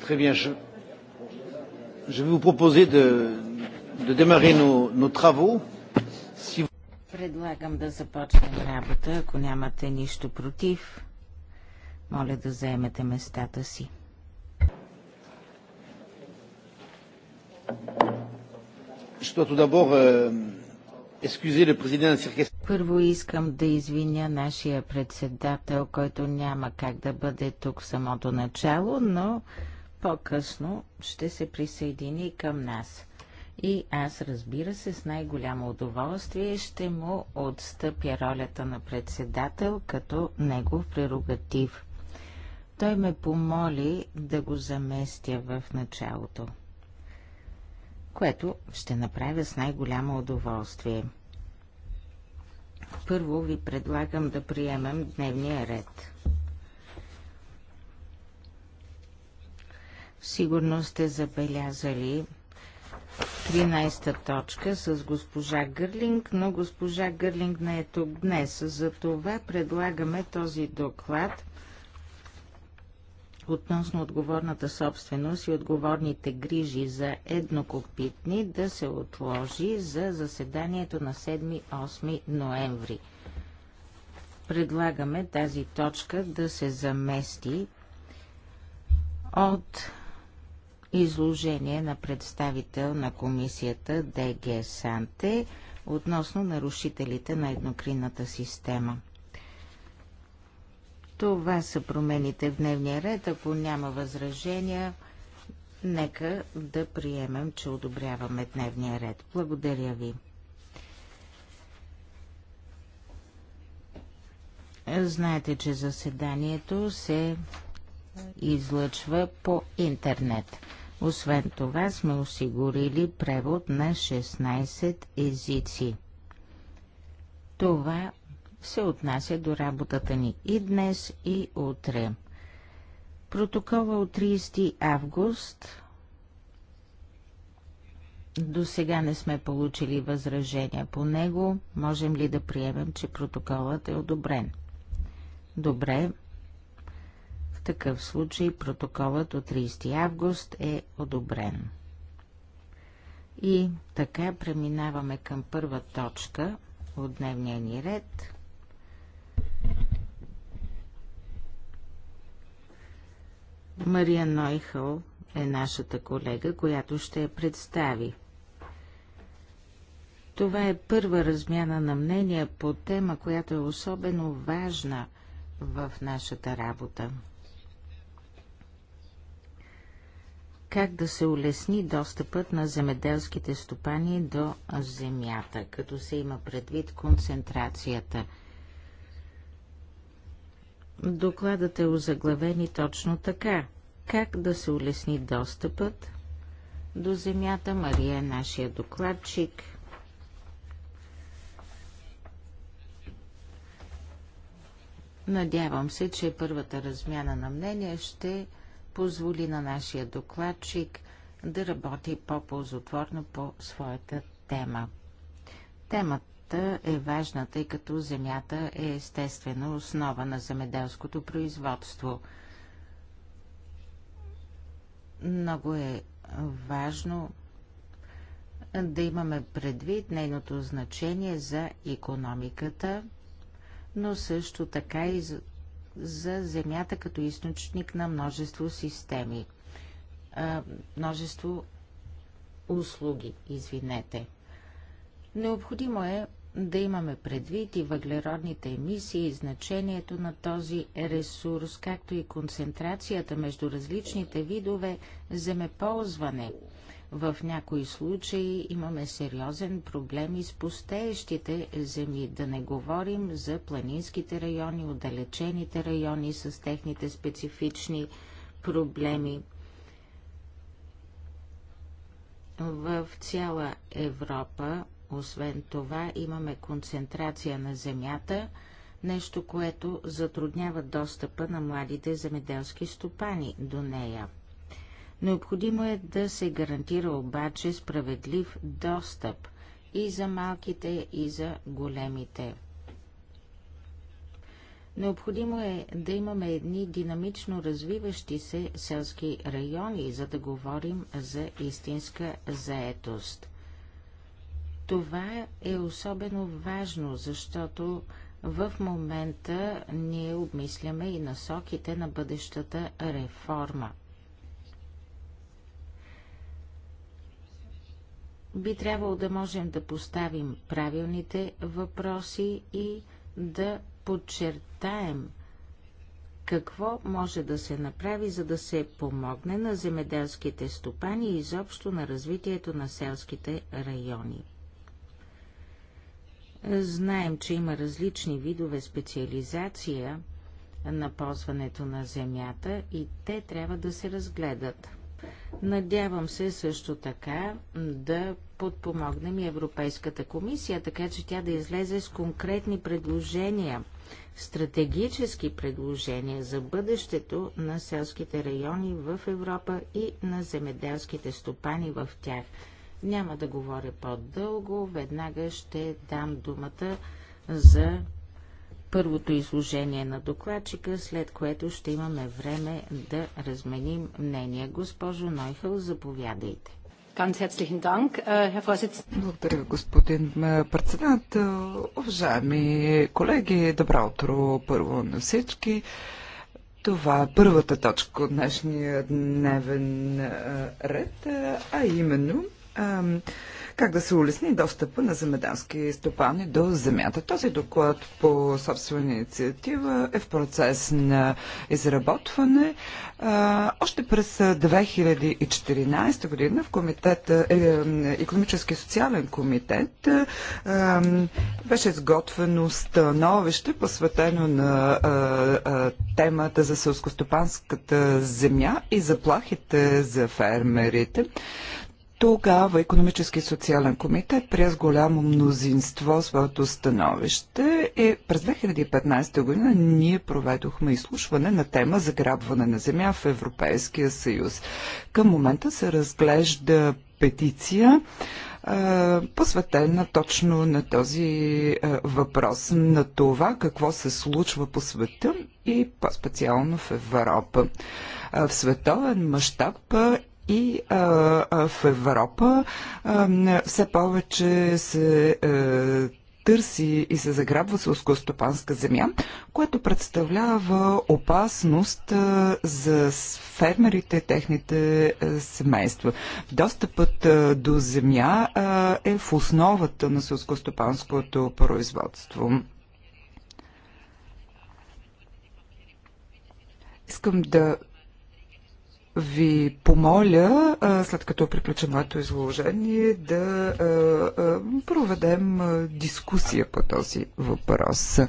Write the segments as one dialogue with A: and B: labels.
A: Très bien. Je, je vais vous proposer de, de démarrer nos, nos travaux.
B: Si... vous... Предлагам да започнем работа, ако нямате нищо против. Моля да заемете местата си.
A: Euh,
B: Първо искам да извиня нашия председател, който няма как да бъде тук в самото начало, но по-късно ще се присъедини към нас. И аз, разбира се, с най-голямо удоволствие ще му отстъпя ролята на председател като негов прерогатив. Той ме помоли да го заместя в началото, което ще направя с най-голямо удоволствие. Първо ви предлагам да приемем дневния ред. Сигурно сте забелязали 13-та точка с госпожа Гърлинг, но госпожа Гърлинг не е тук днес. Затова предлагаме този доклад относно отговорната собственост и отговорните грижи за еднокопитни да се отложи за заседанието на 7-8 ноември. Предлагаме тази точка да се замести от изложение на представител на комисията ДГ Санте относно нарушителите на еднокринната система. Това са промените в дневния ред. Ако няма възражения, нека да приемем, че одобряваме дневния ред. Благодаря ви. Знаете, че заседанието се излъчва по интернет. Освен това сме осигурили превод на 16 езици. Това се отнася до работата ни и днес, и утре. Протокола от 30 август. До сега не сме получили възражения по него. Можем ли да приемем, че протоколът е одобрен? Добре, в такъв случай протоколът от 30 август е одобрен. И така преминаваме към първа точка от дневния ни ред. Мария Нойхъл е нашата колега, която ще я представи. Това е първа размяна на мнения по тема, която е особено важна в нашата работа. как да се улесни достъпът на земеделските стопани до земята, като се има предвид концентрацията. Докладът е озаглавен и точно така. Как да се улесни достъпът до земята? Мария е нашия докладчик. Надявам се, че първата размяна на мнение ще позволи на нашия докладчик да работи по-ползотворно по своята тема. Темата е важна, тъй като земята е естествена основа на земеделското производство. Много е важно да имаме предвид нейното значение за економиката, но също така и за за Земята като източник на множество системи, множество услуги, извинете. Необходимо е да имаме предвид и въглеродните емисии, и значението на този ресурс, както и концентрацията между различните видове земеползване – в някои случаи имаме сериозен проблем и с пустеещите земи, да не говорим за планинските райони, отдалечените райони с техните специфични проблеми. В цяла Европа, освен това, имаме концентрация на земята, нещо, което затруднява достъпа на младите земеделски стопани до нея – Необходимо е да се гарантира обаче справедлив достъп и за малките, и за големите. Необходимо е да имаме едни динамично развиващи се селски райони, за да говорим за истинска заетост. Това е особено важно, защото в момента ние обмисляме и насоките на бъдещата реформа. би трябвало да можем да поставим правилните въпроси и да подчертаем какво може да се направи, за да се помогне на земеделските стопани и изобщо на развитието на селските райони. Знаем, че има различни видове специализация на ползването на земята и те трябва да се разгледат – Надявам се също така да подпомогнем и Европейската комисия, така че тя да излезе с конкретни предложения, стратегически предложения за бъдещето на селските райони в Европа и на земеделските стопани в тях. Няма да говоря по-дълго, веднага ще дам думата за първото изложение на докладчика, след което ще имаме време да разменим мнение. Госпожо Нойхъл, заповядайте. Äh, Благодаря, господин председател.
C: Уважаеми колеги, добро утро първо на всички. Това е първата точка от днешния дневен ред, а именно как да се улесни достъпа на земедански стопани до земята. Този доклад по собствена инициатива е в процес на изработване. Още през 2014 година в комитет, е, економически и социален комитет беше изготвено становище, посветено на темата за селскостопанската земя и заплахите за фермерите. Тогава економически и социален комитет прие с голямо мнозинство своето становище и през 2015 година ние проведохме изслушване на тема заграбване на земя в Европейския съюз. Към момента се разглежда петиция посветена точно на този въпрос, на това какво се случва по света и по-специално в Европа. В световен мащаб и а, а, в Европа а, все повече се а, е, търси и се заграбва селскостопанска земя, което представлява опасност е, за фермерите и техните е, семейства. Достъпът до земя е в основата на селскостопанското производство. Искам да ви помоля, след като приключа моето изложение, да проведем дискусия по този въпрос.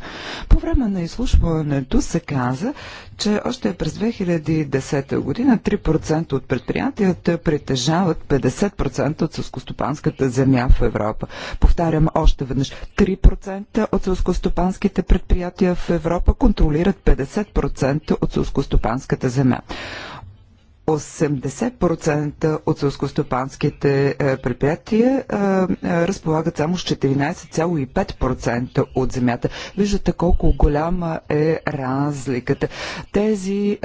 C: По време на изслушването се каза, че още през 2010 година 3% от предприятията притежават 50% от сълскостопанската земя в Европа. Повтарям още веднъж, 3% от сълскостопанските предприятия в Европа контролират 50% от сълскостопанската земя. 80% от сълскостопанските е, предприятия е, е, разполагат само с 14,5% от земята. Виждате колко голяма е разликата. Тези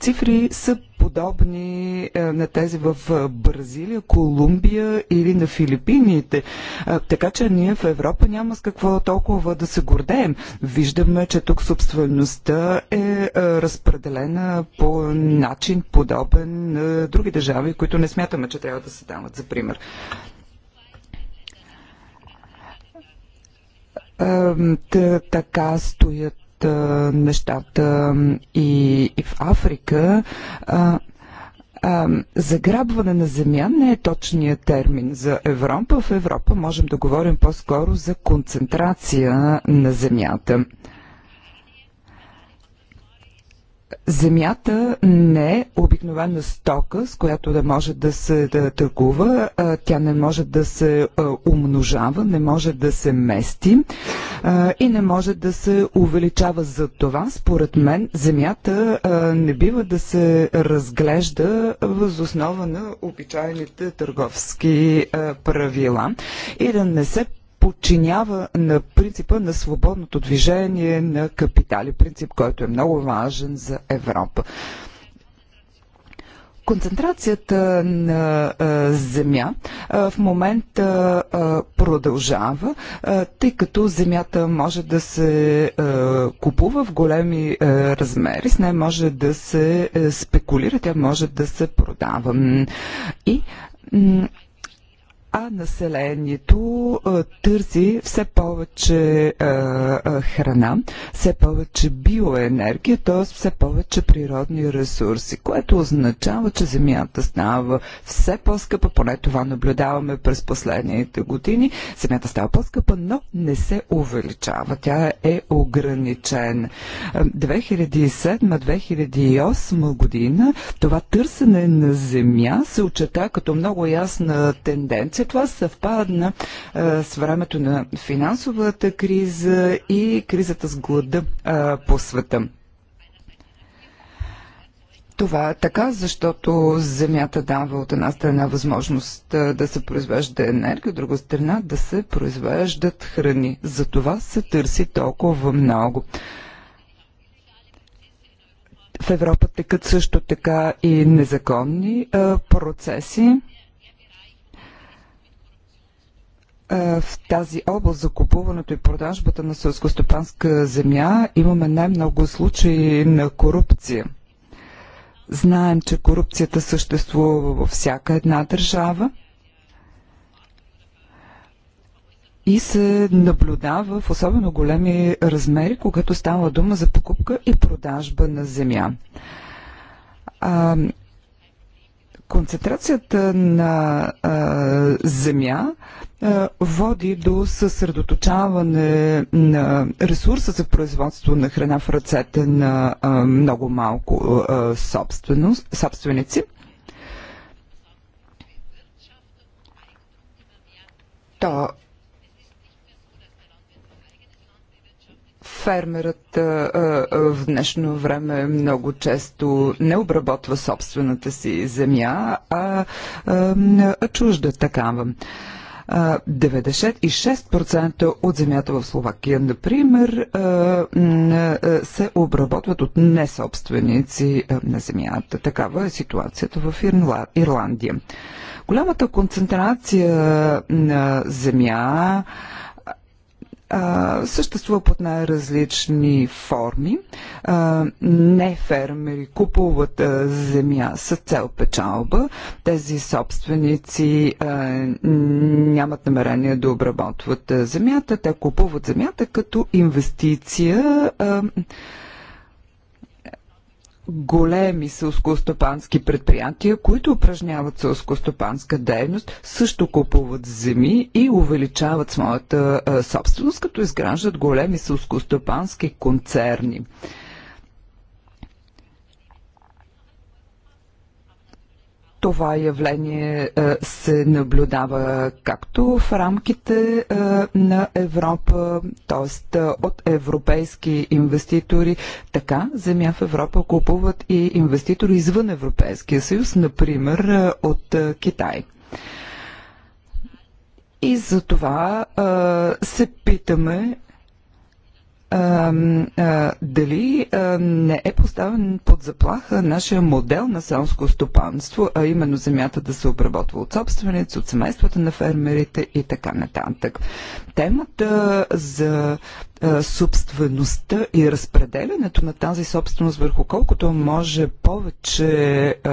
C: цифри са подобни е, на тези в е, Бразилия, Колумбия или на Филипините. Е, така че ние в Европа няма с какво толкова да се гордеем. Виждаме, че тук собствеността е разпределена по начин подобен на други държави, които не смятаме, че трябва да се дават за пример. Така стоят нещата и, и в Африка. А, заграбване на земя не е точният термин за Европа. В Европа можем да говорим по-скоро за концентрация на земята. Земята не е обикновена стока, с която да може да се да търгува. Тя не може да се умножава, не може да се мести и не може да се увеличава. За това, според мен, земята не бива да се разглежда основа на обичайните търговски правила и да не се подчинява на принципа на свободното движение на капитали, принцип, който е много важен за Европа. Концентрацията на а, земя а, в момента а, продължава, а, тъй като земята може да се а, купува в големи а, размери, с нея може да се а, спекулира, тя може да се продава. И а населението а, търси все повече а, а, храна, все повече биоенергия, т.е. все повече природни ресурси, което означава, че земята става все по-скъпа, поне това наблюдаваме през последните години. Земята става по-скъпа, но не се увеличава. Тя е ограничена. 2007-2008 година това търсене на земя се очета като много ясна тенденция че това съвпадна а, е, с времето на финансовата криза и кризата с глада а, е, по света. Това е така, защото земята дава от една страна възможност е, да се произвежда енергия, от друга страна да се произвеждат храни. За това се търси толкова много. В Европа текат също така и незаконни процеси. Е, в тази област за купуването и продажбата на селскостопанска земя имаме най-много случаи на корупция. Знаем, че корупцията съществува във всяка една държава и се наблюдава в особено големи размери, когато става дума за покупка и продажба на земя. Концентрацията на а, земя а, води до съсредоточаване на ресурса за производство на храна в ръцете на а, много малко а, собственици. То Фермерът в днешно време много често не обработва собствената си земя, а, а чужда такава. 96% от земята в Словакия, например, се обработват от несобственици на земята. Такава е ситуацията в Ирландия. Голямата концентрация на земя а, съществува под най-различни форми. А, не фермери купуват а, земя с цел печалба. Тези собственици а, нямат намерение да обработват а, земята. Те купуват земята като инвестиция. А, големи селскостопански предприятия, които упражняват селскостопанска дейност, също купуват земи и увеличават своята собственост, като изграждат големи селскостопански концерни. Това явление е, се наблюдава както в рамките е, на Европа, т.е. от европейски инвеститори, така земя в Европа купуват и инвеститори извън Европейския съюз, например е, от Китай. И за това се питаме а, а, дали а, не е поставен под заплаха нашия модел на селско стопанство, а именно земята да се обработва от собственици, от семействата на фермерите и така нататък. Темата за а, собствеността и разпределянето на тази собственост върху колкото може повече а,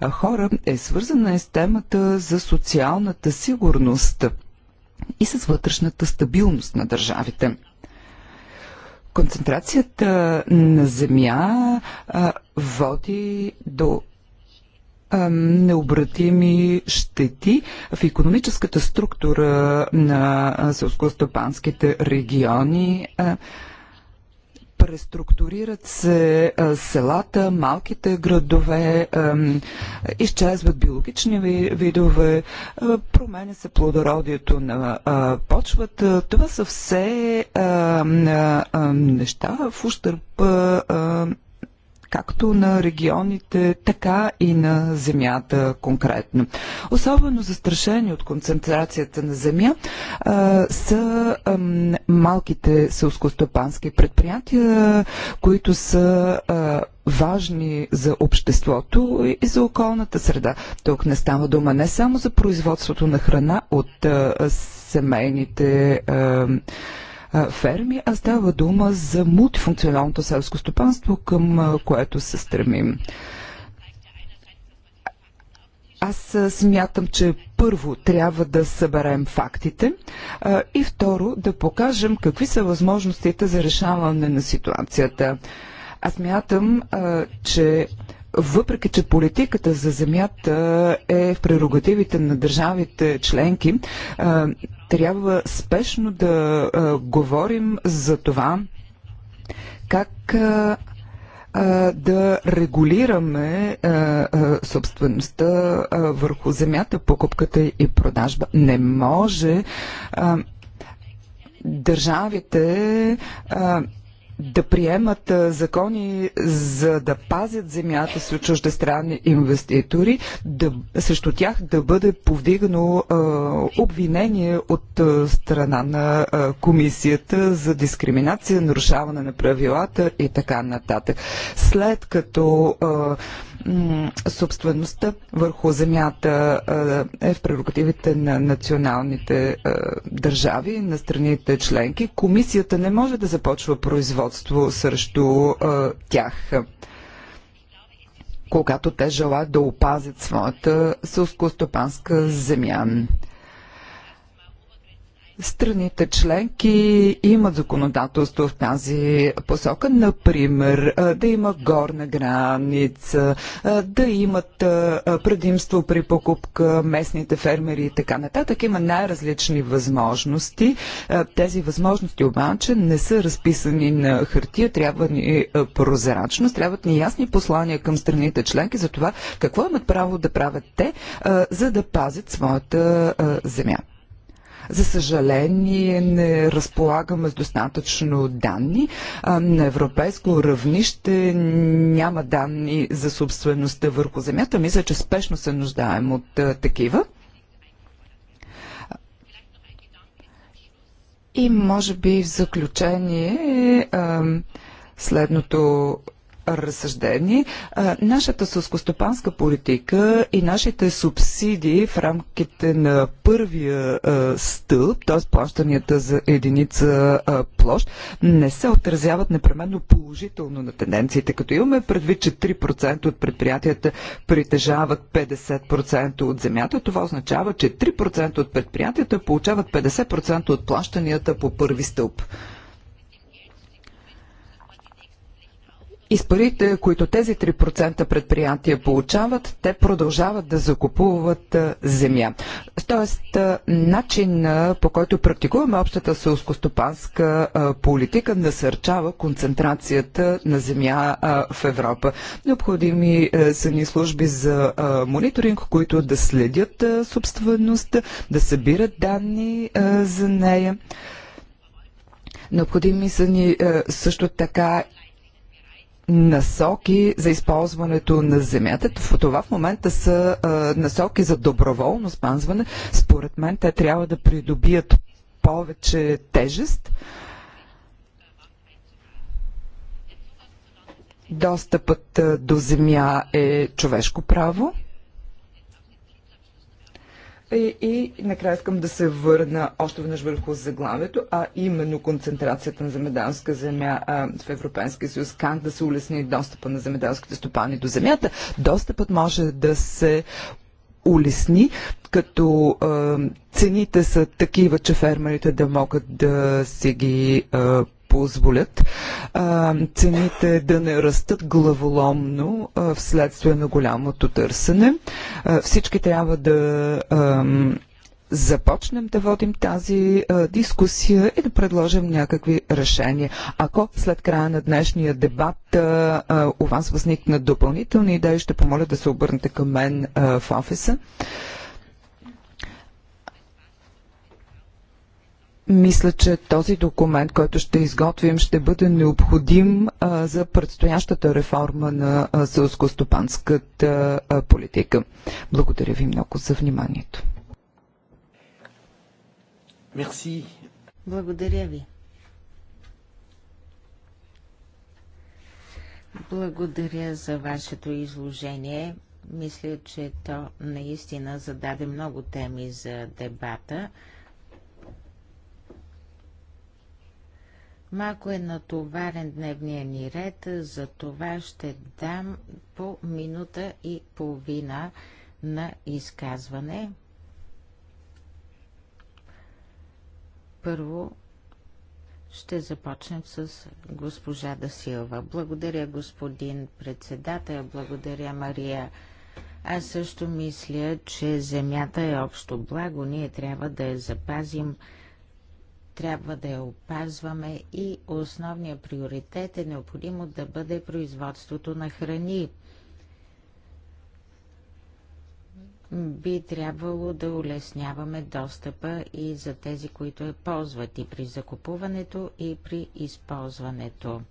C: а, хора е свързана и с темата за социалната сигурност и с вътрешната стабилност на държавите. Концентрацията на земя води до необратими щети в економическата структура на селскостопанските региони преструктурират се селата, малките градове, изчезват биологични видове, променя се плодородието на почвата. Това са все неща в ущърп както на регионите, така и на земята конкретно. Особено застрашени от концентрацията на земя а, са а, малките селскостопански предприятия, които са а, важни за обществото и за околната среда. Тук не става дума не само за производството на храна от а, семейните а, ферми, а става дума за мултифункционалното селско стопанство, към което се стремим. Аз смятам, че първо трябва да съберем фактите и второ да покажем какви са възможностите за решаване на ситуацията. Аз мятам, че въпреки че политиката за земята е в прерогативите на държавите членки, трябва спешно да говорим за това как да регулираме собствеността върху земята, покупката и продажба. Не може държавите да приемат закони, за да пазят земята си от чуждестранни инвеститори, да, срещу тях да бъде повдигано а, обвинение от а, страна на а, комисията за дискриминация, нарушаване на правилата и така нататък. След като а, собствеността върху земята е в прерогативите на националните държави, на страните членки. Комисията не може да започва производство срещу тях когато те желаят да опазят своята сълскостопанска земя. Страните членки имат законодателство в тази посока, например да има горна граница, да имат предимство при покупка местните фермери и така нататък. Има най-различни възможности. Тези възможности обаче не са разписани на хартия, трябва ни прозрачност, трябват ни ясни послания към страните членки за това какво имат право да правят те, за да пазят своята земя. За съжаление, не разполагаме с достатъчно данни. На европейско равнище няма данни за собствеността върху земята. Мисля, че спешно се нуждаем от такива. И може би в заключение следното разсъждение. Нашата сълскостопанска политика и нашите субсидии в рамките на първия стълб, т.е. плащанията за единица площ, не се отразяват непременно положително на тенденциите. Като имаме предвид, че 3% от предприятията притежават 50% от земята, това означава, че 3% от предприятията получават 50% от плащанията по първи стълб. И с парите, които тези 3% предприятия получават, те продължават да закупуват земя. Тоест, начин по който практикуваме общата селскостопанска политика насърчава концентрацията на земя в Европа. Необходими са ни служби за мониторинг, които да следят собствеността, да събират данни за нея. Необходими са ни също така насоки за използването на земята. В това в момента са а, насоки за доброволно спазване. Според мен те трябва да придобият повече тежест. Достъпът до земя е човешко право. И, и накрая искам да се върна още веднъж върху заглавието, а именно концентрацията на земеданска земя а, в Европейския съюз. Как да се улесни достъпа на земеданските стопани до земята? Достъпът може да се улесни, като а, цените са такива, че фермерите да могат да си ги а, позволят а, цените да не растат главоломно а, вследствие на голямото търсене. А, всички трябва да. А, започнем да водим тази а, дискусия и да предложим някакви решения. Ако след края на днешния дебат а, а, у вас възникнат допълнителни идеи, ще помоля да се обърнете към мен а, в офиса. Мисля, че този документ, който ще изготвим, ще бъде необходим а, за предстоящата реформа на селскостопанската политика. Благодаря ви много за вниманието.
A: Мерси.
B: Благодаря ви. Благодаря за вашето изложение. Мисля, че то наистина зададе много теми за дебата. Малко е натоварен дневния ни ред, за това ще дам по минута и половина на изказване. Първо ще започнем с госпожа Дасилва. Благодаря, господин председател, благодаря, Мария. Аз също мисля, че земята е общо благо, ние трябва да я запазим – трябва да я опазваме и основният приоритет е необходимо да бъде производството на храни. Би трябвало да улесняваме достъпа и за тези, които я ползват и при закупуването и при използването.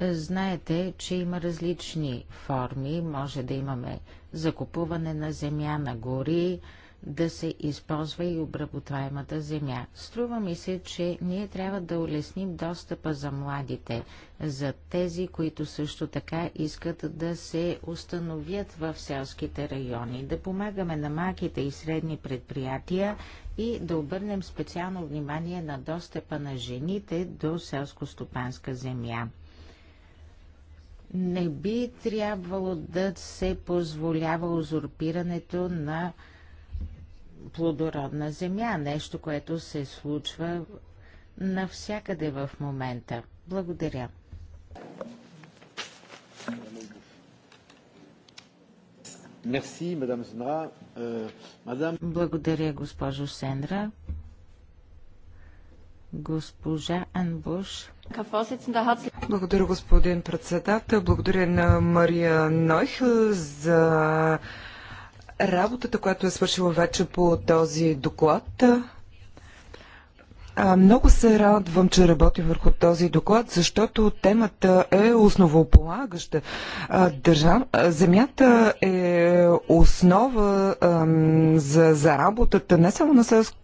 B: Знаете, че има различни форми. Може да имаме закупуване на земя, на гори, да се използва и обработваемата земя. Струва ми се, че ние трябва да улесним достъпа за младите, за тези, които също така искат да се установят в селските райони, да помагаме на малките и средни предприятия и да обърнем специално внимание на достъпа на жените до селско-стопанска земя не би трябвало да се позволява узурпирането на плодородна земя, нещо, което се случва навсякъде в момента. Благодаря. Merci, madame Sendra. Euh, madame... Благодаря, госпожо Сендра. Госпожа Анбуш. Благодаря,
C: господин председател. Благодаря на Мария Нойх за работата, която е свършила вече по този доклад. много се радвам, че работя върху този доклад, защото темата е основополагаща. държав... Земята е основа за, за работата не само на селско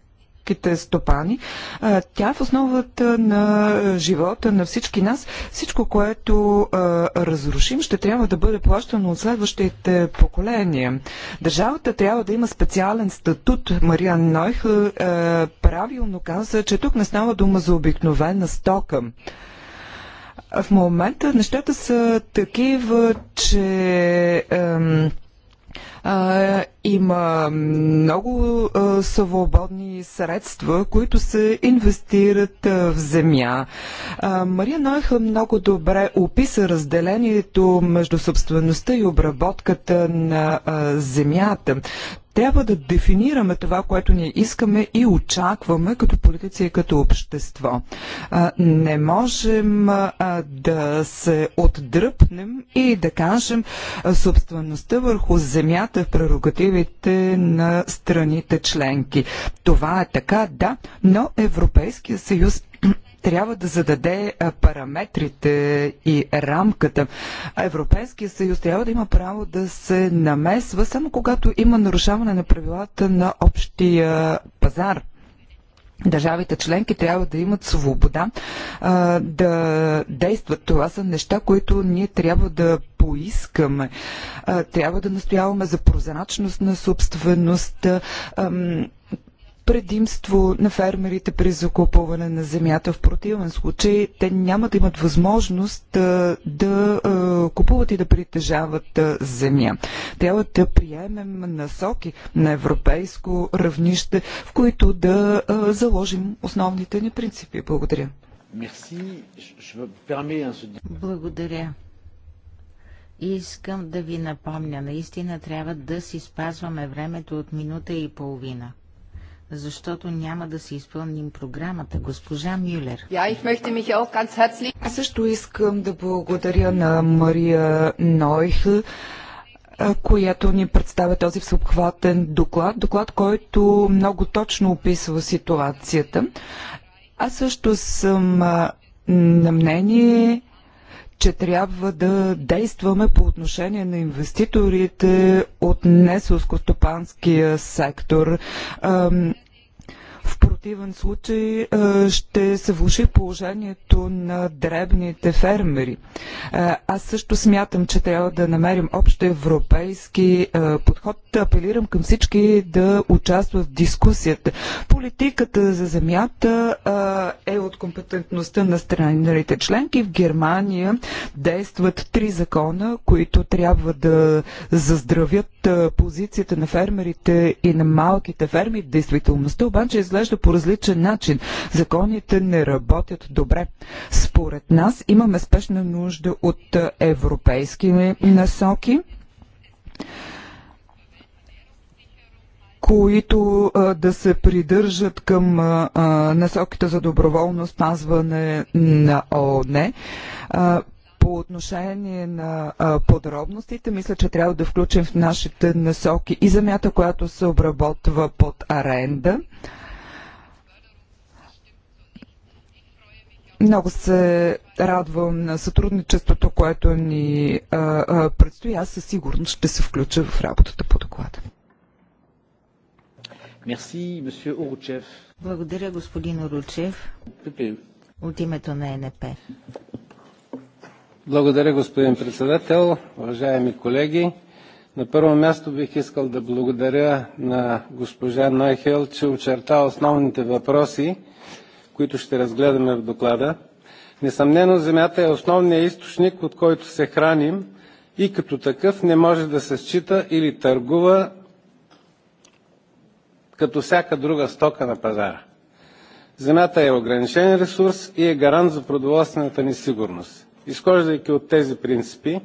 C: селските стопани. Тя е в основата на живота на всички нас. Всичко, което разрушим, ще трябва да бъде плащано от следващите поколения. Държавата трябва да има специален статут. Мариан Нойх правилно каза, че тук не става дума за обикновена стока. В момента нещата са такива, че ем, а, има много а, свободни средства, които се инвестират а, в земя. А, Мария Нойха много добре описа разделението между собствеността и обработката на а, земята трябва да дефинираме това, което ние искаме и очакваме като политици и като общество. Не можем да се отдръпнем и да кажем собствеността върху земята промяната в прерогативите на страните членки. Това е така, да, но Европейския съюз трябва да зададе параметрите и рамката. Европейския съюз трябва да има право да се намесва само когато има нарушаване на правилата на общия пазар. Държавите членки трябва да имат свобода а, да действат. Това са неща, които ние трябва да поискаме. А, трябва да настояваме за прозрачност на собствеността. А, предимство на фермерите при закупуване на земята. В противен случай те няма да имат възможност да, да купуват и да притежават земя. Трябва да приемем насоки на европейско равнище, в които да заложим основните ни принципи. Благодаря.
B: Благодаря. Искам да ви напомня, наистина трябва да си спазваме времето от минута и половина защото няма да си изпълним програмата. Госпожа Мюлер.
C: Аз също искам да благодаря на Мария Нойх, която ни представя този всеобхватен доклад. Доклад, който много точно описва ситуацията. Аз също съм на мнение, че трябва да действаме по отношение на инвеститорите от несълскостопанския сектор противен случай е, ще се влуши положението на дребните фермери. Е, аз също смятам, че трябва да намерим общо европейски е, подход. Апелирам към всички да участват в дискусията. Политиката за земята е от компетентността на страните членки. В Германия действат три закона, които трябва да заздравят позицията на фермерите и на малките ферми. Действителността обаче изглежда по по различен начин. Законите не работят добре. Според нас имаме спешна нужда от европейски насоки които а, да се придържат към а, насоките за доброволно спазване на ООН. А, по отношение на а, подробностите, мисля, че трябва да включим в нашите насоки и земята, която се обработва под аренда. А, Много се радвам на сътрудничеството, което ни а, а, предстои. Аз със сигурност ще се включа в работата по доклада.
A: Мерси, месье Оручев.
B: Благодаря, господин Оручев. От името на ЕНП.
A: Благодаря, господин председател. Уважаеми колеги, на първо място бих искал да благодаря на госпожа Нойхел, че очерта основните въпроси – които ще разгледаме в доклада, несъмнено земята е основният източник, от който се храним и като такъв не може да се счита или търгува като всяка друга стока на пазара. Земята е ограничен ресурс и е гарант за продоволствената ни сигурност. Изхождайки от тези принципи,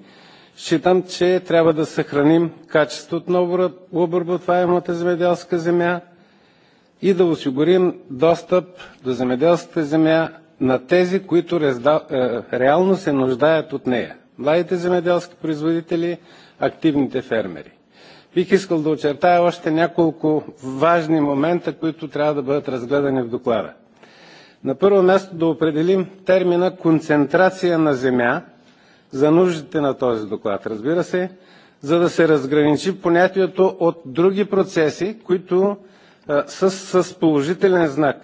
A: считам, че трябва да съхраним качеството на обработваемата земеделска земя, и да осигурим достъп до земеделската земя на тези, които е, реално се нуждаят от нея – младите земеделски производители, активните фермери. Бих искал да очертая още няколко важни момента, които трябва да бъдат разгледани в доклада. На първо място да определим термина концентрация на земя за нуждите на този доклад, разбира се, за да се разграничи понятието от други процеси, които с, положителен знак,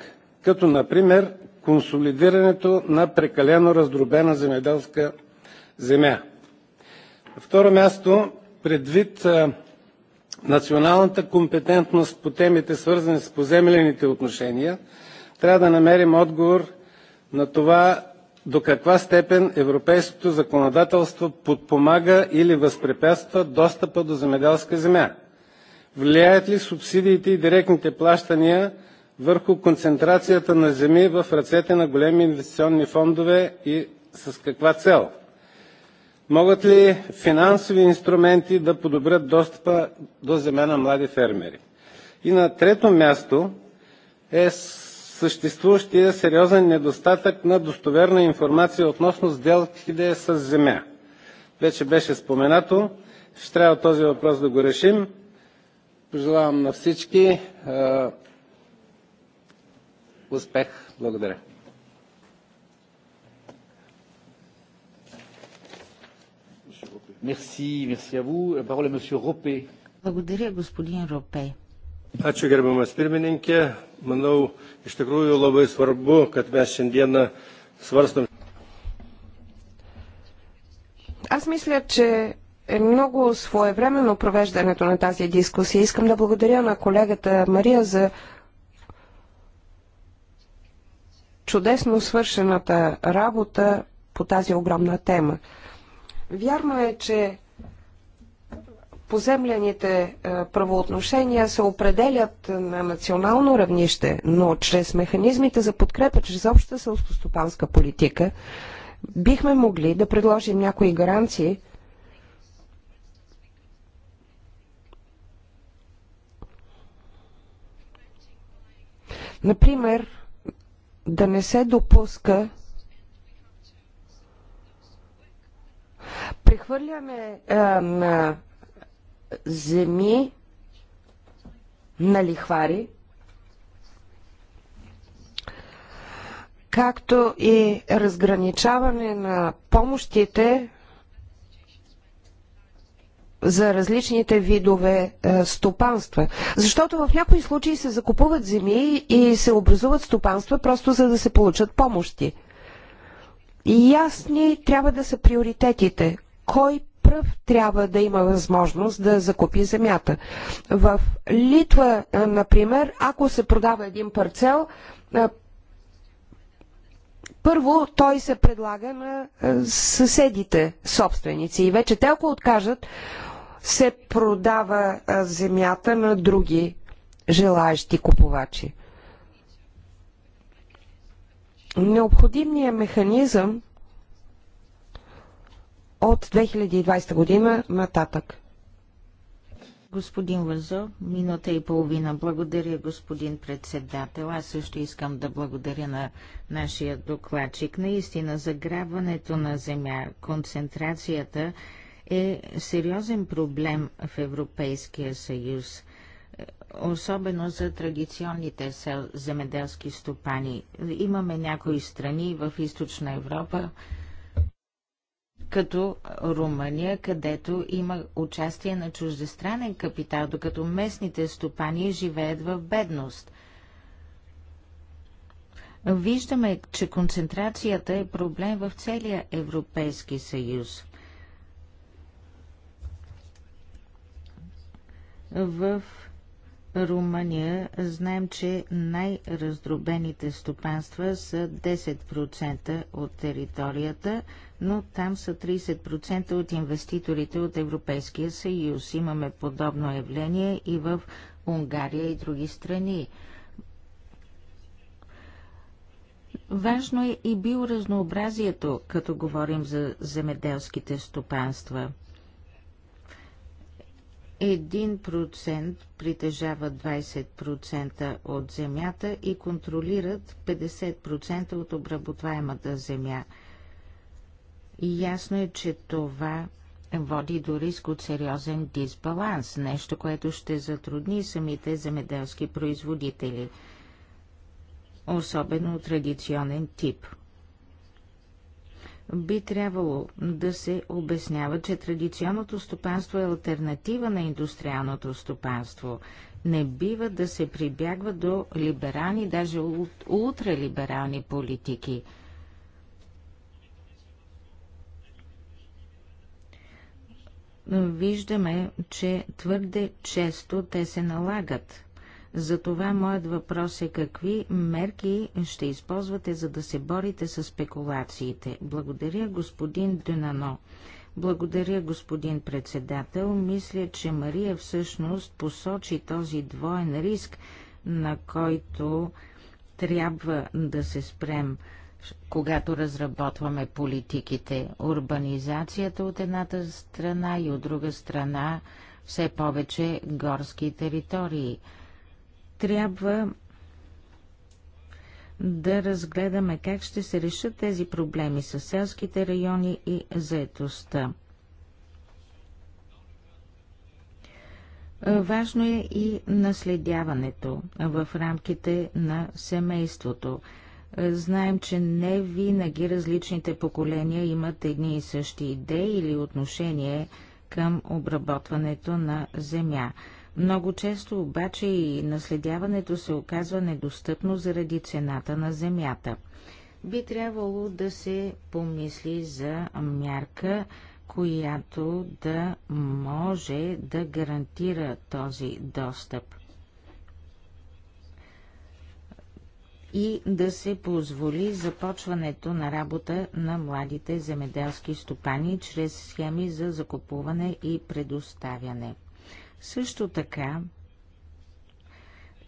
A: като например консолидирането на прекалено раздробена земеделска земя. На второ място, предвид националната компетентност по темите, свързани с поземлените отношения, трябва да намерим отговор на това до каква степен европейското законодателство подпомага или възпрепятства достъпа до земеделска земя влияят ли субсидиите и директните плащания върху концентрацията на земи в ръцете на големи инвестиционни фондове и с каква цел? Могат ли финансови инструменти да подобрят достъпа до земя на млади фермери? И на трето място е съществуващия сериозен недостатък на достоверна информация относно сделките с земя. Вече беше споменато, ще трябва този въпрос да го решим. Пожелавам на всички успех. Благодаря. Merci, merci à vous. La parole est Monsieur Ropé.
B: Благодаря, господин Ропе.
A: Ačiū gerbiamas pirmininkė. Manau, iš tikrųjų labai svarbu, kad mes šiandieną svarstam.
D: Аз мисля, че е много своевременно провеждането на тази дискусия. Искам да благодаря на колегата Мария за чудесно свършената работа по тази огромна тема. Вярно е, че поземлените е, правоотношения се определят на национално равнище, но чрез механизмите за подкрепа, чрез общата селскостопанска политика, бихме могли да предложим някои гаранции Например, да не се допуска прехвърляме а, на земи на лихвари, както и разграничаване на помощите за различните видове е, стопанства. Защото в някои случаи се закупуват земи и се образуват стопанства просто за да се получат помощи. И ясни трябва да са приоритетите. Кой пръв трябва да има възможност да закупи земята? В Литва, е, например, ако се продава един парцел, е, първо той се предлага на е, съседите собственици и вече те ако откажат, се продава земята на други желаящи купувачи. Необходимният механизъм от 2020 година нататък.
B: Господин Вазо, минута и половина. Благодаря, господин председател. Аз също искам да благодаря на нашия докладчик. Наистина, заграбването на земя, концентрацията е сериозен проблем в Европейския съюз, е, особено за традиционните земеделски стопани. Имаме някои страни в източна Европа, като Румъния, където има участие на чуждестранен капитал, докато местните стопани живеят в бедност. Виждаме, че концентрацията е проблем в целия Европейски съюз. В Румъния знаем, че най-раздробените стопанства са 10% от територията, но там са 30% от инвеститорите от Европейския съюз. Имаме подобно явление и в Унгария и други страни. Важно е и биоразнообразието, като говорим за земеделските стопанства – 1% притежават 20% от земята и контролират 50% от обработваемата земя. И Ясно е, че това води до риск от сериозен дисбаланс, нещо, което ще затрудни самите земеделски производители, особено традиционен тип – би трябвало да се обяснява, че традиционното стопанство е альтернатива на индустриалното стопанство. Не бива да се прибягва до либерални, даже ултралиберални политики. Виждаме, че твърде често те се налагат затова моят въпрос е какви мерки ще използвате, за да се борите с спекулациите? Благодаря, господин Денано. Благодаря, господин председател. Мисля, че Мария всъщност посочи този двоен риск, на който трябва да се спрем, когато разработваме политиките. Урбанизацията от едната страна и от друга страна все повече горски територии – трябва да разгледаме как ще се решат тези проблеми с селските райони и заетостта. Важно е и наследяването в рамките на семейството. Знаем, че не винаги различните поколения имат едни и същи идеи или отношение към обработването на земя. Много често обаче и наследяването се оказва недостъпно заради цената на земята. Би трябвало да се помисли за мярка, която да може да гарантира този достъп. и да се позволи започването на работа на младите земеделски стопани чрез схеми за закупуване и предоставяне. Също така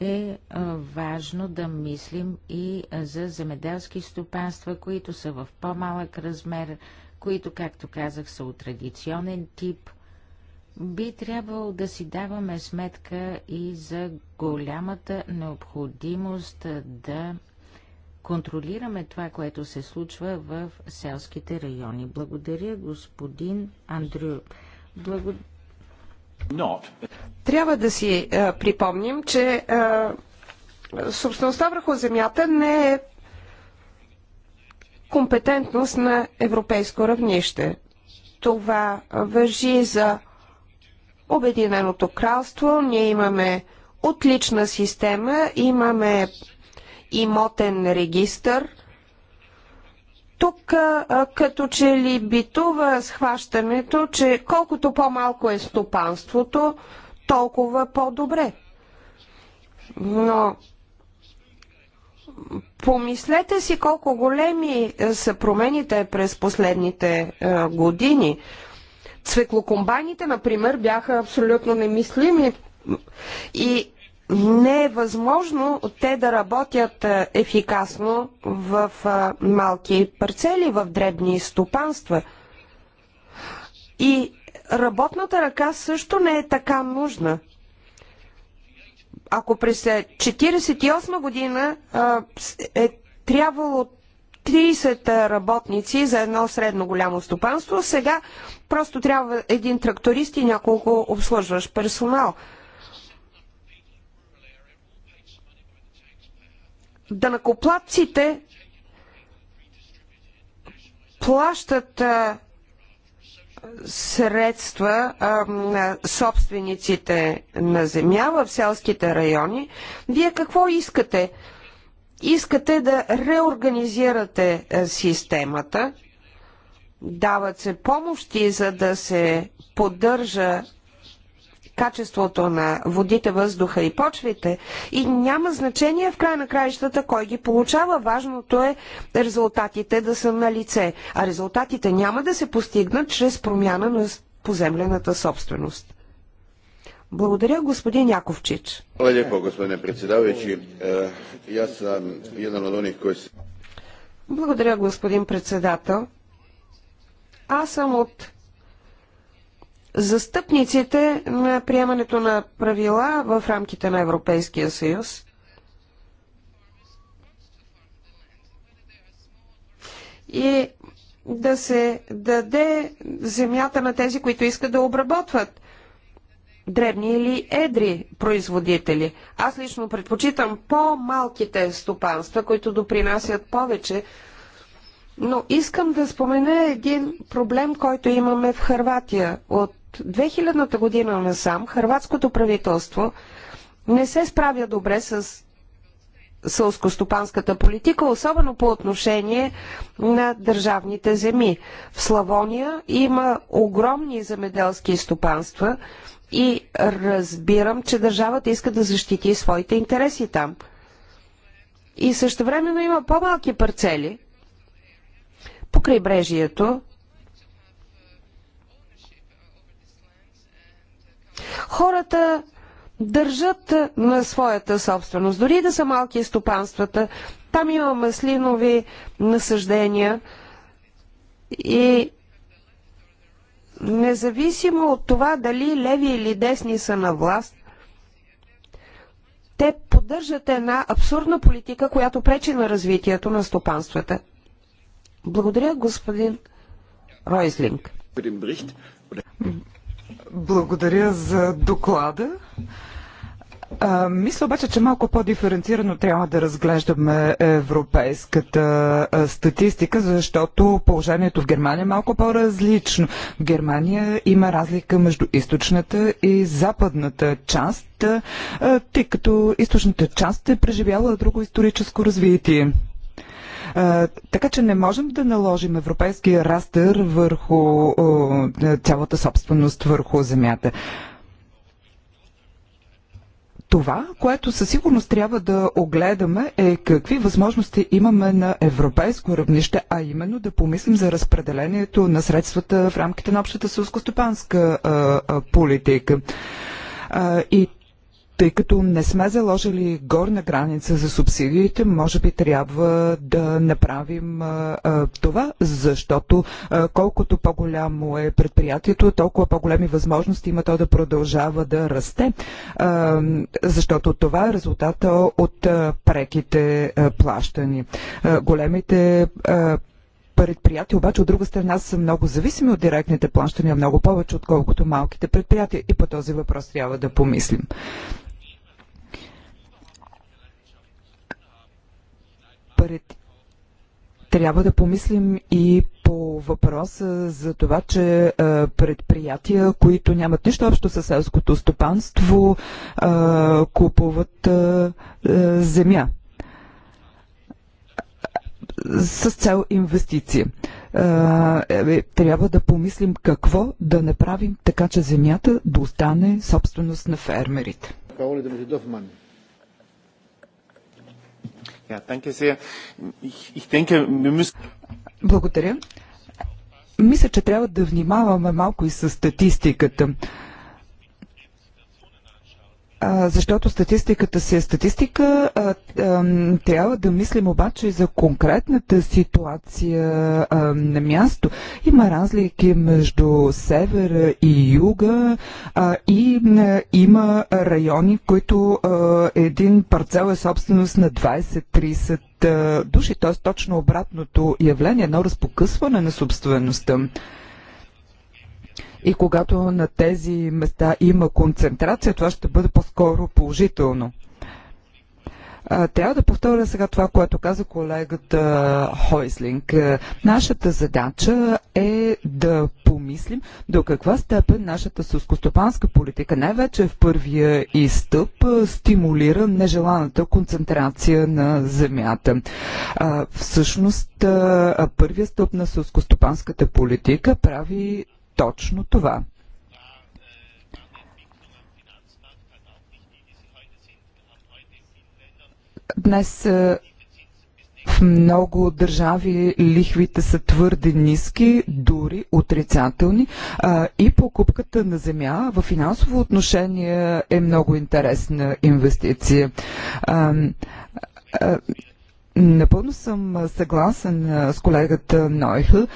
B: е важно да мислим и за земеделски стопанства, които са в по-малък размер, които, както казах, са от традиционен тип. Би трябвало да си даваме сметка и за голямата необходимост да контролираме това, което се случва в селските райони. Благодаря, господин Андрю. Благодаря. Трябва да
D: си а, е, припомним, че а, е, собствеността върху земята не е компетентност на европейско равнище. Това въжи за Обединеното кралство. Ние имаме отлична система, имаме имотен регистър – тук като че ли битува схващането, че колкото по-малко е стопанството, толкова по-добре. Но помислете си колко големи са промените през последните години. Цветлокомбаните, например, бяха абсолютно немислими и не е възможно те да работят е, ефикасно в е, малки парцели, в дребни стопанства. И работната ръка също не е така нужна. Ако през 1948 е, година е трябвало 30 работници за едно средно голямо стопанство, сега просто трябва един тракторист и няколко обслужващ персонал – Данакоплатците плащат а, средства а, на собствениците на земя в селските райони. Вие какво искате? Искате да реорганизирате а, системата, дават се помощи, за да се поддържа качеството на водите, въздуха и почвите. И няма значение в края на краищата кой ги получава. Важното е резултатите да са на лице. А резултатите няма да се постигнат чрез промяна на поземлената собственост. Благодаря, господин
A: Яковчич. Е,
D: Благодаря, господин председател. Аз съм от застъпниците на приемането на правила в рамките на Европейския съюз. И да се даде земята на тези, които искат да обработват дребни или едри производители. Аз лично предпочитам по-малките стопанства, които допринасят повече. Но искам да спомена един проблем, който имаме в Харватия от от 2000-та година насам хрватското правителство не се справя добре с сълскостопанската политика, особено по отношение на държавните земи. В Славония има огромни земеделски стопанства и разбирам, че държавата иска да защити своите интереси там. И също времено има по-малки парцели по крайбрежието, хората държат на своята собственост. Дори да са малки е стопанствата, там има маслинови насъждения и независимо от това дали леви или десни са на власт, те поддържат една абсурдна политика, която пречи на развитието на стопанствата. Благодаря, господин Ройзлинг. Благодаря за доклада.
C: А, мисля обаче, че малко по-диференцирано трябва да разглеждаме европейската статистика, защото положението в Германия е малко по-различно. В Германия има разлика между източната и западната част, тъй като източната част е преживяла друго историческо развитие така че не можем да наложим европейския растър върху е, цялата собственост върху земята. Това, което със сигурност трябва да огледаме е какви възможности имаме на европейско равнище, а именно да помислим за разпределението на средствата в рамките на общата селскостопанска политика. А, и тъй като не сме заложили горна граница за субсидиите, може би трябва да направим а, а, това, защото а, колкото по-голямо е предприятието, толкова по-големи възможности има то да продължава да расте, а, защото това е резултата от а, преките а, плащани. А, големите а, предприятия, обаче от друга страна са много зависими от директните плащания, много повече, отколкото малките предприятия. И по този въпрос трябва да помислим. пред. Трябва да помислим и по въпроса за това, че предприятия, които нямат нищо общо с селското стопанство, купуват земя с цел инвестиции. Е, трябва да помислим какво да направим така, че земята да остане собственост на фермерите. Благодаря. Мисля, че трябва да внимаваме малко и с статистиката защото статистиката си е статистика. Трябва да мислим обаче и за конкретната ситуация на място. Има разлики между севера и юга и има райони, в които един парцел е собственост на 20-30 души, т.е. точно обратното явление, едно разпокъсване на собствеността. И когато на тези места има концентрация, това ще бъде по-скоро положително. Трябва да повторя сега това, което каза колегата Хойслинг. Е, нашата задача е да помислим до каква степен нашата сълскостопанска политика, най-вече в първия изтъп, е, стимулира нежеланата концентрация на земята. Всъщност, е, първия стъп на сълскостопанската политика прави точно това. Днес е, в много държави лихвите са твърде ниски, дори отрицателни и покупката на земя в финансово отношение е много интересна инвестиция. Напълно съм съгласен с колегата Нойхъл,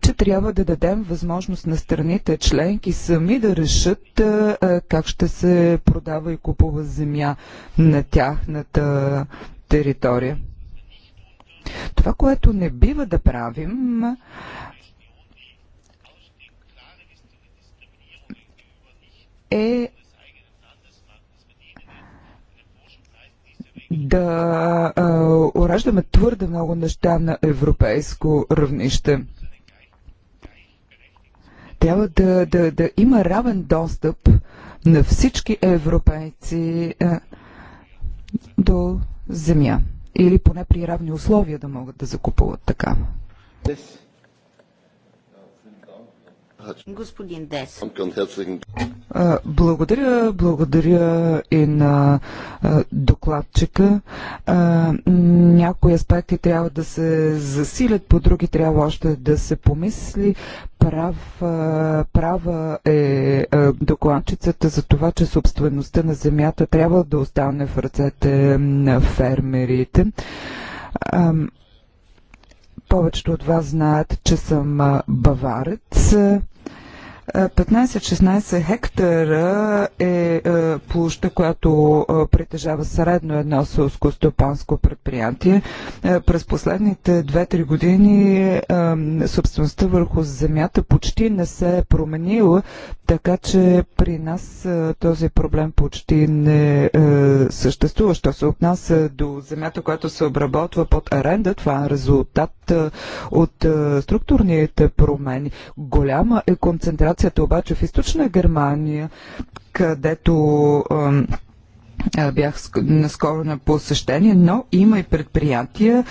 C: че трябва да дадем възможност на страните членки сами да решат как ще се продава и купува земя на тяхната територия. Това, което не бива да правим, е да ураждаме твърде много неща на европейско равнище трябва да, да, да има равен достъп на всички европейци а, до земя. Или поне при равни условия да могат
D: да закупуват такава.
B: Господин Дес.
C: Благодаря, благодаря и на докладчика. Някои аспекти трябва да се засилят, по други трябва още да се помисли. Прав, права е докладчицата за това, че собствеността на земята трябва да остане в ръцете на фермерите повечето от вас знаят, че съм баварец. 15-16 хектара е, е площа, която е, притежава средно едно селско-стопанско предприятие. Е, през последните 2-3 години собствеността върху земята почти не се е променила, така че при нас този проблем почти не съществува. Що се отнася до земята, която се обработва под аренда, това е резултат от структурните промени. Голяма е концентрация Ситуацията обаче в източна Германия, където Бях наскоро на посещение, но има и предприятия,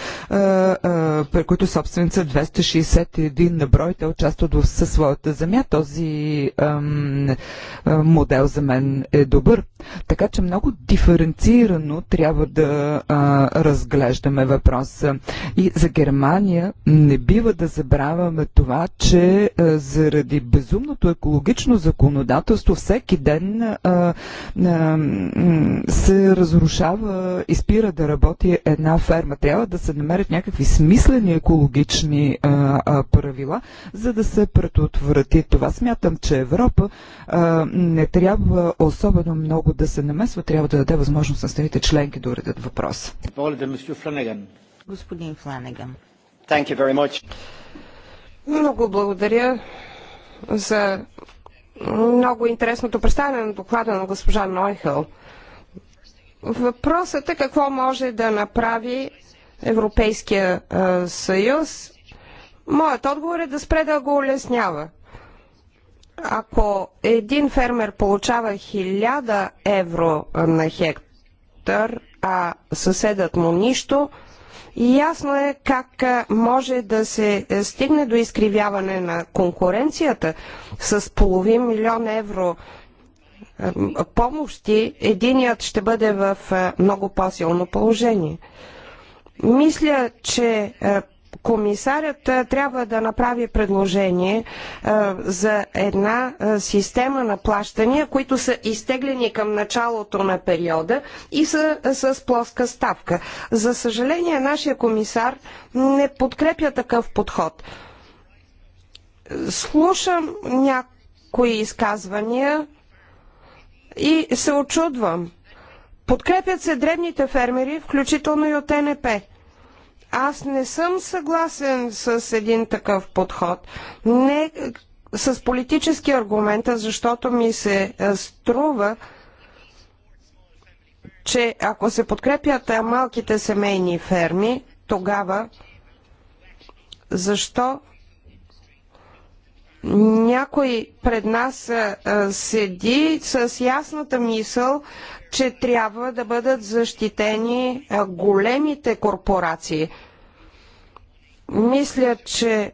C: при които собственица 261 на брой. Те участват със своята земя. Този модел за мен е добър. Така че много диференцирано трябва да разглеждаме въпроса. И за Германия не бива да забравяме това, че заради безумното екологично законодателство всеки ден се разрушава и спира да работи една ферма. Трябва да се намерят някакви смислени екологични а, а, правила, за да се предотврати това. Смятам, че Европа а, не трябва особено много да се намесва, трябва да даде възможност на страните членки да уредят въпроса.
B: Господин Фланеган. Много благодаря
D: за много интересното представяне на доклада на госпожа Нойхел. Въпросът е какво може да направи Европейския съюз. Моят отговор е да спре да го улеснява. Ако един фермер получава 1000 евро на хектар, а съседът му нищо, ясно е как може да се е, стигне до изкривяване на конкуренцията с половин милион евро помощи, единият ще бъде в много по-силно положение. Мисля, че комисарят трябва да направи предложение за една система на плащания, които са изтеглени към началото на периода и са с плоска ставка. За съжаление, нашия комисар не подкрепя такъв подход. Слушам някои изказвания, и се очудвам. Подкрепят се дребните фермери, включително и от НП. Аз не съм съгласен с един такъв подход. Не с политически аргумента, защото ми се е, струва, че ако се подкрепят е, малките семейни ферми, тогава защо някой пред нас седи с ясната мисъл, че трябва да бъдат защитени големите корпорации. Мисля, че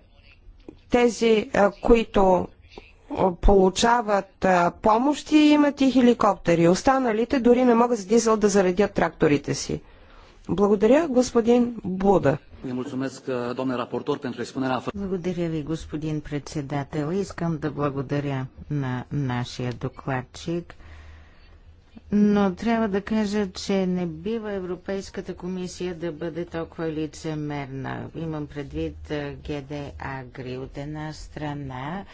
D: тези, които получават помощи, имат и хеликоптери. Останалите дори не могат с дизел да заредят тракторите си. Благодаря, господин Буда
B: mulțumesc, doamne raportor, pentru expunerea... Благодаря ви, господин председател. Искам да благодаря на нашия докладчик. Но трябва да кажа, че не бива Европейската комисия да бъде толкова лицемерна. Имам предвид ГД Агри. От една страна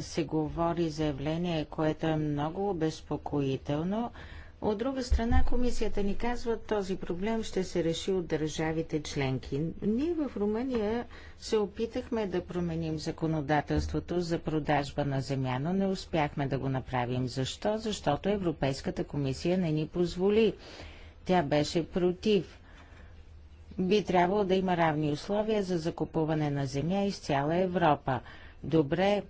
B: се говори заявление, което е много обезпокоително, от друга страна, комисията ни казва, този проблем ще се реши от държавите членки. Ние в Румъния се опитахме да променим законодателството за продажба на земя, но не успяхме да го направим. Защо? Защото Европейската комисия не ни позволи. Тя беше против. Би трябвало да има равни условия за закупуване на земя из цяла Европа. Добре,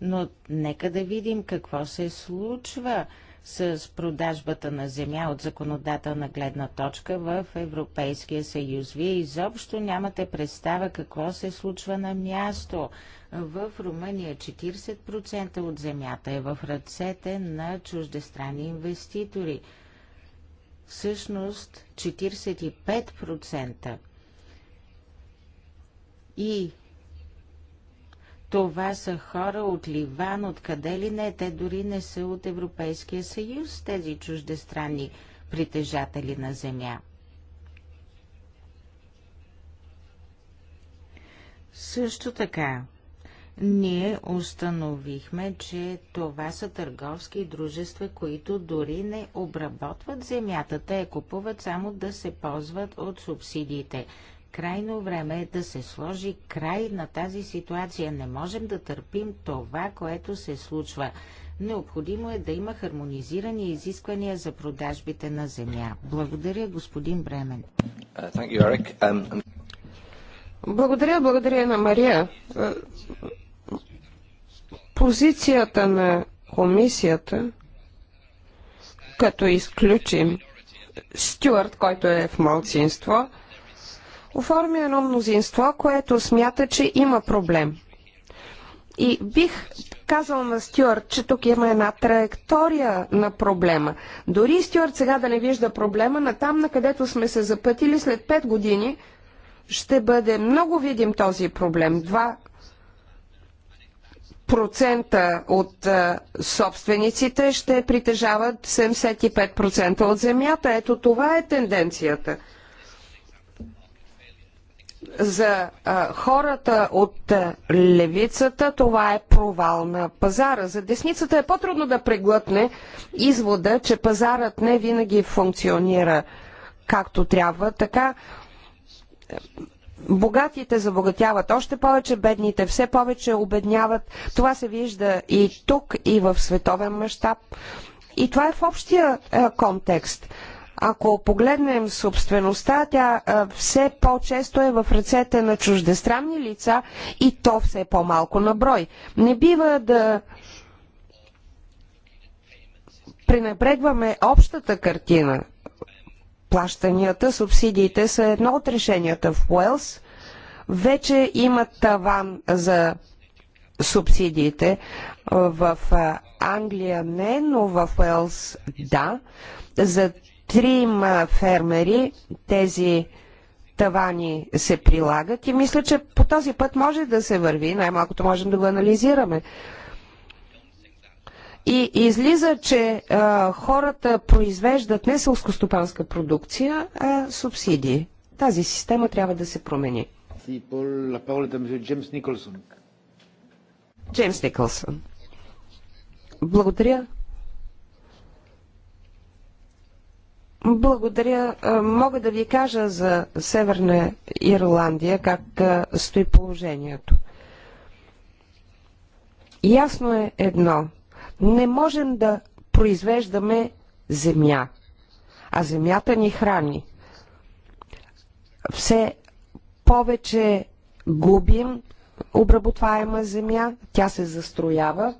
B: но нека да видим какво се случва с продажбата на земя от законодателна гледна точка в Европейския съюз. Вие изобщо нямате представа какво се случва на място. В Румъния 40% от земята е в ръцете на чуждестранни инвеститори. Всъщност 45%. И това са хора от Ливан, от къде ли не, те дори не са от Европейския съюз, тези чуждестранни притежатели на земя. Също така, ние установихме, че това са търговски дружества, които дори не обработват земята, те купуват само да се ползват от субсидиите крайно време е да се сложи край на тази ситуация. Не можем да търпим това, което се случва. Необходимо е да има хармонизирани изисквания за продажбите на земя. Благодаря, господин Бремен.
C: Uh, um,
B: благодаря, благодаря на Мария. Е,
D: позицията на комисията, като изключим Стюарт, който е в малцинство, оформя едно мнозинство, което смята, че има проблем. И бих казал на Стюарт, че тук има една траектория на проблема. Дори Стюарт сега да не вижда проблема, на там, на където сме се запътили след 5 години, ще бъде много видим този проблем. 2% от а, собствениците ще притежават 75% от земята. Ето това е тенденцията – за а, хората от левицата това е провал на пазара. За десницата е по-трудно да преглътне извода, че пазарът не винаги функционира както трябва. Така богатите забогатяват още повече, бедните все повече обедняват. Това се вижда и тук, и в световен мащаб. И това е в общия а, контекст. Ако погледнем собствеността, тя все по-често е в ръцете на чуждестранни лица и то все по-малко на брой. Не бива да пренебрегваме общата картина. Плащанията, субсидиите са едно от решенията в Уелс. Вече имат таван за субсидиите. В Англия не, но в Уелс да. За трима фермери тези тавани се прилагат и мисля, че по този път може да се върви, най-малкото можем да го анализираме. И излиза, че а, хората произвеждат не сълскостопанска продукция, а субсидии. Тази система трябва
A: да се промени. Джеймс Николсон. Джеймс
D: Николсон. Благодаря, Благодаря. Е, мога да ви кажа за Северна Ирландия как е, стои положението. Ясно е едно. Не можем да произвеждаме земя, а земята ни храни. Все повече губим обработваема земя, тя се застроява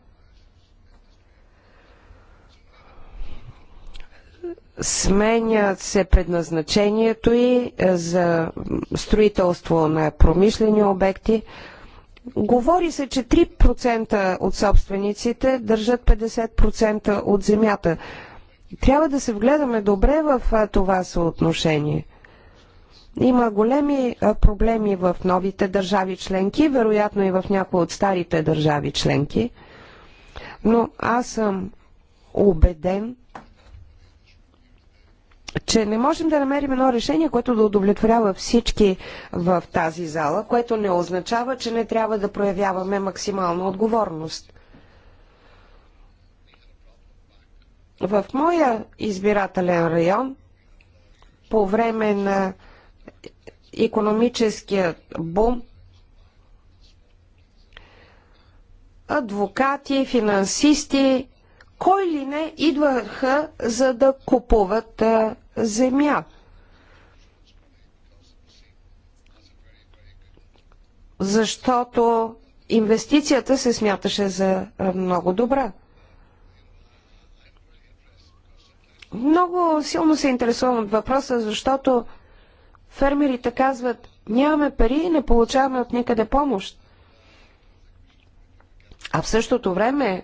D: Сменя се предназначението и е, за строителство на промишлени обекти. Говори се, че 3% от собствениците държат 50% от земята. Трябва да се вгледаме добре в това съотношение. Има големи проблеми в новите държави членки, вероятно и в някои от старите държави членки. Но аз съм убеден, че не можем да намерим едно решение, което да удовлетворява всички в тази зала, което не означава, че не трябва да проявяваме максимална отговорност. В моя избирателен район, по време на економическия бум, адвокати, финансисти, кой ли не идваха за да купуват а, земя. Защото инвестицията се смяташе за много добра. Много силно се интересувам от въпроса, защото фермерите казват, нямаме пари и не получаваме от никъде помощ. А в същото време е,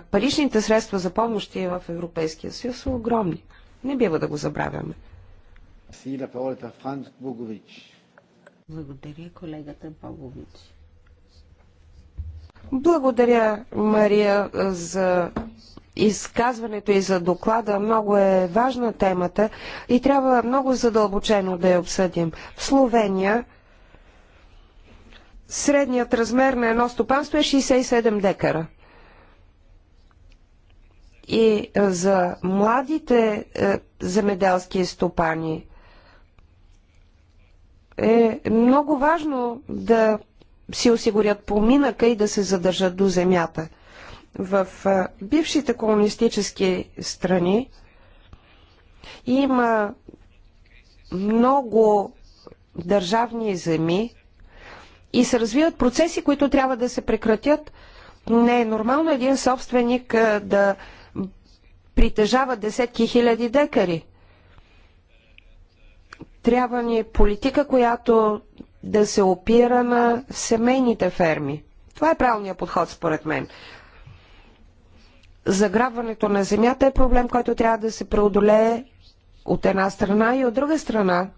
D: паричните средства за помощи в Европейския съюз са огромни. Не бива да го забравяме.
A: Благодаря,
B: колегата Богович.
D: Благодаря, Мария, за изказването и за доклада. Много е важна темата и трябва много задълбочено да я обсъдим. В Словения средният размер на едно стопанство е 67 декара. И е, за младите е, земеделски стопани е много важно да си осигурят поминъка и да се задържат до земята. В е, бившите комунистически страни има много държавни земи, и се развиват процеси, които трябва да се прекратят. Не е нормално един собственик да притежава десетки хиляди декари. Трябва ни политика, която да се опира на семейните ферми. Това е правилният подход, според мен. Заграбването на земята е проблем, който трябва да се преодолее от една страна и от друга страна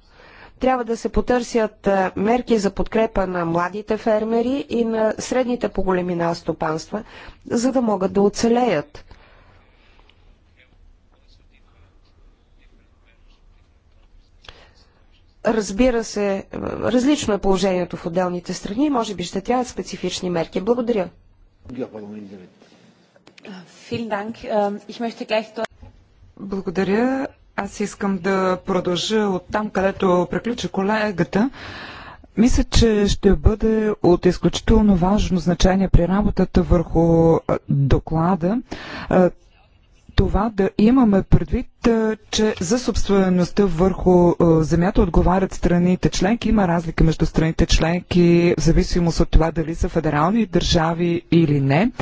D: трябва да се потърсят мерки за подкрепа на младите фермери и на средните по големина стопанства, за да могат да оцелеят. Разбира се, различно е положението в отделните страни и може би ще трябват специфични мерки. Благодаря.
A: Благодаря.
C: Аз искам да продължа от там, където приключи колегата. Мисля, че ще бъде от изключително важно значение при работата върху доклада това да имаме предвид, че за собствеността върху земята отговарят страните членки. Има разлика между страните членки, в зависимост от това дали са федерални държави или не.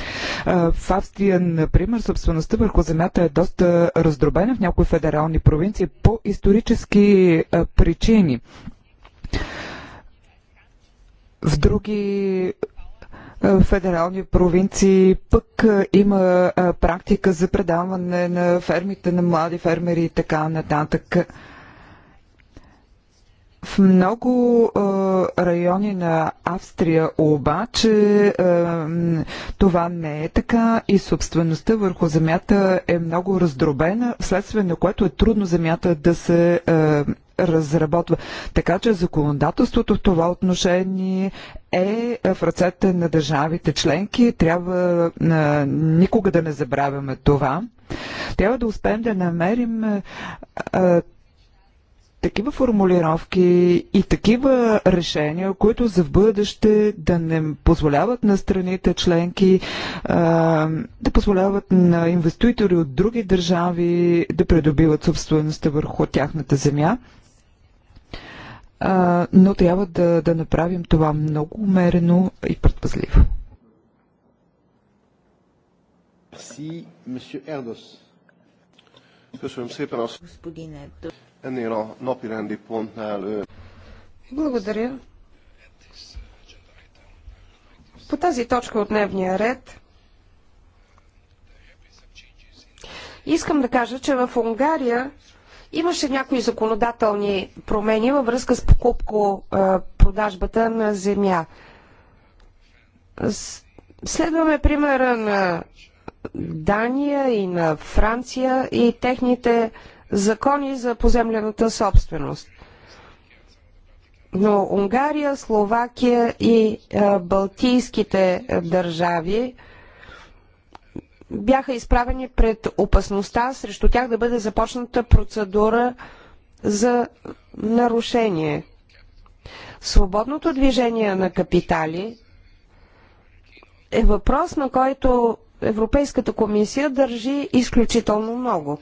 C: В Австрия, например, собствеността върху земята е доста раздробена в някои федерални провинции по исторически причини. В други федерални провинции пък е, има е, практика за предаване на фермите на млади фермери и така нататък. В много е, райони на Австрия обаче това не е така и собствеността върху земята е много раздробена, вследствие на което е трудно земята да се разработва. Така че законодателството в това отношение е в ръцете на държавите членки. Трябва а, никога да не забравяме това. Трябва да успеем да намерим а, такива формулировки и такива решения, които за в бъдеще да не позволяват на страните членки, да позволяват на инвеститори от други държави да придобиват собствеността върху тяхната земя а, но трябва да, да направим това много умерено и предпазливо.
B: Благодаря.
D: По тази точка от дневния ред искам да кажа, че в Унгария Имаше някои законодателни промени във връзка с покупко-продажбата е, на земя. Следваме примера на Дания и на Франция и техните закони за поземлената собственост. Но Унгария, Словакия и е, балтийските е, държави – бяха изправени пред опасността срещу тях да бъде започната процедура за нарушение. Свободното движение на капитали е въпрос, на който Европейската комисия държи изключително много.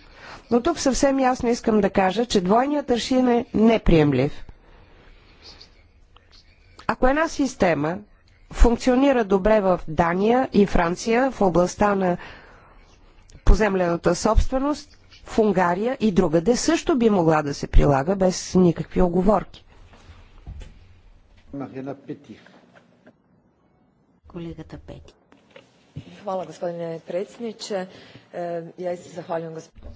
D: Но тук съвсем ясно искам да кажа, че двойният аршин е неприемлив. Ако една система функционира добре в Дания и Франция в областта на поземлената собственост в Унгария и другаде също би могла да се прилага без никакви оговорки.
A: Пети. Колегата Пети.
C: Hvala gospodine predsjedniče. Ja се захвалям, господин.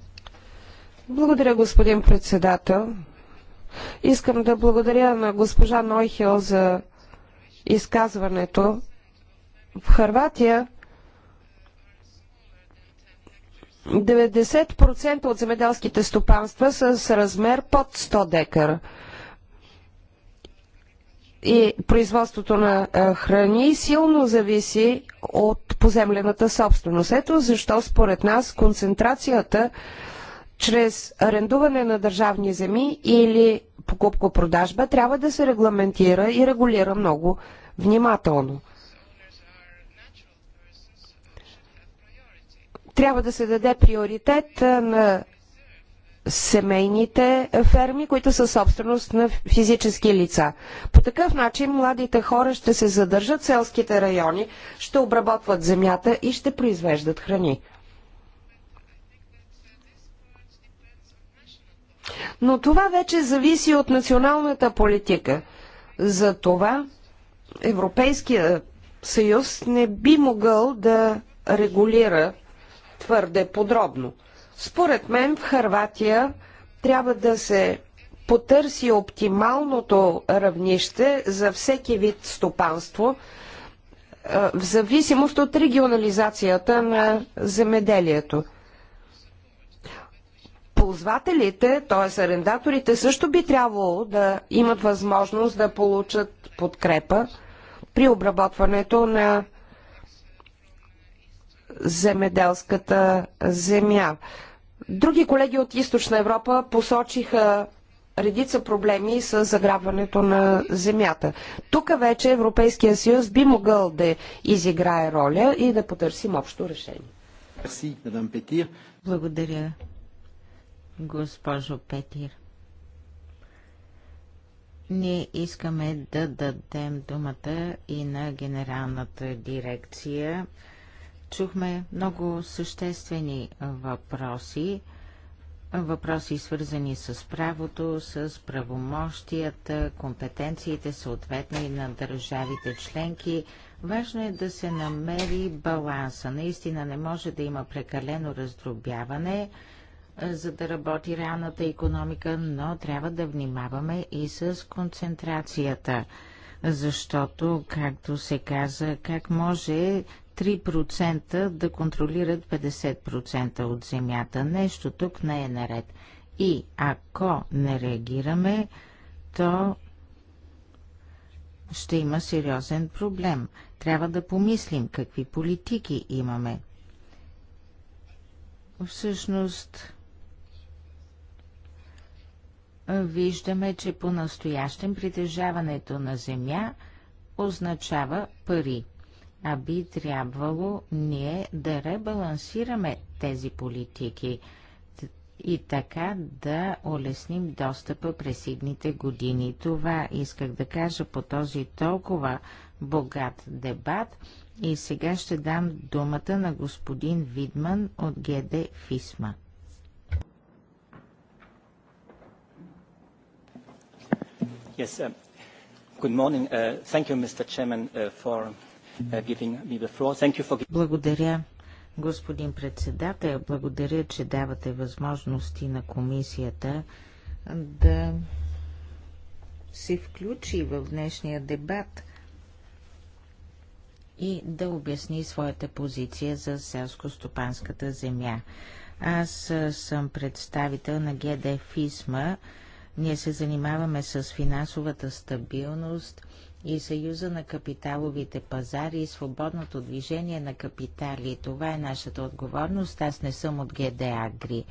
D: Благодаря, господин председател. Искам да благодаря на госпожа Нойхел за изказването. В Харватия 90% от земеделските стопанства са с размер под 100 декара и производството на храни силно зависи от поземлената собственост. Ето защо според нас концентрацията чрез арендуване на държавни земи или покупко-продажба трябва да се регламентира и регулира много внимателно. Трябва да се даде приоритет на семейните ферми, които са собственост на физически лица. По такъв начин младите хора ще се задържат в селските райони, ще обработват земята и ще произвеждат храни. Но това вече зависи от националната политика. За това Европейския съюз не би могъл да регулира твърде подробно. Според мен в Харватия трябва да се потърси оптималното равнище за всеки вид стопанство в зависимост от регионализацията на земеделието. Ползвателите, т.е. арендаторите, също би трябвало да имат възможност да получат подкрепа при обработването на земеделската земя. Други колеги от Източна Европа посочиха редица проблеми с заграбването на земята. Тук вече Европейския съюз би могъл да изиграе роля и да потърсим общо решение.
B: Благодаря, госпожо Петир. Ние искаме да дадем думата и на генералната дирекция Чухме много съществени въпроси, въпроси свързани с правото, с правомощията, компетенциите съответно и на държавите членки. Важно е да се намери баланса. Наистина не може да има прекалено раздробяване, за да работи реалната економика, но трябва да внимаваме и с концентрацията защото, както се каза, как може 3% да контролират 50% от земята. Нещо тук не е наред. И ако не реагираме, то ще има сериозен проблем. Трябва да помислим какви политики имаме. Всъщност, виждаме, че по-настоящем притежаването на земя означава пари а би трябвало ние да ребалансираме тези политики и така да улесним достъпа през идните години. Това исках да кажа по този толкова богат дебат и сега ще дам думата на господин Видман от ГД Фисма.
A: Yes, uh, good morning. Uh, thank you, Mr. Chairman, uh, for Uh,
B: Благодаря, господин председател. Благодаря, че давате възможности на комисията да се включи в днешния дебат и да обясни своята позиция за селско-стопанската земя. Аз съм представител на ГД ФИСМА, ние се занимаваме с финансовата стабилност и Съюза на капиталовите пазари и свободното движение на капитали. Това е нашата отговорност. Аз не съм от ГД Агри.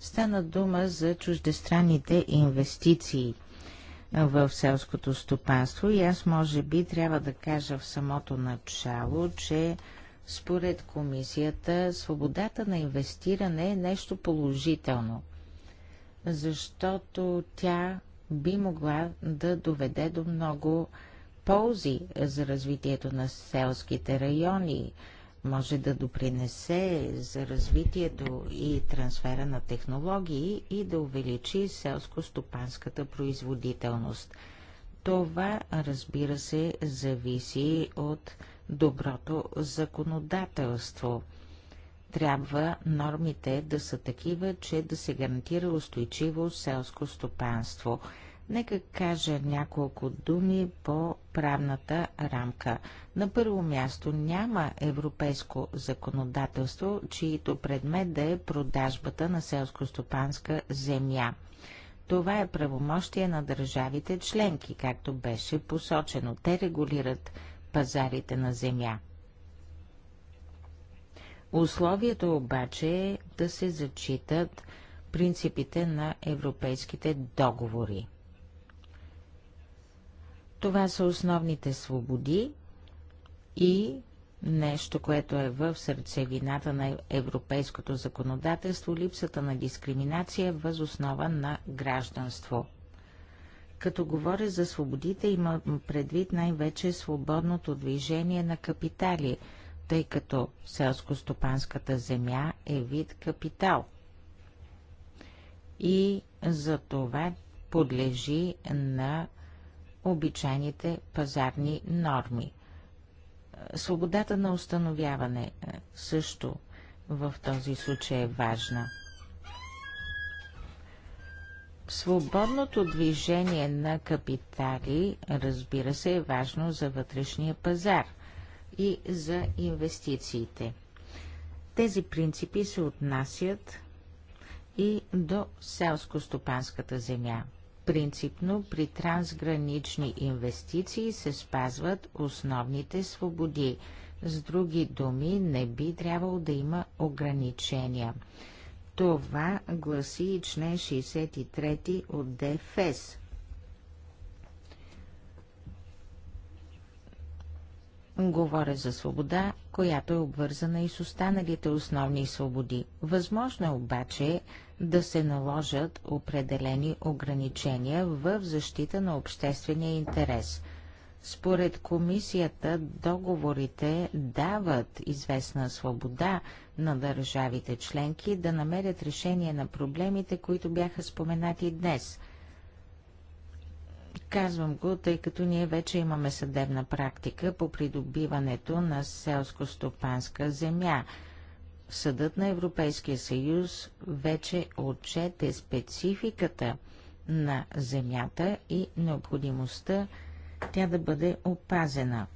B: Стана дума за чуждестранните инвестиции в селското стопанство и аз може би трябва да кажа в самото начало, че според комисията свободата на инвестиране е нещо положително – защото тя би могла да доведе до много ползи за развитието на селските райони, може да допринесе за развитието и трансфера на технологии и да увеличи селско-стопанската производителност. Това, разбира се, зависи от доброто законодателство – трябва нормите да са такива, че да се гарантира устойчиво селско стопанство. Нека кажа няколко думи по правната рамка. На първо място няма европейско законодателство, чието предмет да е продажбата на селско-стопанска земя. Това е правомощие на държавите членки, както беше посочено. Те регулират пазарите на земя. Условието обаче е да се зачитат принципите на европейските договори. Това са основните свободи и нещо, което е в сърцевината на европейското законодателство – липсата на дискриминация въз основа на гражданство. Като говоря за свободите, има предвид най-вече свободното движение на капитали – тъй като селско-стопанската земя е вид капитал. И за това подлежи на обичайните пазарни норми. Свободата на установяване е, също в този случай е важна. Свободното движение на капитали, разбира се, е важно за вътрешния пазар – и за инвестициите. Тези принципи се отнасят и до селско-стопанската земя. Принципно при трансгранични инвестиции се спазват основните свободи. С други думи, не би трябвало да има ограничения. Това гласи и член 63 от ДФС. Говоря за свобода, която е обвързана и с останалите основни свободи. Възможно е обаче да се наложат определени ограничения в защита на обществения интерес. Според комисията, договорите дават известна свобода на държавите членки да намерят решение на проблемите, които бяха споменати днес – Казвам го, тъй като ние вече имаме съдебна практика по придобиването на селско-стопанска земя. Съдът на Европейския съюз вече отчете спецификата на земята и необходимостта тя да бъде опазена.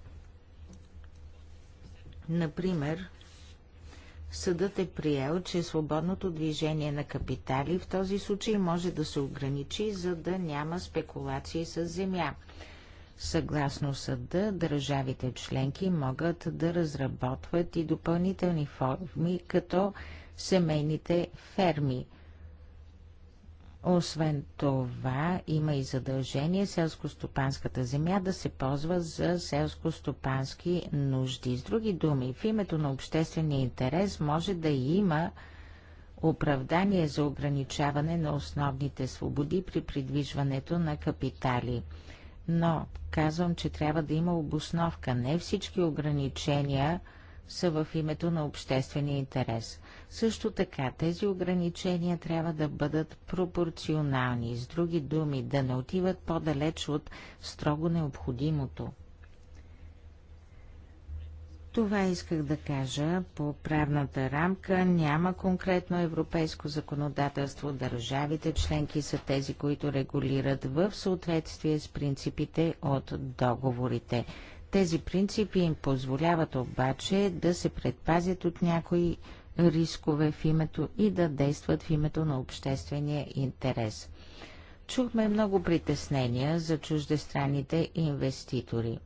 B: Например, Съдът е приел, че свободното движение на капитали в този случай може да се ограничи, за да няма спекулации с земя. Съгласно съда, държавите членки могат да разработват и допълнителни форми, като семейните ферми – освен това, има и задължение селско-стопанската земя да се ползва за селско-стопански нужди. С други думи, в името на обществения интерес може да има оправдание за ограничаване на основните свободи при придвижването на капитали. Но казвам, че трябва да има обосновка. Не всички ограничения са в името на обществения интерес. Също така, тези ограничения трябва да бъдат пропорционални, с други думи, да не отиват по-далеч от строго необходимото. Това исках да кажа. По правната рамка няма конкретно европейско законодателство. Държавите членки са тези, които регулират в съответствие с принципите от договорите. Тези принципи им позволяват обаче да се предпазят от някои рискове в името и да действат в името на обществения интерес. Чухме много притеснения за чуждестранните инвеститори.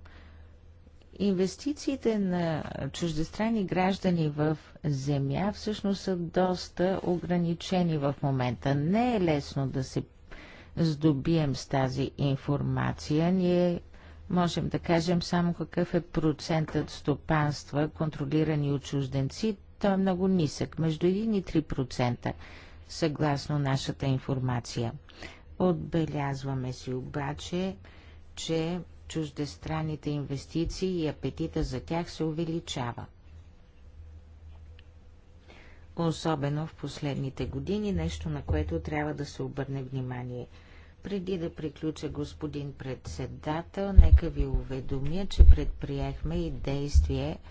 B: Инвестициите на чуждестранни граждани в земя всъщност са доста ограничени в момента. Не е лесно да се здобием с тази информация. Ние можем да кажем само какъв е процентът стопанства, контролирани от чужденци. Той е много нисък, между 1 и 3%, съгласно нашата информация. Отбелязваме си обаче, че чуждестранните инвестиции и апетита за тях се увеличава. Особено в последните години, нещо на което трябва да се обърне внимание. Преди да приключа, господин председател, нека ви уведомя, че предприехме и действие –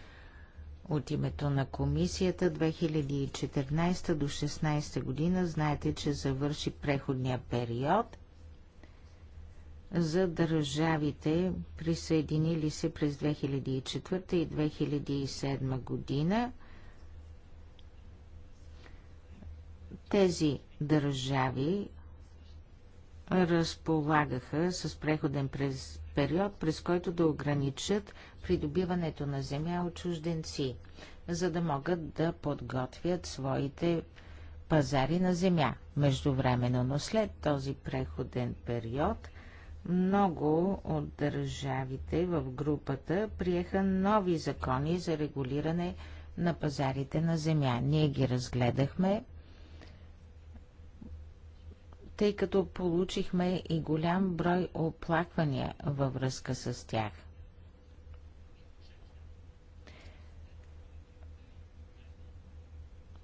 B: от името на комисията 2014 до 16 година. Знаете, че завърши преходния период за държавите, присъединили се през 2004 и 2007 година. Тези държави разполагаха с преходен през период, през който да ограничат придобиването на земя от чужденци, за да могат да подготвят своите пазари на земя междувременно. Но след този преходен период много от държавите в групата приеха нови закони за регулиране на пазарите на земя. Ние ги разгледахме тъй като получихме и голям брой оплаквания във връзка с тях.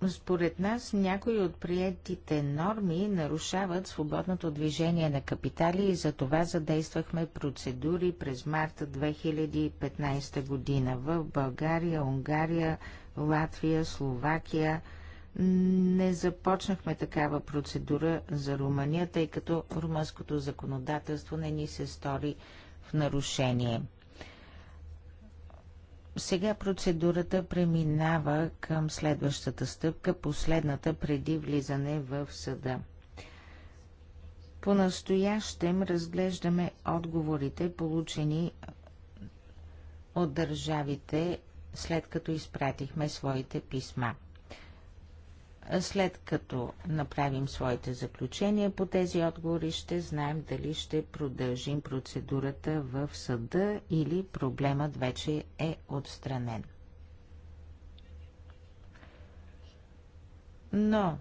B: Според нас някои от приятите норми нарушават свободното движение на капитали и за това задействахме процедури през март 2015 година в България, Унгария, Латвия, Словакия, не започнахме такава процедура за Румъния, тъй като румънското законодателство не ни се стори в нарушение. Сега процедурата преминава към следващата стъпка, последната преди влизане в съда. По-настоящем разглеждаме отговорите, получени от държавите, след като изпратихме своите писма. След като направим своите заключения по тези отговори, ще знаем дали ще продължим процедурата в съда или проблемът вече е отстранен. Но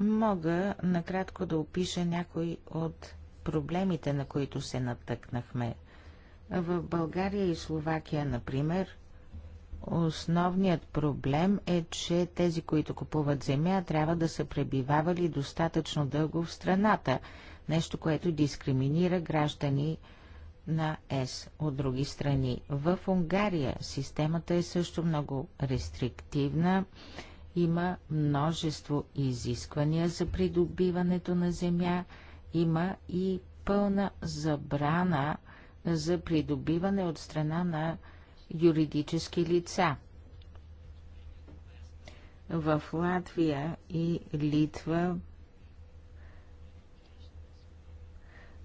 B: мога накратко да опиша някои от проблемите, на които се натъкнахме. В България и Словакия, например, Основният проблем е, че тези, които купуват земя, трябва да са пребивавали достатъчно дълго в страната, нещо, което дискриминира граждани на ЕС от други страни. В Унгария системата е също много рестриктивна. Има множество изисквания за придобиването на земя. Има и пълна забрана за придобиване от страна на юридически лица. В Латвия и Литва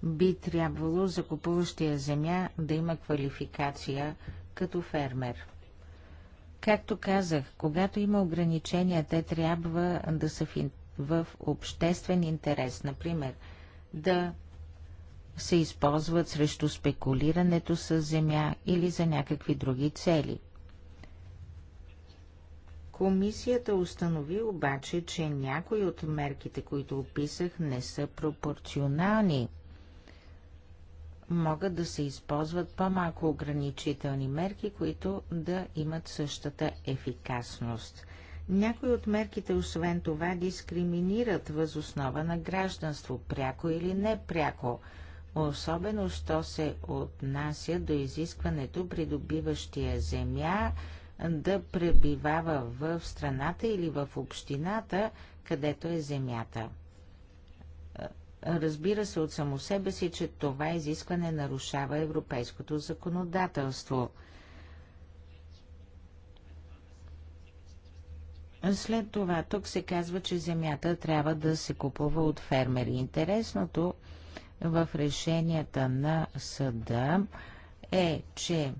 B: би трябвало закупуващия земя да има квалификация като фермер. Както казах, когато има ограничения, те трябва да са в, в обществен интерес. Например, да се използват срещу спекулирането с земя или за някакви други цели. Комисията установи обаче, че някои от мерките, които описах, не са пропорционални. Могат да се използват по-малко ограничителни мерки, които да имат същата ефикасност. Някои от мерките, освен това, дискриминират възоснова на гражданство, пряко или непряко. пряко особено що се отнася до изискването придобиващия земя да пребивава в страната или в общината, където е земята. Разбира се от само себе си, че това изискване нарушава европейското законодателство. След това тук се казва, че земята трябва да се купува от фермери. Интересното е, в решенията на съда е, че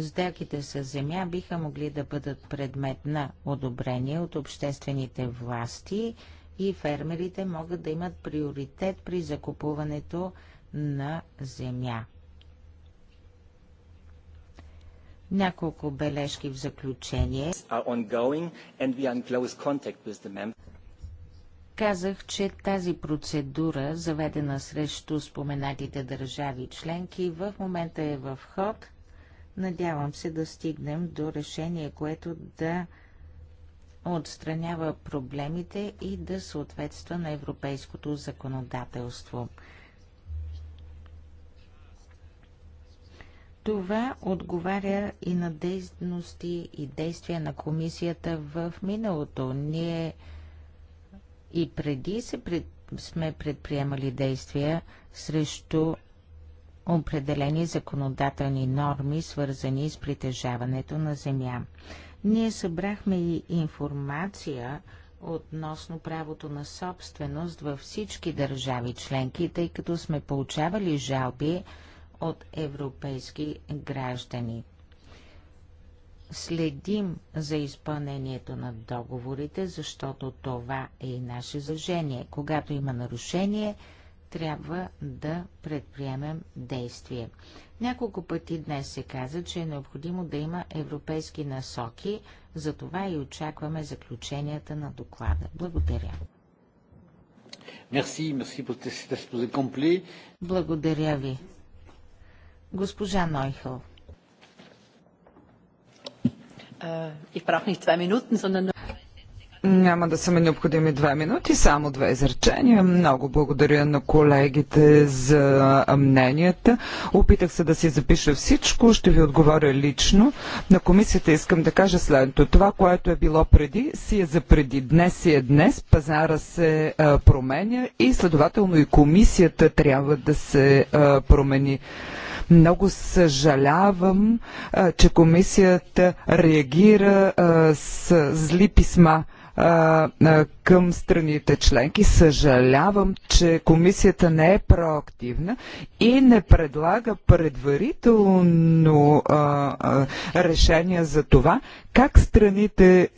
B: сделките с земя биха могли да бъдат предмет на одобрение от обществените власти и фермерите могат да имат приоритет при закупуването на земя. Няколко бележки в заключение. Казах, че тази процедура, заведена срещу споменатите държави членки, в момента е в ход. Надявам се да стигнем до решение, което да отстранява проблемите и да съответства на европейското законодателство. Това отговаря и на и действия на комисията в миналото. Ние и преди се пред, сме предприемали действия срещу определени законодателни норми, свързани с притежаването на земя. Ние събрахме и информация относно правото на собственост във всички държави членки, тъй като сме получавали жалби от европейски граждани следим за изпълнението на договорите, защото това е и наше задължение. Когато има нарушение, трябва да предприемем действие. Няколко пъти днес се каза, че е необходимо да има европейски насоки, За това и очакваме заключенията на доклада. Благодаря.
A: Merci, merci pour cet exposé complet.
B: Благодаря ви. Госпожа Нойхъл. Е,
C: Няма да са ми необходими две минути, само две изречения. Много благодаря на колегите за мненията. Опитах се да си запиша всичко, ще ви отговоря лично. На комисията искам да кажа следното. Това, което е било преди, си е за преди. Днес си е днес, пазара се променя и следователно и комисията трябва да се промени. Много съжалявам, че комисията реагира с зли писма към страните членки. Съжалявам, че комисията не е проактивна и не предлага предварително решение за това как страните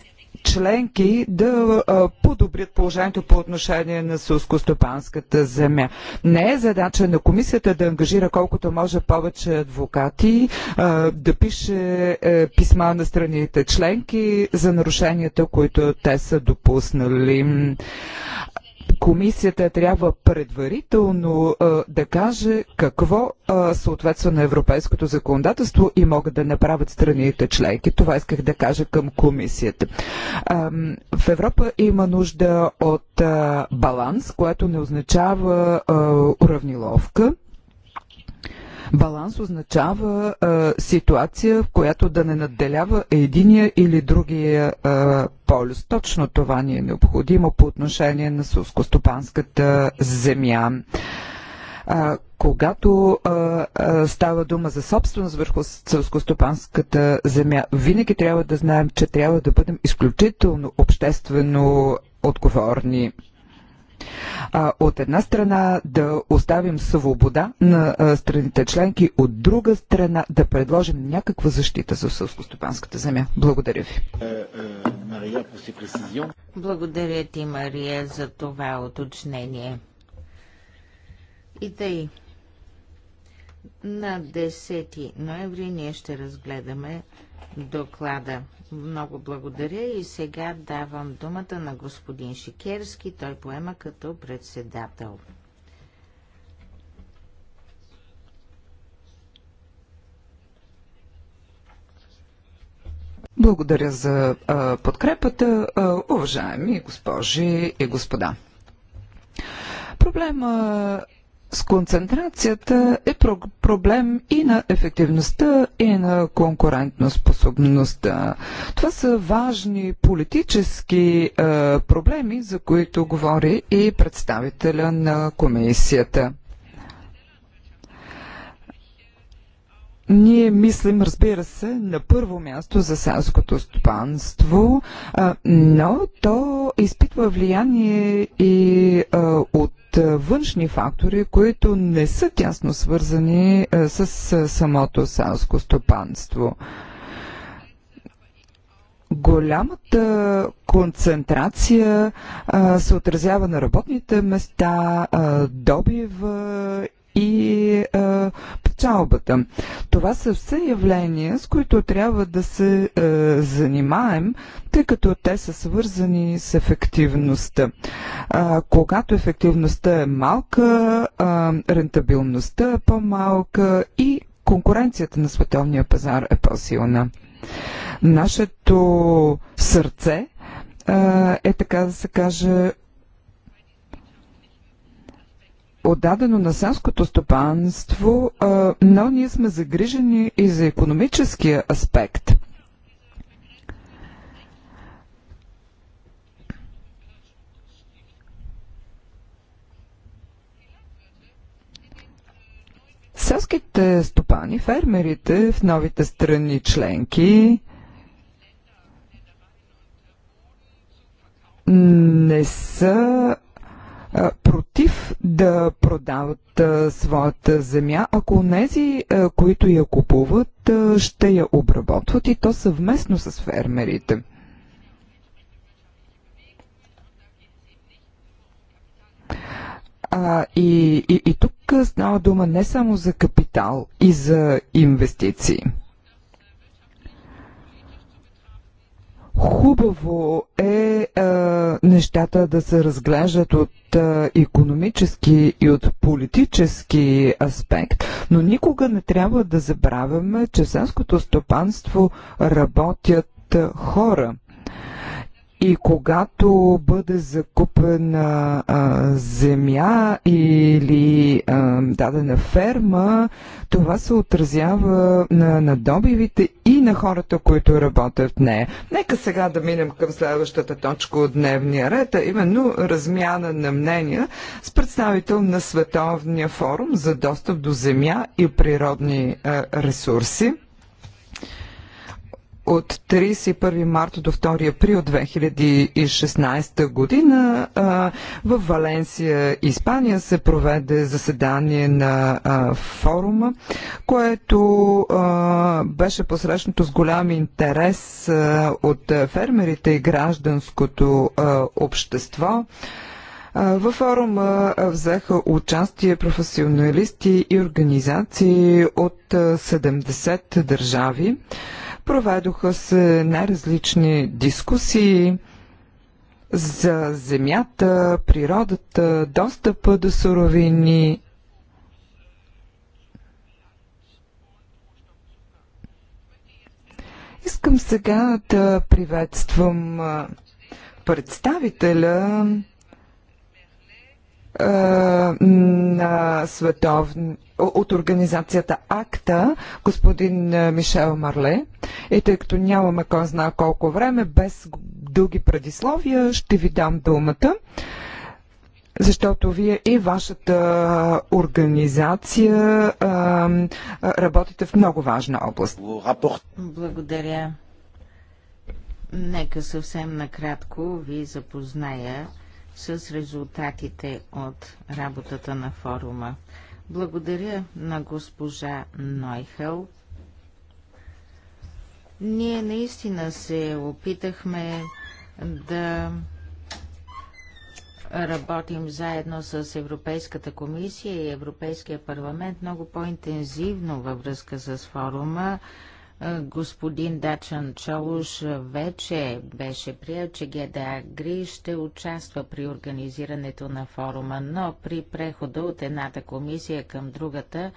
C: членки да подобрят положението по отношение на сълскостопанската земя. Не е задача на комисията да ангажира колкото може повече адвокати, да пише е, писма на страните членки за нарушенията, които те са допуснали комисията трябва предварително да каже какво съответства на европейското законодателство и могат да направят страните членки. Това исках да кажа към комисията. В Европа има нужда от баланс, което не означава уравниловка. Баланс означава а, ситуация, в която да не надделява единия или другия а, полюс. Точно това ни е необходимо по отношение на сълскостопанската земя. А, когато а, а, става дума за собственост върху сълскостопанската земя, винаги трябва да знаем, че трябва да бъдем изключително обществено отговорни. А, от една страна да оставим свобода на а, страните членки, от друга страна да предложим някаква защита за сълскостопанската земя. Благодаря ви.
A: Е, е,
B: Благодаря ти, Мария, за това уточнение. И тъй, на 10 ноември ние ще разгледаме доклада. Много благодаря и сега давам думата на господин Шикерски. Той поема като председател.
C: Благодаря за а, подкрепата, а, уважаеми госпожи и господа. Проблема с концентрацията е проблем и на ефективността, и на конкурентноспособността. Това са важни политически е, проблеми, за които говори и представителя на комисията. Ние мислим, разбира се, на първо място за селското стопанство, но то изпитва влияние и от външни фактори, които не са тясно свързани с самото селско стопанство. Голямата концентрация а, се отразява на работните места, а, добива и а, печалбата. Това са все явления, с които трябва да се а, занимаем, тъй като те са свързани с ефективността. А, когато ефективността е малка, а, рентабилността е по-малка и конкуренцията на световния пазар е по-силна. Нашето сърце е така да се каже отдадено на селското стопанство, но ние сме загрижени и за економическия аспект. Селските стопани, фермерите в новите страни членки не са против да продават своята земя, ако нези, които я купуват, ще я обработват и то съвместно с фермерите. А, и, и, и тук става дума не само за капитал и за инвестиции. Хубаво е а, нещата да се разглеждат от а, економически и от политически аспект, но никога не трябва да забравяме, че в селското стопанство работят хора. И когато бъде закупена а, земя или а, дадена ферма, това се отразява на, на добивите и на хората, които работят в нея. Нека сега да минем към следващата точка от дневния ред, а именно размяна на мнения с представител на Световния форум за достъп до земя и природни а, ресурси от 31 марта до 2 април 2016 година в Валенсия, Испания се проведе заседание на форума, което беше посрещнато с голям интерес от фермерите и гражданското общество. Във форума взеха участие професионалисти и организации от 70 държави. Проведоха се най-различни дискусии за земята, природата, достъпа до суровини. Искам сега да приветствам представителя на Световния от организацията АКТА, господин е, Мишел Марле. И тъй като нямаме кой знае колко време, без дълги предисловия, ще ви дам думата защото вие и вашата организация а, е, е, работите в много важна област.
B: Благодаря. Нека съвсем накратко ви запозная с резултатите от работата на форума. Благодаря на госпожа Нойхел. Ние наистина се опитахме да работим заедно с Европейската комисия и Европейския парламент много по-интензивно във връзка с форума. Господин Дачан Чолуш вече беше приел, че ГДА ГРИ ще участва при организирането на форума, но при прехода от едната комисия към другата,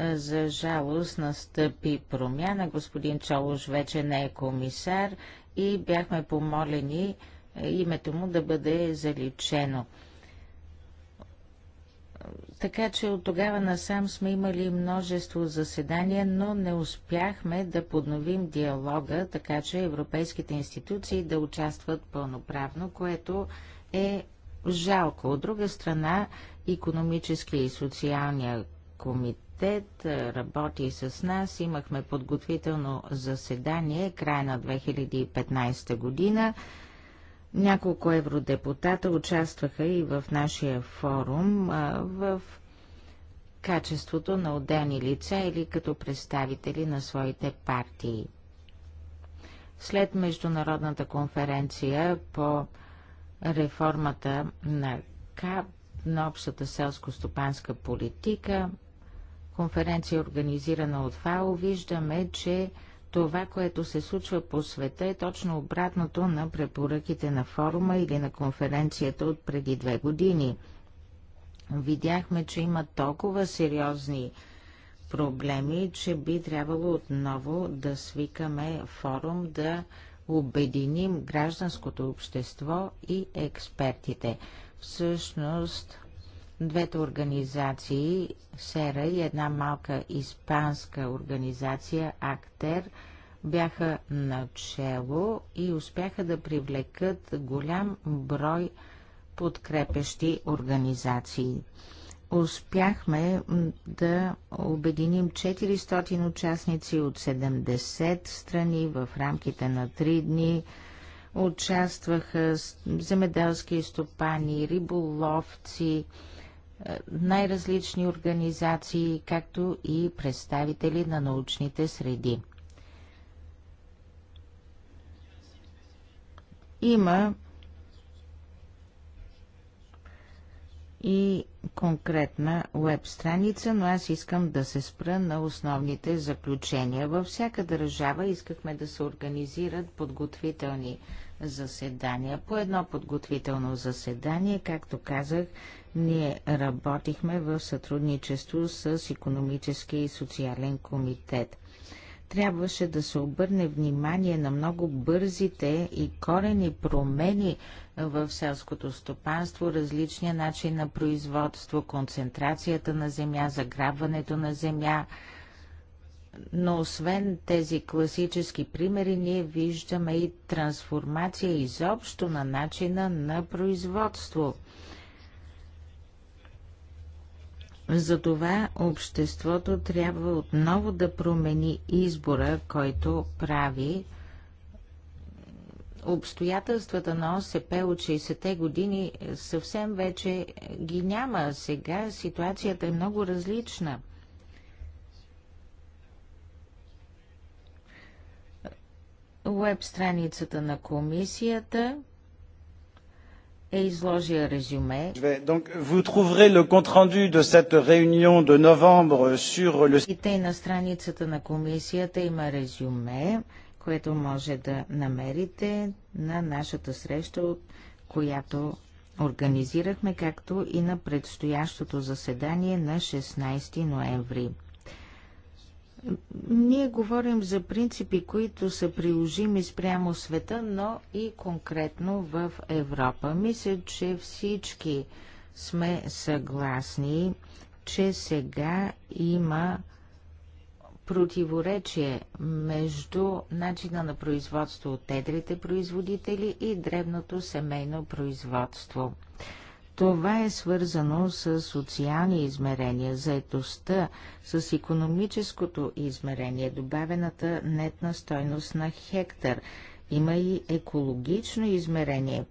B: за жалост настъпи промяна. Господин Чолуш вече не е комисар и бяхме помолени името му да бъде заличено така че от тогава насам сме имали множество заседания, но не успяхме да подновим диалога, така че европейските институции да участват пълноправно, което е жалко. От друга страна, економическия и социалния комитет работи с нас. Имахме подготвително заседание края на 2015 година. Няколко евродепутата участваха и в нашия форум в качеството на отделни лица или като представители на своите партии. След Международната конференция по реформата на КАП, на общата селско-стопанска политика, конференция организирана от ФАО, виждаме, че това, което се случва по света е точно обратното на препоръките на форума или на конференцията от преди две години. Видяхме, че има толкова сериозни проблеми, че би трябвало отново да свикаме форум, да обединим гражданското общество и експертите. Всъщност, Двете организации, СЕРА и една малка испанска организация, АКТЕР, бяха начело и успяха да привлекат голям брой подкрепещи организации. Успяхме да обединим 400 участници от 70 страни в рамките на 3 дни. Участваха земеделски стопани, риболовци, най-различни организации, както и представители на научните среди. Има и конкретна веб страница, но аз искам да се спра на основните заключения. Във всяка държава искахме да се организират подготвителни заседания. По едно подготвително заседание, както казах, ние работихме в сътрудничество с економическия и социален комитет. Трябваше да се обърне внимание на много бързите и корени промени в селското стопанство, различния начин на производство, концентрацията на земя, заграбването на земя, но освен тези класически примери, ние виждаме и трансформация изобщо на начина на производство. Затова обществото трябва отново да промени избора, който прави обстоятелствата на ОСП от 60-те години съвсем вече ги няма. Сега ситуацията е много различна. Уеб страницата на комисията е изложил резюме. Donc, vous
A: trouverez le compte-rendu de cette réunion de novembre sur le...
B: И на страницата на комисията има резюме, което може да намерите на нашата среща, която организирахме, както и на предстоящото заседание на 16 ноември. Ние говорим за принципи, които са приложими спрямо света, но и конкретно в Европа. Мисля, че всички сме съгласни, че сега има противоречие между начина на производство от тедрите производители и дребното семейно производство. Това е свързано с социални измерения, заетостта, с економическото измерение, добавената нетна стойност на хектар. Има и екологично измерение,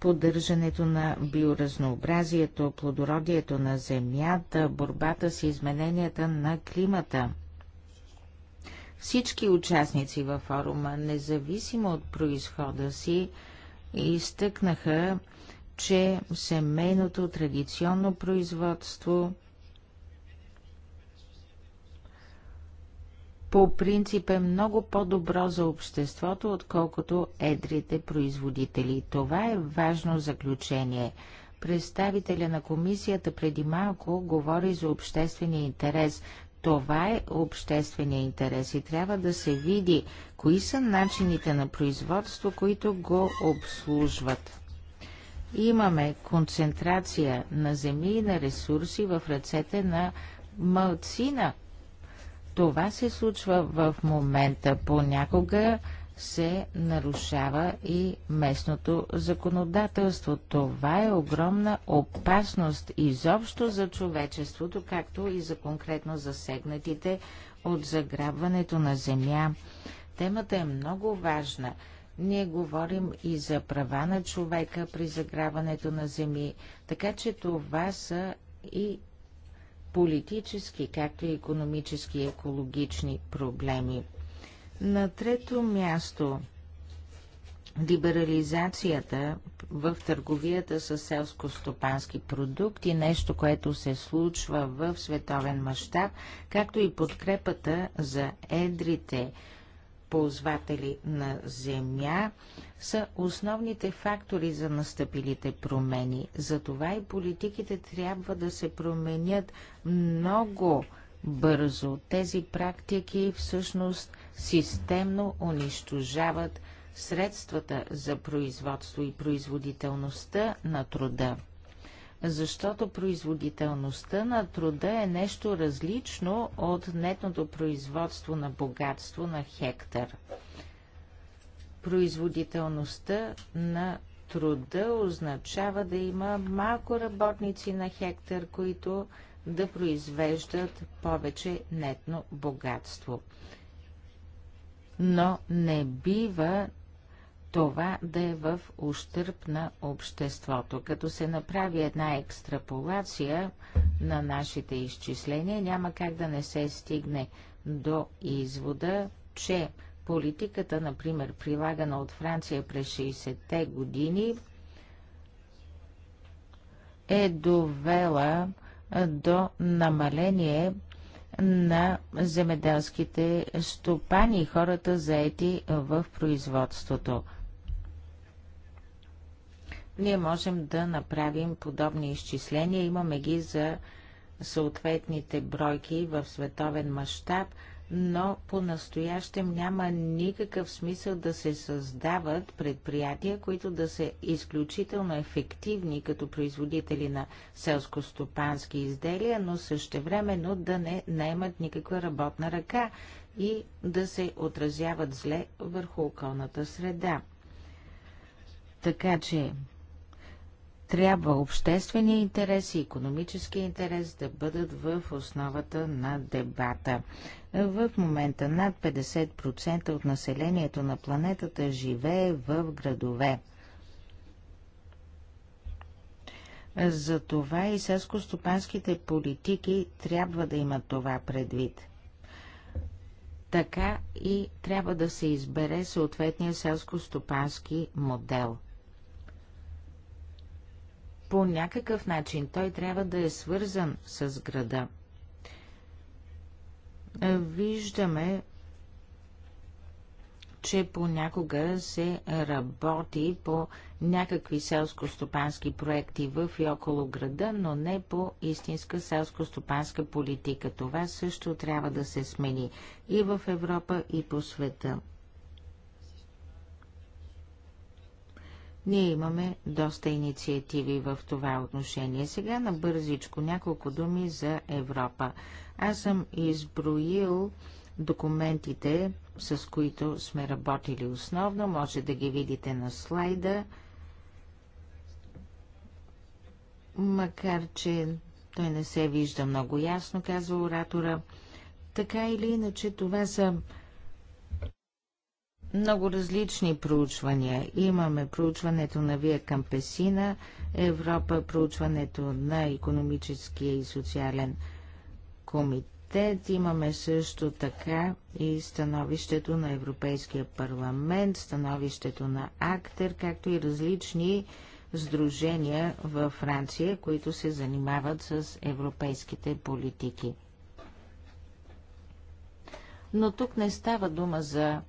B: поддържането на биоразнообразието, плодородието на земята, борбата с измененията на климата. Всички участници във форума, независимо от происхода си, изтъкнаха че семейното традиционно производство по принцип е много по-добро за обществото, отколкото едрите производители. Това е важно заключение. Представителя на комисията преди малко говори за обществения интерес. Това е обществения интерес и трябва да се види кои са начините на производство, които го обслужват. Имаме концентрация на земи и на ресурси в ръцете на мълцина. Това се случва в момента. Понякога се нарушава и местното законодателство. Това е огромна опасност изобщо за човечеството, както и за конкретно засегнатите от заграбването на земя. Темата е много важна. Ние говорим и за права на човека при заграването на земи, така че това са и политически, както и економически и екологични проблеми. На трето място либерализацията в търговията с селско-стопански продукти, нещо, което се случва в световен мащаб, както и подкрепата за едрите ползватели на земя са основните фактори за настъпилите промени. Затова и политиките трябва да се променят много бързо. Тези практики всъщност системно унищожават средствата за производство и производителността на труда защото производителността на труда е нещо различно от нетното производство на богатство на хектар. Производителността на труда означава да има малко работници на хектар, които да произвеждат повече нетно богатство. Но не бива това да е в ущърп на обществото. Като се направи една екстраполация на нашите изчисления, няма как да не се стигне до извода, че политиката, например, прилагана от Франция през 60-те години, е довела до намаление на земеделските стопани, хората заети в производството ние можем да направим подобни изчисления. Имаме ги за съответните бройки в световен мащаб, но по-настоящем няма никакъв смисъл да се създават предприятия, които да са изключително ефективни като производители на селско-стопански изделия, но същевременно да не наемат никаква работна ръка и да се отразяват зле върху околната среда. Така че трябва обществения интерес и економическия интерес да бъдат в основата на дебата. В момента над 50% от населението на планетата живее в градове. Затова и селско-стопанските политики трябва да имат това предвид. Така и трябва да се избере съответния селско-стопански модел – по някакъв начин. Той трябва да е свързан с града. Е, виждаме, че понякога се работи по някакви селско-стопански проекти в и около града, но не по истинска селско-стопанска политика. Това също трябва да се смени и в Европа, и по света. Ние имаме доста инициативи в това отношение. Сега на бързичко няколко думи за Европа. Аз съм изброил документите, с които сме работили основно. Може да ги видите на слайда. Макар, че той не се вижда много ясно, казва оратора. Така или иначе, това са много различни проучвания. Имаме проучването на Вие Кампесина, Европа, проучването на економическия и социален комитет. Имаме също така и становището на Европейския парламент, становището на Актер, както и различни сдружения във Франция, които се занимават с европейските политики. Но тук не става дума за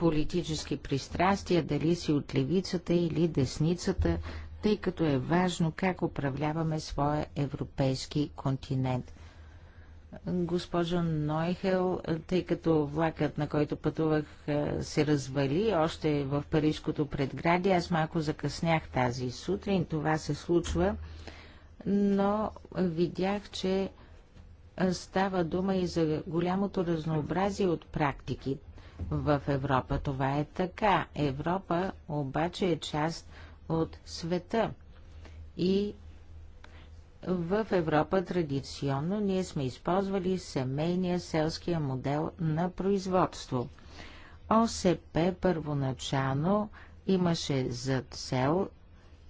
B: политически пристрастия, дали си от левицата или десницата, тъй като е важно как управляваме своя европейски континент. Госпожо Нойхел, тъй като влакът, на който пътувах, е, се развали още в парижското предградие, аз малко закъснях тази сутрин, това се случва, но видях, че става дума и за голямото разнообразие от практики в Европа. Това е така. Европа обаче е част от света. И в Европа традиционно ние сме използвали семейния селския модел на производство. ОСП първоначално имаше за цел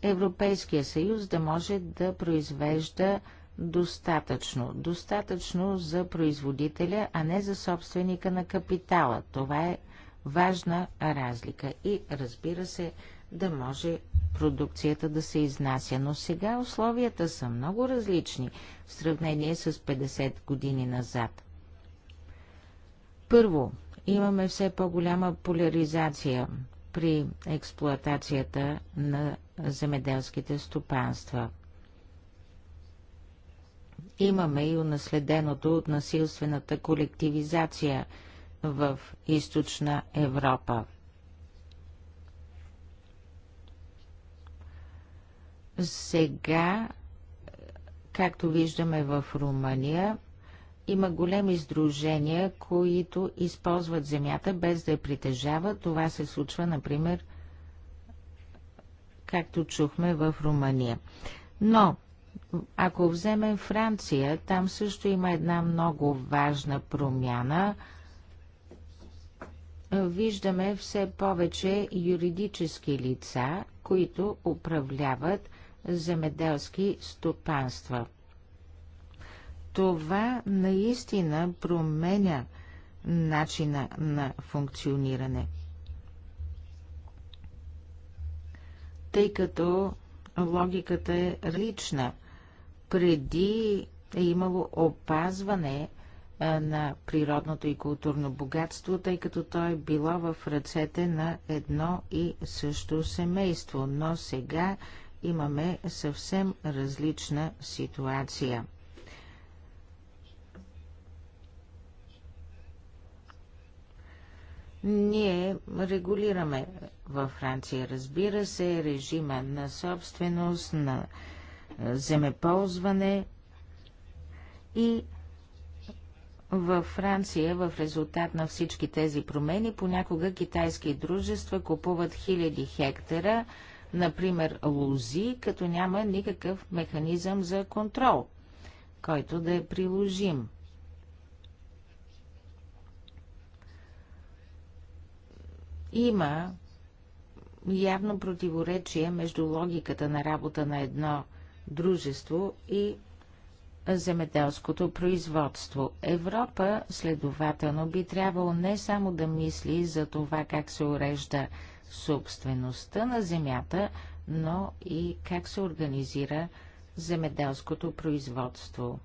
B: Европейския съюз да може да произвежда достатъчно. Достатъчно за производителя, а не за собственика на капитала. Това е важна разлика. И разбира се, да може продукцията да се изнася. Но сега условията са много различни в сравнение с 50 години назад. Първо, имаме все по-голяма поляризация при експлоатацията на земеделските стопанства имаме и унаследеното от насилствената колективизация в източна Европа. Сега, както виждаме в Румъния, има големи сдружения, които използват земята без да я притежават. Това се случва, например, както чухме в Румъния. Но ако вземем Франция, там също има една много важна промяна. Виждаме все повече юридически лица, които управляват земеделски стопанства. Това наистина променя начина на функциониране. Тъй като логиката е лична преди е имало опазване на природното и културно богатство, тъй като то е било в ръцете на едно и също семейство. Но сега имаме съвсем различна ситуация. Ние регулираме във Франция, разбира се, режима на собственост, на земеползване и във Франция, в резултат на всички тези промени, понякога китайски дружества купуват хиляди хектара, например лози, като няма никакъв механизъм за контрол, който да е приложим. Има явно противоречие между логиката на работа на едно дружество и земеделското производство. Европа, следователно, би трябвало не само да мисли за това как се урежда собствеността на земята, но и как се организира земеделското производство.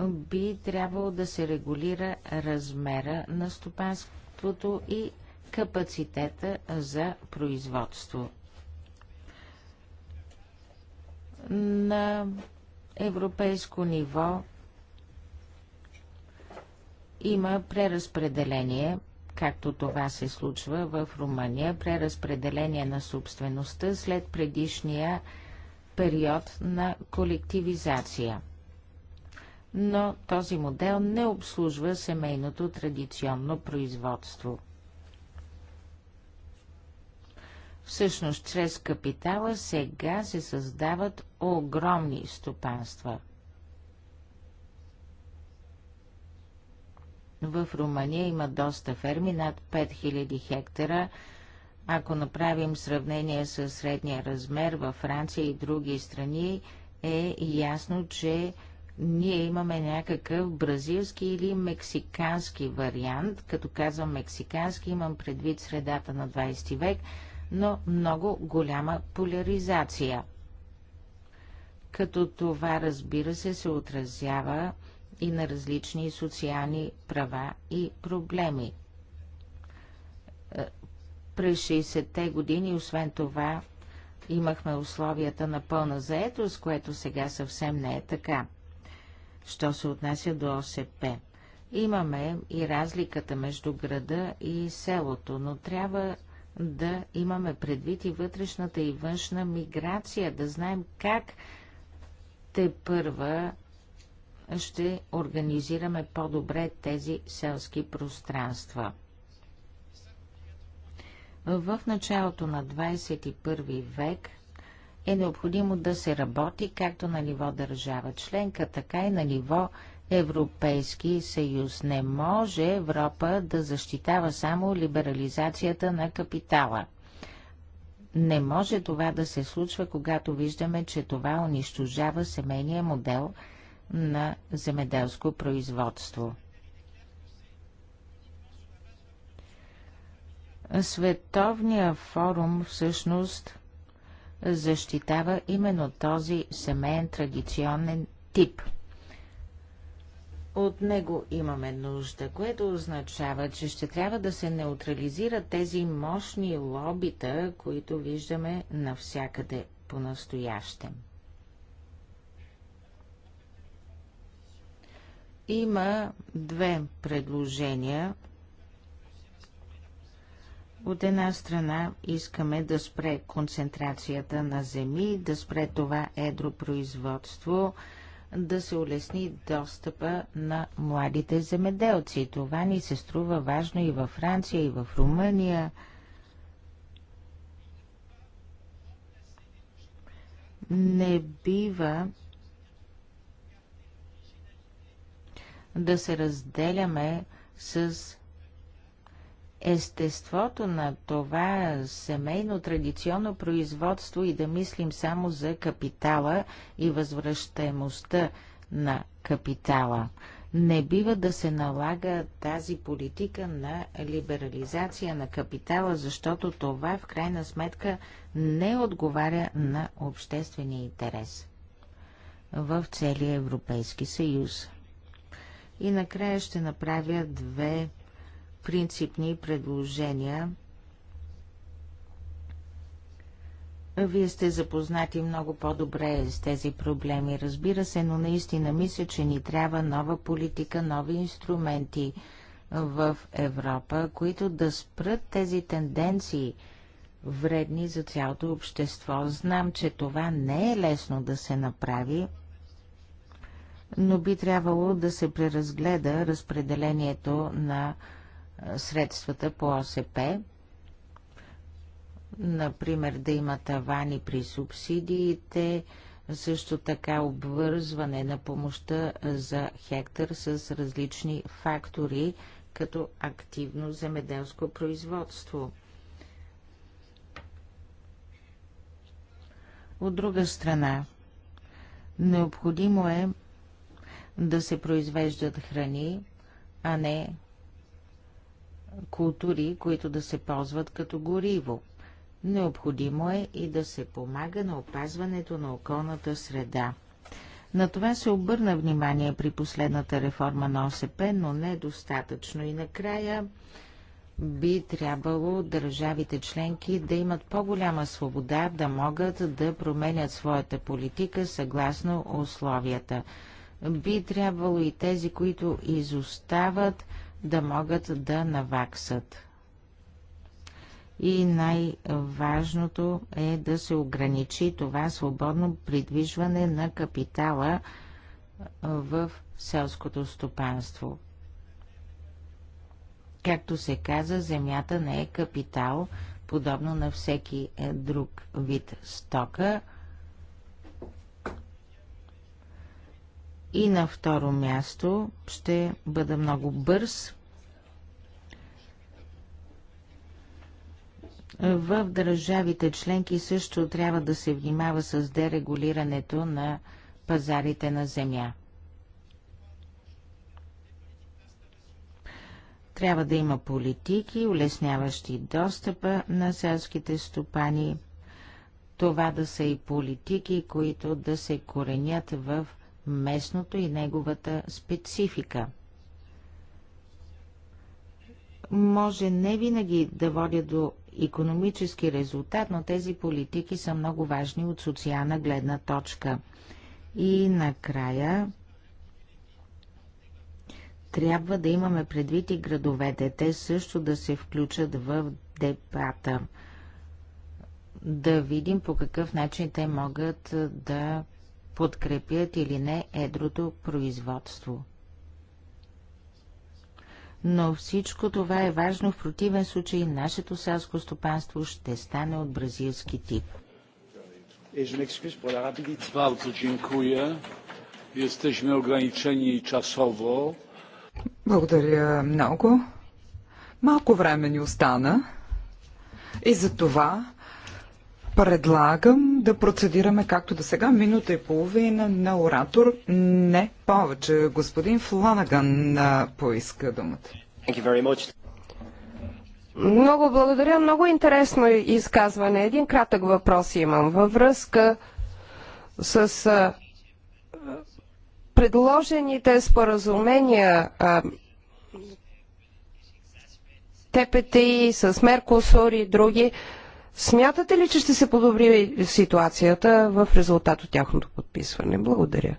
B: Би трябвало да се регулира размера на стопанството и капацитета за производство на европейско ниво има преразпределение, както това се случва в Румъния, преразпределение на собствеността след предишния период на колективизация. Но този модел не обслужва семейното традиционно производство – Всъщност, чрез капитала сега се създават огромни стопанства. В Румъния има доста ферми, над 5000 хектара. Ако направим сравнение с средния размер във Франция и други страни, е ясно, че ние имаме някакъв бразилски или мексикански вариант. Като казвам мексикански, имам предвид средата на 20 век – но много голяма поляризация. Като това, разбира се, се отразява и на различни социални права и проблеми. Е, през 60-те години, освен това, имахме условията на пълна заетост, което сега съвсем не е така. Що се отнася до ОСП? Имаме и разликата между града и селото, но трябва да имаме предвид и вътрешната и външна миграция, да знаем как те първа ще организираме по-добре тези селски пространства. В началото на 21 век е необходимо да се работи както на ниво държава членка, така и на ниво Европейски съюз. Не може Европа да защитава само либерализацията на капитала. Не може това да се случва, когато виждаме, че това унищожава семейния модел на земеделско производство. Световният форум всъщност защитава именно този семейен традиционен тип – от него имаме нужда, което означава, че ще трябва да се неутрализират тези мощни лобита, които виждаме навсякъде по-настоящем. Има две предложения. От една страна искаме да спре концентрацията на земи, да спре това едро производство – да се улесни достъпа на младите земеделци. Това ни се струва важно и във Франция, и в Румъния. Не бива да се разделяме с естеството на това семейно традиционно производство и да мислим само за капитала и възвръщаемостта на капитала. Не бива да се налага тази политика на либерализация на капитала, защото това в крайна сметка не отговаря на обществения интерес в целия Европейски съюз. И накрая ще направя две принципни предложения. Вие сте запознати много по-добре с тези проблеми, разбира се, но наистина мисля, че ни трябва нова политика, нови инструменти в Европа, които да спрат тези тенденции, вредни за цялото общество. Знам, че това не е лесно да се направи, но би трябвало да се преразгледа разпределението на е, средствата по ОСП, например да има тавани при субсидиите, също така обвързване на помощта за хектар с различни фактори, като активно земеделско производство. От друга страна, необходимо е да се произвеждат храни, а не култури, които да се ползват като гориво. Необходимо е и да се помага на опазването на околната среда. На това се обърна внимание при последната реформа на ОСП, но не е достатъчно. И накрая би трябвало държавите членки да имат по-голяма свобода да могат да променят своята политика съгласно условията. Би трябвало и тези, които изостават, да могат да наваксат. И най-важното е да се ограничи това свободно придвижване на капитала в селското стопанство. Както се каза, земята не е капитал, подобно на всеки е, друг вид стока – И на второ място ще бъда много бърз. В държавите членки също трябва да се внимава с дерегулирането на пазарите на земя. Трябва да има политики, улесняващи достъпа на селските стопани. Това да са и политики, които да се коренят в местното и неговата специфика. Може не винаги да водя до економически резултат, но тези политики са много важни от социална гледна точка. И накрая трябва да имаме предвид и градовете. Те също да се включат в дебата. Да видим по какъв начин те могат да подкрепят или не едрото производство. Но всичко това е важно, в противен случай нашето селско стопанство ще стане от бразилски тип.
A: Bardzo dziękuję. Jesteśmy ograniczeni czasowo.
C: Благодаря много. Малко време ни остана и за това Предлагам да процедираме както до сега, минута и половина на оратор, не повече. Господин Фланаган поиска думата.
D: Много благодаря. Много интересно изказване. Един кратък въпрос имам във връзка с предложените споразумения ТПТИ с Меркосур и други. Смятате ли, че ще се подобри ситуацията в резултат от тяхното подписване? Благодаря.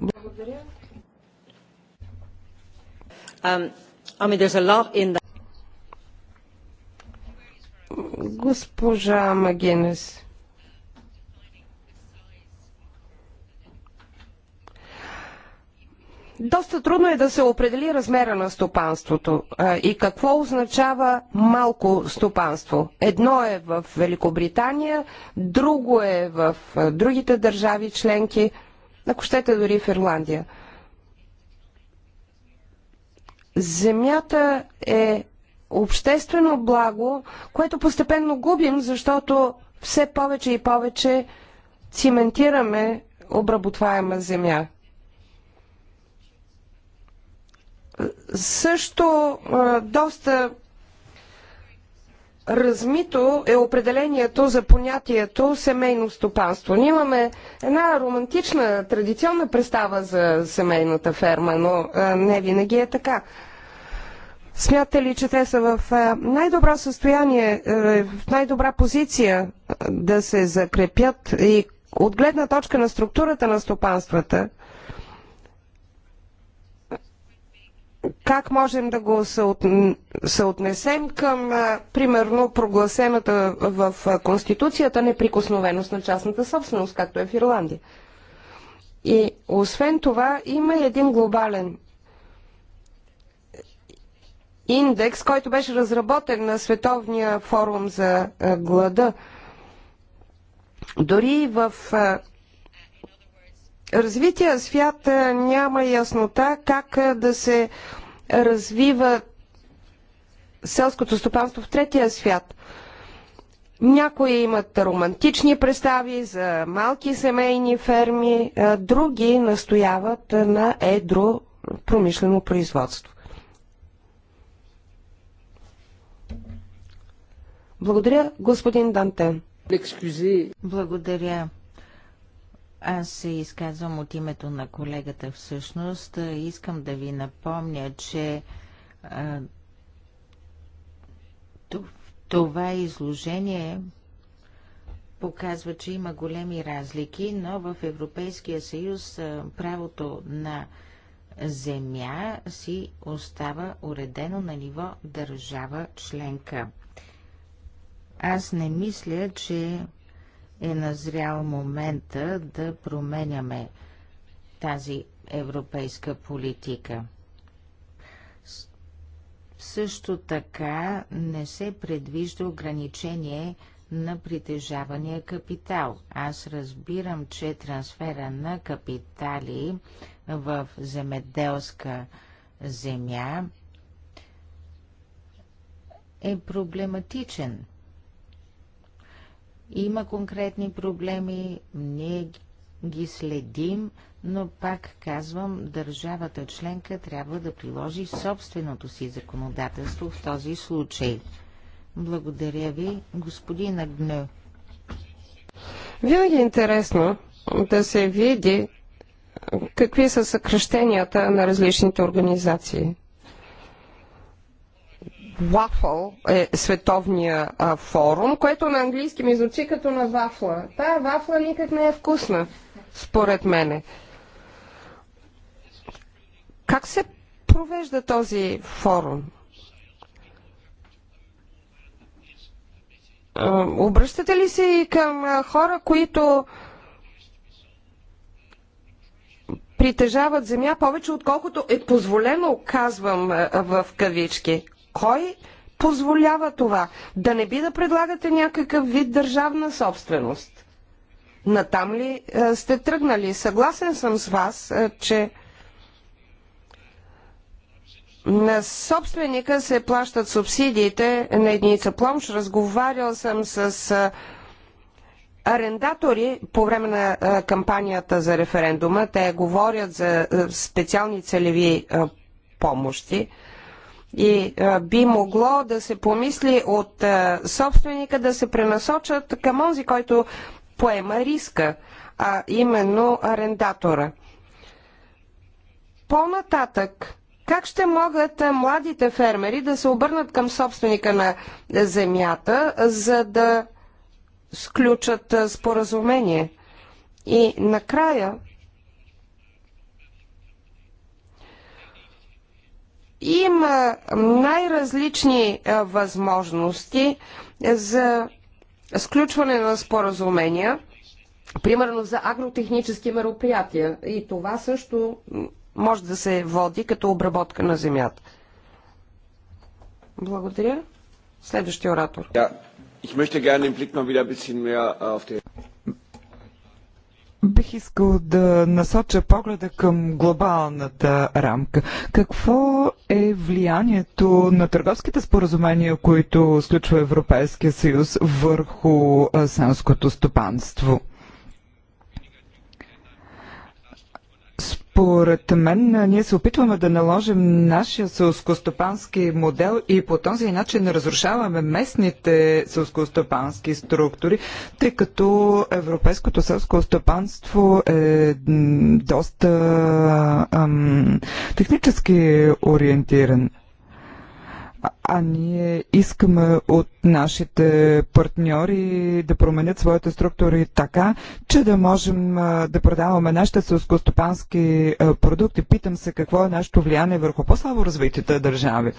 B: Благодаря. Um, I mean,
D: Госпожа Магенес, Доста трудно е да се определи размера на стопанството и какво означава малко стопанство. Едно е в Великобритания, друго е в другите държави членки, ако щете дори в Ирландия. Земята е обществено благо, което постепенно губим, защото все повече и повече циментираме обработваема земя. Също доста размито е определението за понятието семейно стопанство. Ние имаме една романтична, традиционна представа за семейната ферма, но не винаги е така. Смятате ли, че те са в най-добро състояние, в най-добра позиция да се закрепят и от гледна точка на структурата на стопанствата, как можем да го съотнесем към, примерно, прогласената в Конституцията неприкосновеност на частната собственост, както е в Ирландия. И освен това има един глобален индекс, който беше разработен на Световния форум за глада. Дори в развития свят няма яснота как да се развива селското стопанство в третия свят. Някои имат романтични представи за малки семейни ферми, други настояват на едро промишлено производство.
B: Благодаря, господин Дантен. Благодаря. Аз се изказвам от името на колегата всъщност. Искам да ви напомня, че а, това изложение показва, че има големи разлики, но в Европейския съюз правото на земя си остава уредено на ниво държава членка. Аз не мисля, че е назрял момента да променяме тази европейска политика. Също така не се предвижда ограничение на притежавания капитал. Аз разбирам, че трансфера на капитали в земеделска земя е проблематичен има конкретни проблеми, ние ги следим, но пак казвам, държавата членка трябва да приложи собственото си законодателство в този случай. Благодаря ви, господин Агню.
D: Винаги е интересно да се види какви са съкръщенията на различните организации. Waffle е световния а, форум, което на английски ми звучи като на вафла. Тая вафла никак не е вкусна, според мене. Как се провежда този форум? Обръщате ли се и към хора, които притежават земя повече, отколкото е позволено, казвам в кавички? Кой позволява това? Да не би да предлагате някакъв вид държавна собственост? Натам ли а, е, сте тръгнали? Съгласен съм с вас, а, е, че на собственика се плащат субсидиите на единица пломш. Разговарял съм с а, е, арендатори по време на а, кампанията за референдума. Те говорят за а, специални целеви а, помощи и а, би могло да се помисли от а, собственика да се пренасочат към онзи, който поема риска, а именно арендатора. По-нататък, как ще могат а, младите фермери да се обърнат към собственика на земята, за да сключат споразумение? И накрая, Има най-различни възможности за сключване на споразумения, примерно за агротехнически мероприятия. И това също може да се води като обработка на земята. Благодаря. Следващия оратор.
A: Ja, ich möchte gerne den Blick mal wieder ein bisschen mehr auf den
C: Бих искал да насоча погледа към глобалната рамка. Какво е влиянието на търговските споразумения, които сключва Европейския съюз върху селското стопанство? Според мен ние се опитваме да наложим нашия селскостопански модел и по този начин разрушаваме местните селскостопански структури, тъй като европейското селско стопанство е доста ам, технически ориентиран а ние искаме от нашите партньори да променят своите структури така, че да можем да продаваме нашите селскостопански продукти. Питам се какво е нашето влияние върху по-слабо развитите държави.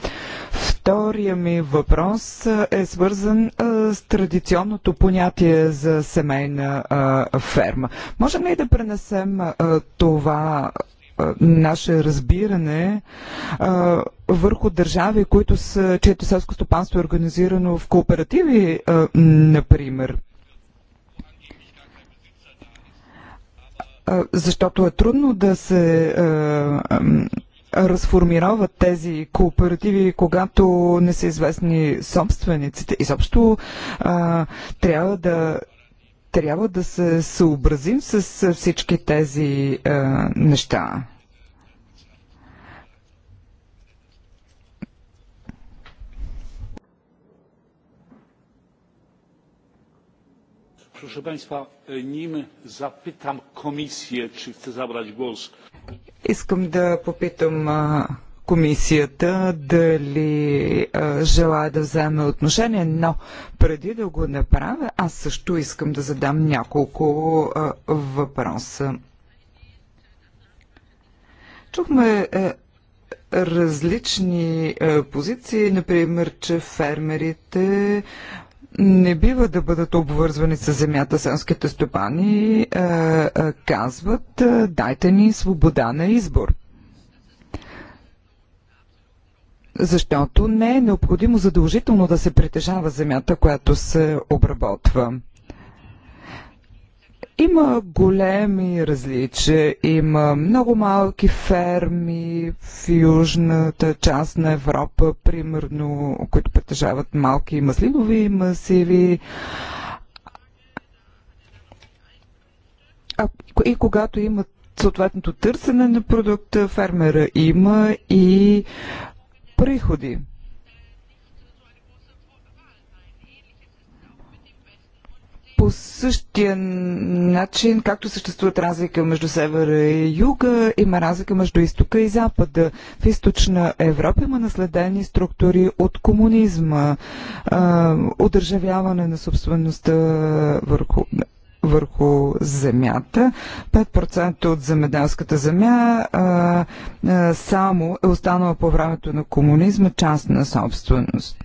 C: Втория ми въпрос е свързан с традиционното понятие за семейна ферма. Можем ли да пренесем това наше разбиране а, върху държави, които са, чието селско стопанство е организирано в кооперативи, а, например. А, защото е трудно да се разформироват тези кооперативи, когато не са известни собствениците. Изобщо трябва да трябва да се съобразим с всички тези е, неща.
A: Proszę Państwa, nim zapytam komisję, czy chce zabrać głos.
C: Искам да попитам е, комисията дали а, желая да вземе отношение, но преди да го направя, аз също искам да задам няколко а, въпроса. Чухме а, е, различни а, е, позиции, например, че фермерите не бива да бъдат обвързвани с земята селските стопани, е, казват, дайте ни свобода на избор. защото не е необходимо задължително да се притежава земята, която се обработва. Има големи различия. Има много малки ферми в южната част на Европа, примерно, които притежават малки маслинови масиви. А, и когато имат съответното търсене на продукта, фермера има и приходи. по същия начин, както съществуват разлика между севера и юга, има разлика между изтока и запада. В източна Европа има наследени структури от комунизма, удържавяване на собствеността върху върху земята. 5% от земеделската земя а, а, само е останала по времето на комунизма част на собственост.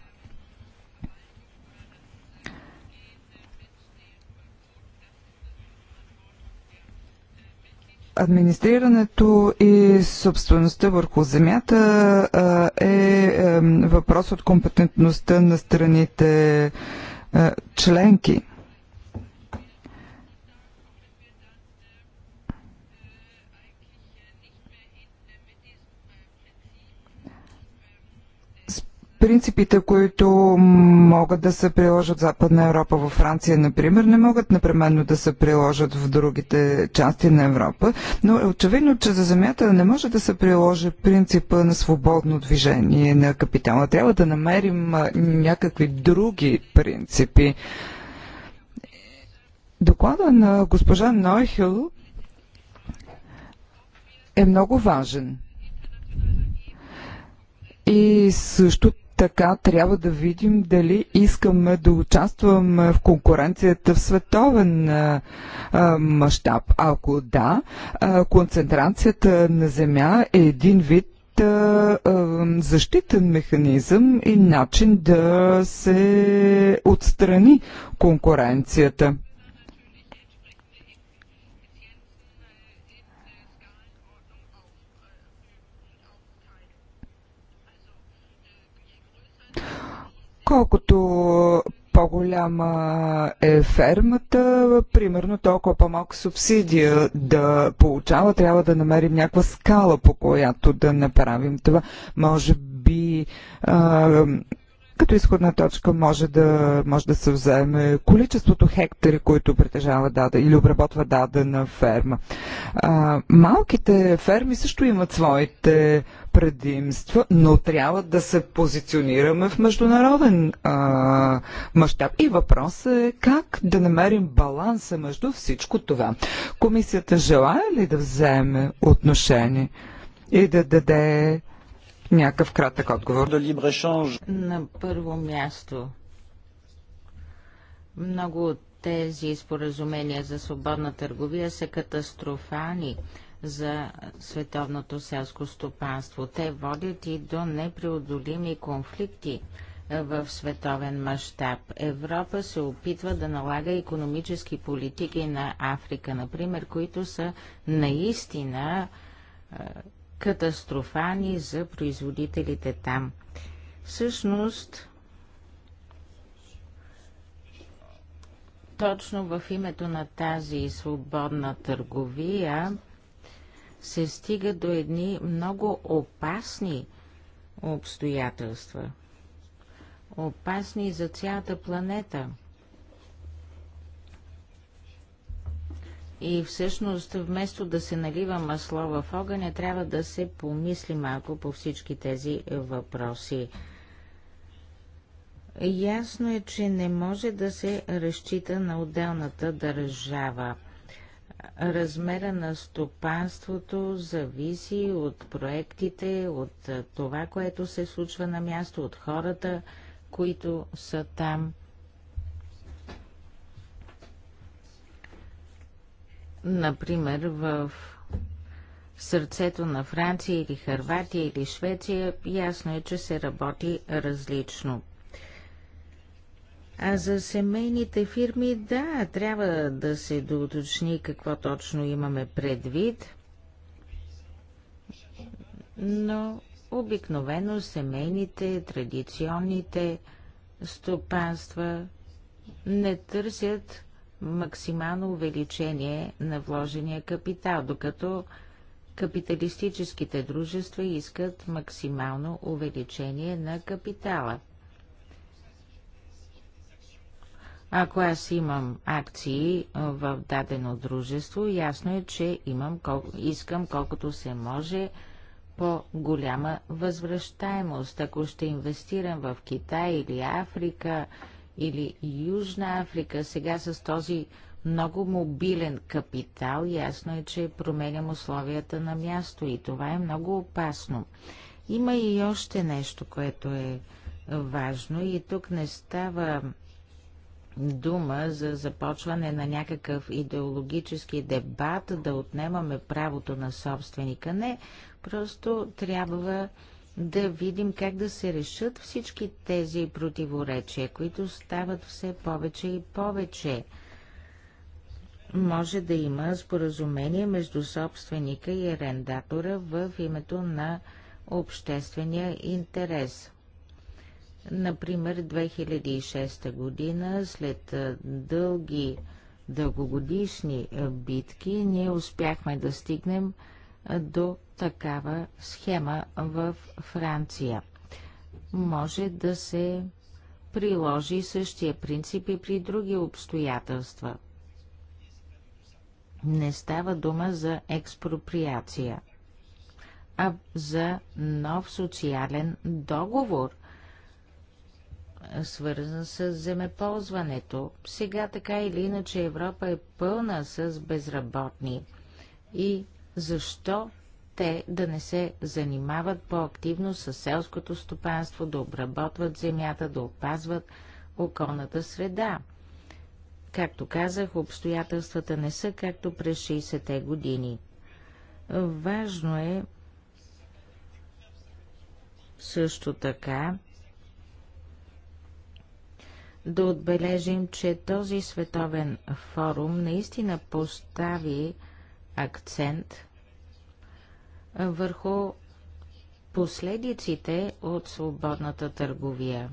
C: Администрирането и собствеността върху земята а, е, е въпрос от компетентността на страните а, е, членки. принципите, които могат да се приложат в Западна Европа, във Франция, например, не могат непременно да се приложат в другите части на Европа, но е очевидно, че за земята не може да се приложи принципа на свободно движение на капитала. Трябва да намерим някакви други принципи. Доклада на госпожа Нойхил е много важен. И също така трябва да видим дали искаме да участваме в конкуренцията в световен мащаб. Ако да, а, концентрацията на земя е един вид защитен механизъм и начин да се отстрани конкуренцията. Колкото по-голяма е фермата, примерно толкова по-малка субсидия да получава, трябва да намерим някаква скала, по която да направим това. Може би а, като изходна точка може да, може да се вземе количеството хектари, които притежава дада или обработва дадена ферма. А, малките ферми също имат своите предимства, но трябва да се позиционираме в международен а, мащаб. И въпросът е как да намерим баланса между всичко това. Комисията желая ли да вземе отношение и да даде някакъв кратък отговор.
B: На първо място, много от тези споразумения за свободна търговия са катастрофани за световното селско стопанство. Те водят и до непреодолими конфликти в световен мащаб. Европа се опитва да налага економически политики на Африка, например, които са наистина е, катастрофални за производителите там. Всъщност, точно в името на тази свободна търговия се стига до едни много опасни обстоятелства. Опасни за цялата планета – И всъщност, вместо да се налива масло в огъня, трябва да се помисли малко по всички тези въпроси. Ясно е, че не може да се разчита на отделната държава. Размера на стопанството зависи от проектите, от това, което се случва на място, от хората, които са там. Например, в сърцето на Франция или Харватия или Швеция, ясно е, че се работи различно. А за семейните фирми, да, трябва да се доуточни какво точно имаме предвид, но обикновено семейните, традиционните стопанства не търсят максимално увеличение на вложения капитал, докато капиталистическите дружества искат максимално увеличение на капитала. Ако аз имам акции в дадено дружество, ясно е, че имам, искам колкото се може по-голяма възвръщаемост. Ако ще инвестирам в Китай или Африка, или Южна Африка, сега с този много мобилен капитал, ясно е, че променям условията на място и това е много опасно. Има и още нещо, което е важно и тук не става дума за започване на някакъв идеологически дебат, да отнемаме правото на собственика. Не, просто трябва да видим как да се решат всички тези противоречия, които стават все повече и повече. Може да има споразумение между собственика и арендатора в името на обществения интерес. Например, 2006 година, след дълги, дългогодишни битки, ние успяхме да стигнем до такава схема в Франция. Може да се приложи същия принцип и при други обстоятелства. Не става дума за експроприация, а за нов социален договор, свързан с земеползването. Сега така или иначе Европа е пълна с безработни и защо те да не се занимават по-активно с селското стопанство, да обработват земята, да опазват околната среда. Както казах, обстоятелствата не са както през 60-те години. Важно е също така да отбележим, че този световен форум наистина постави акцент върху последиците от свободната търговия.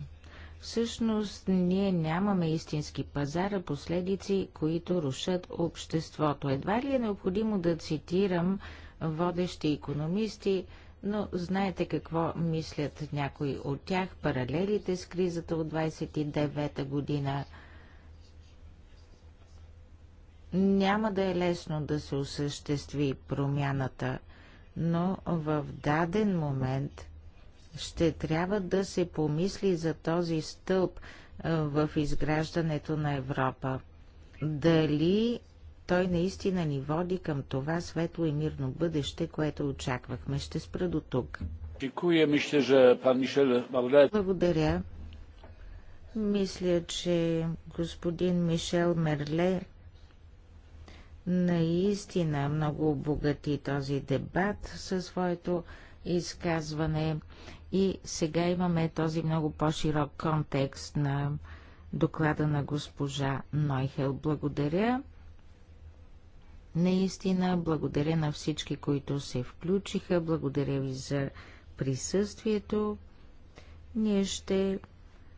B: Всъщност ние нямаме истински пазар, а последици, които рушат обществото. Едва ли е необходимо да цитирам водещи економисти, но знаете какво мислят някои от тях, паралелите с кризата от 29-та година – няма да е лесно да се осъществи промяната, но в даден момент ще трябва да се помисли за този стълб в изграждането на Европа. Дали той наистина ни води към това светло и мирно бъдеще, което очаквахме. Ще спра до тук. Благодаря. Мисля, че господин Мишел Мерле наистина много обогати този дебат със своето изказване и сега имаме този много по-широк контекст на доклада на госпожа Нойхел. Благодаря. Наистина, благодаря на всички, които се включиха. Благодаря ви за присъствието. Ние ще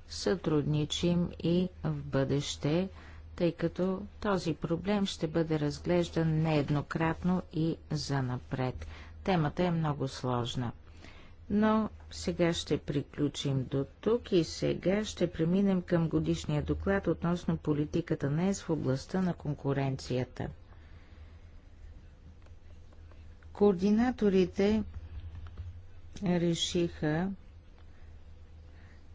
B: сътрудничим и в бъдеще тъй като този проблем ще бъде разглеждан нееднократно и занапред. Темата е много сложна. Но сега ще приключим до тук и сега ще преминем към годишния доклад относно политиката на ЕС в областта на конкуренцията. Координаторите решиха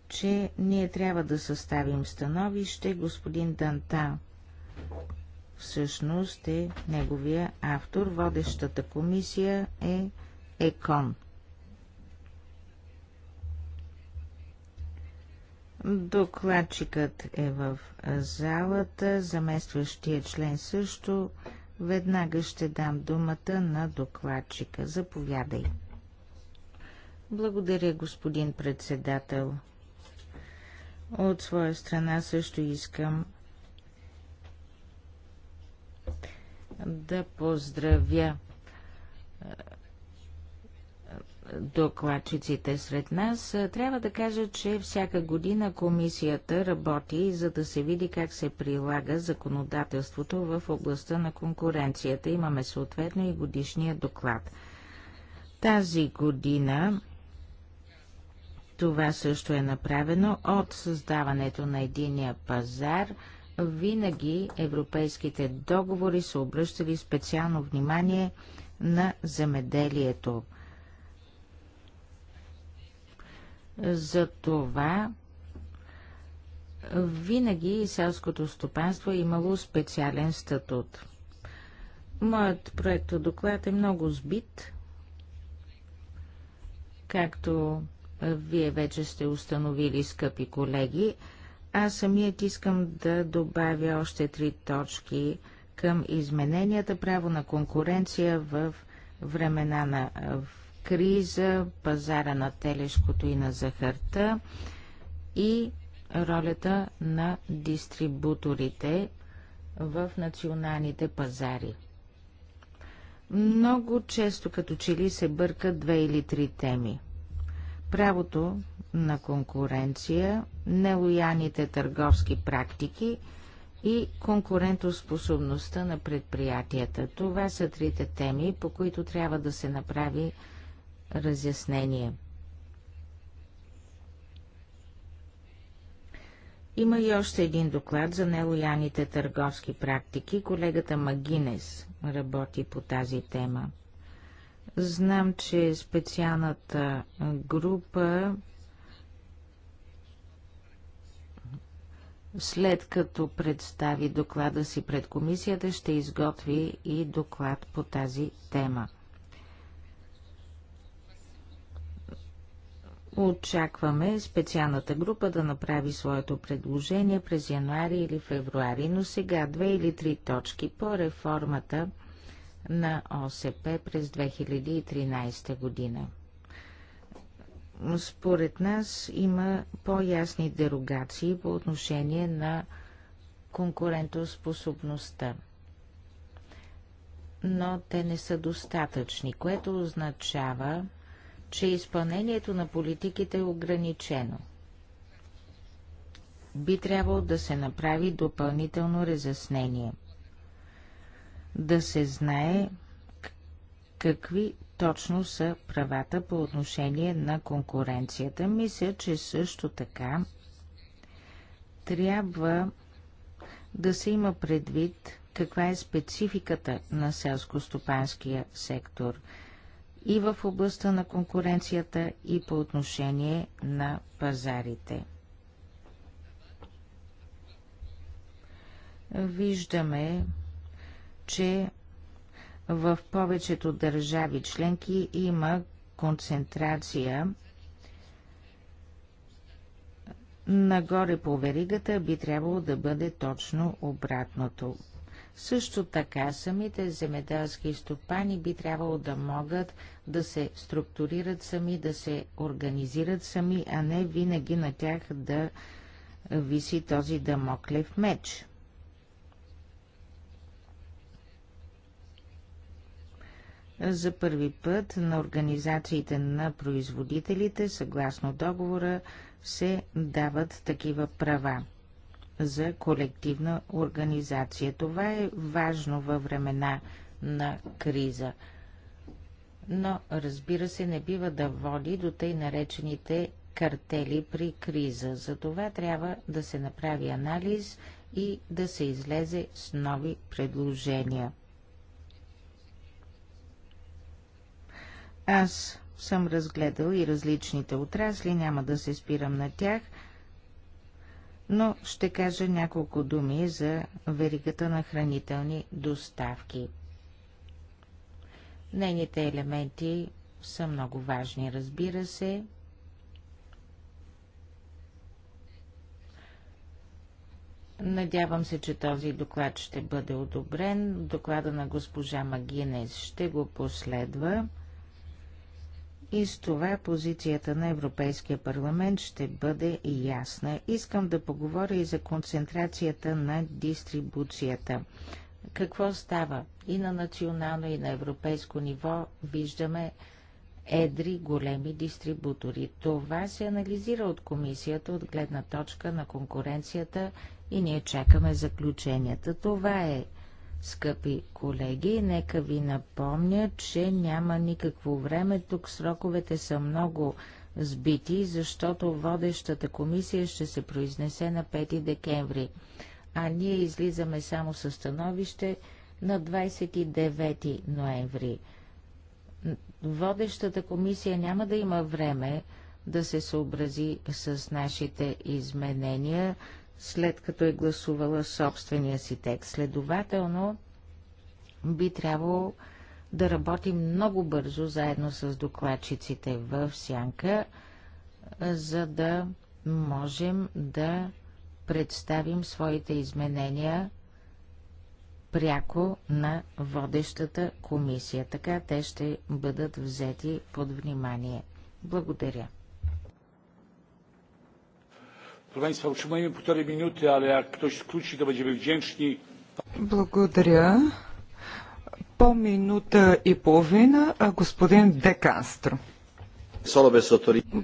B: че ние трябва да съставим становище. Господин Данта всъщност е неговия автор. Водещата комисия е ЕКОН. Докладчикът е в залата, заместващия член също. Веднага ще дам думата на докладчика. Заповядай. Благодаря, господин председател. От своя страна също искам да поздравя докладчиците сред нас. Трябва да кажа, че всяка година комисията работи, за да се види как се прилага законодателството в областта на конкуренцията. Имаме съответно и годишния доклад. Тази година това също е направено от създаването на единия пазар. Винаги европейските договори са обръщали специално внимание на земеделието. За това винаги селското стопанство е имало специален статут. Моят проектодоклад е много сбит, както вие вече сте установили, скъпи колеги. Аз самият искам да добавя още три точки към измененията. Право на конкуренция в времена на криза, пазара на телешкото и на захарта и ролята на дистрибуторите в националните пазари. Много често като че ли се бъркат две или три теми правото на конкуренция, нелояните търговски практики и конкурентоспособността на предприятията. Това са трите теми, по които трябва да се направи разяснение. Има и още един доклад за нелояните търговски практики. Колегата Магинес работи по тази тема. Знам, че специалната група след като представи доклада си пред комисията, ще изготви и доклад по тази тема. Очакваме специалната група да направи своето предложение през януари или февруари, но сега две или три точки по реформата – на ОСП през 2013 година. Според нас има по-ясни дерогации по отношение на конкурентоспособността. Но те не са достатъчни, което означава, че изпълнението на политиките е ограничено. Би трябвало да се направи допълнително разяснение – да се знае какви точно са правата по отношение на конкуренцията. Мисля, че също така трябва да се има предвид каква е спецификата на селско-стопанския сектор и в областта на конкуренцията и по отношение на пазарите. Виждаме че в повечето държави членки има концентрация нагоре по веригата би трябвало да бъде точно обратното. Също така самите земеделски стопани би трябвало да могат да се структурират сами, да се организират сами, а не винаги на тях да виси този дамоклев меч. за първи път на организациите на производителите, съгласно договора, се дават такива права за колективна организация. Това е важно във времена на криза. Но, разбира се, не бива да води до тъй наречените картели при криза. За това трябва да се направи анализ и да се излезе с нови предложения. Аз съм разгледал и различните отрасли, няма да се спирам на тях, но ще кажа няколко думи за веригата на хранителни доставки. Нейните елементи са много важни, разбира се. Надявам се, че този доклад ще бъде одобрен. Доклада на госпожа Магинес ще го последва и с това позицията на Европейския парламент ще бъде ясна. Искам да поговоря и за концентрацията на дистрибуцията. Какво става? И на национално, и на европейско ниво виждаме едри големи дистрибутори. Това се анализира от комисията от гледна точка на конкуренцията и ние чакаме заключенията. Това е скъпи колеги. Нека ви напомня, че няма никакво време. Тук сроковете са много сбити, защото водещата комисия ще се произнесе на 5 декември, а ние излизаме само със становище на 29 ноември. Водещата комисия няма да има време да се съобрази с нашите изменения след като е гласувала собствения си текст. Следователно, би трябвало да работим много бързо заедно с докладчиците в Сянка, за да можем да представим своите изменения пряко на водещата комисия. Така те ще бъдат взети под внимание. Благодаря.
A: Proszę Państwa, utrzymajmy półtorej minuty, ale jak ktoś skróci, to będziemy wdzięczni.
B: Благодаря.
C: По минута и половина, господин Кастро.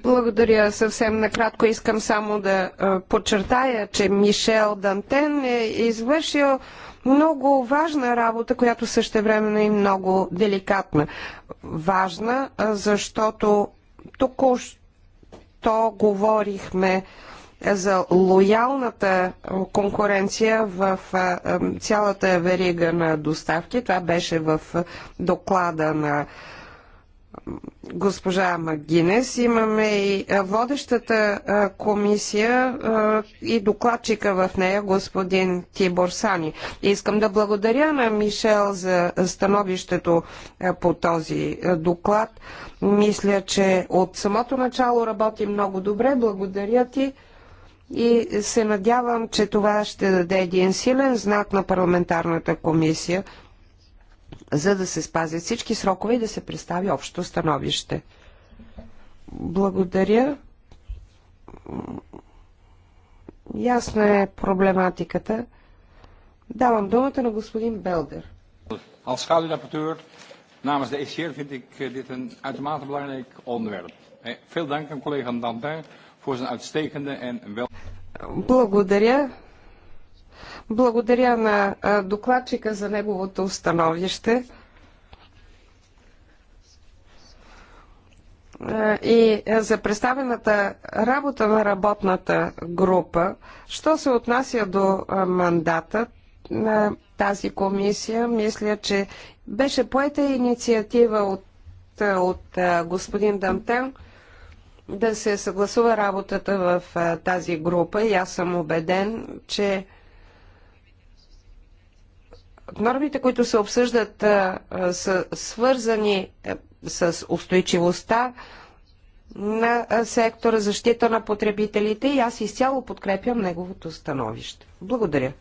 D: Благодаря. Съвсем накратко искам само да подчертая, че Мишел Дантен е извършил много важна работа, която също време е много деликатна. Важна, защото тук що говорихме за лоялната конкуренция в цялата верига на доставки. Това беше в доклада на госпожа Магинес. Имаме и водещата комисия и докладчика в нея, господин Тибор Сани. Искам да благодаря на Мишел за становището по този доклад. Мисля, че от самото начало работи много добре. Благодаря ти и се надявам, че това ще даде един силен знак на парламентарната комисия, за да се спазят всички срокове и да се представи общо становище. Благодаря. Ясна е проблематиката. Давам думата на господин Белдер.
A: Als schaduwrapporteur namens de ECR vind ik eh, dit een uitermate belangrijk onderwerp. Eh, veel dank aan collega Dantin
D: благодаря. Благодаря на докладчика за неговото установище. и за представената работа на работната група. Що се отнася до мандата на тази комисия, мисля, че беше поета инициатива от, от господин Дантен да се съгласува работата в тази група и аз съм убеден, че нормите, които се обсъждат, са свързани с устойчивостта на сектора защита на потребителите и аз изцяло подкрепям неговото становище. Благодаря.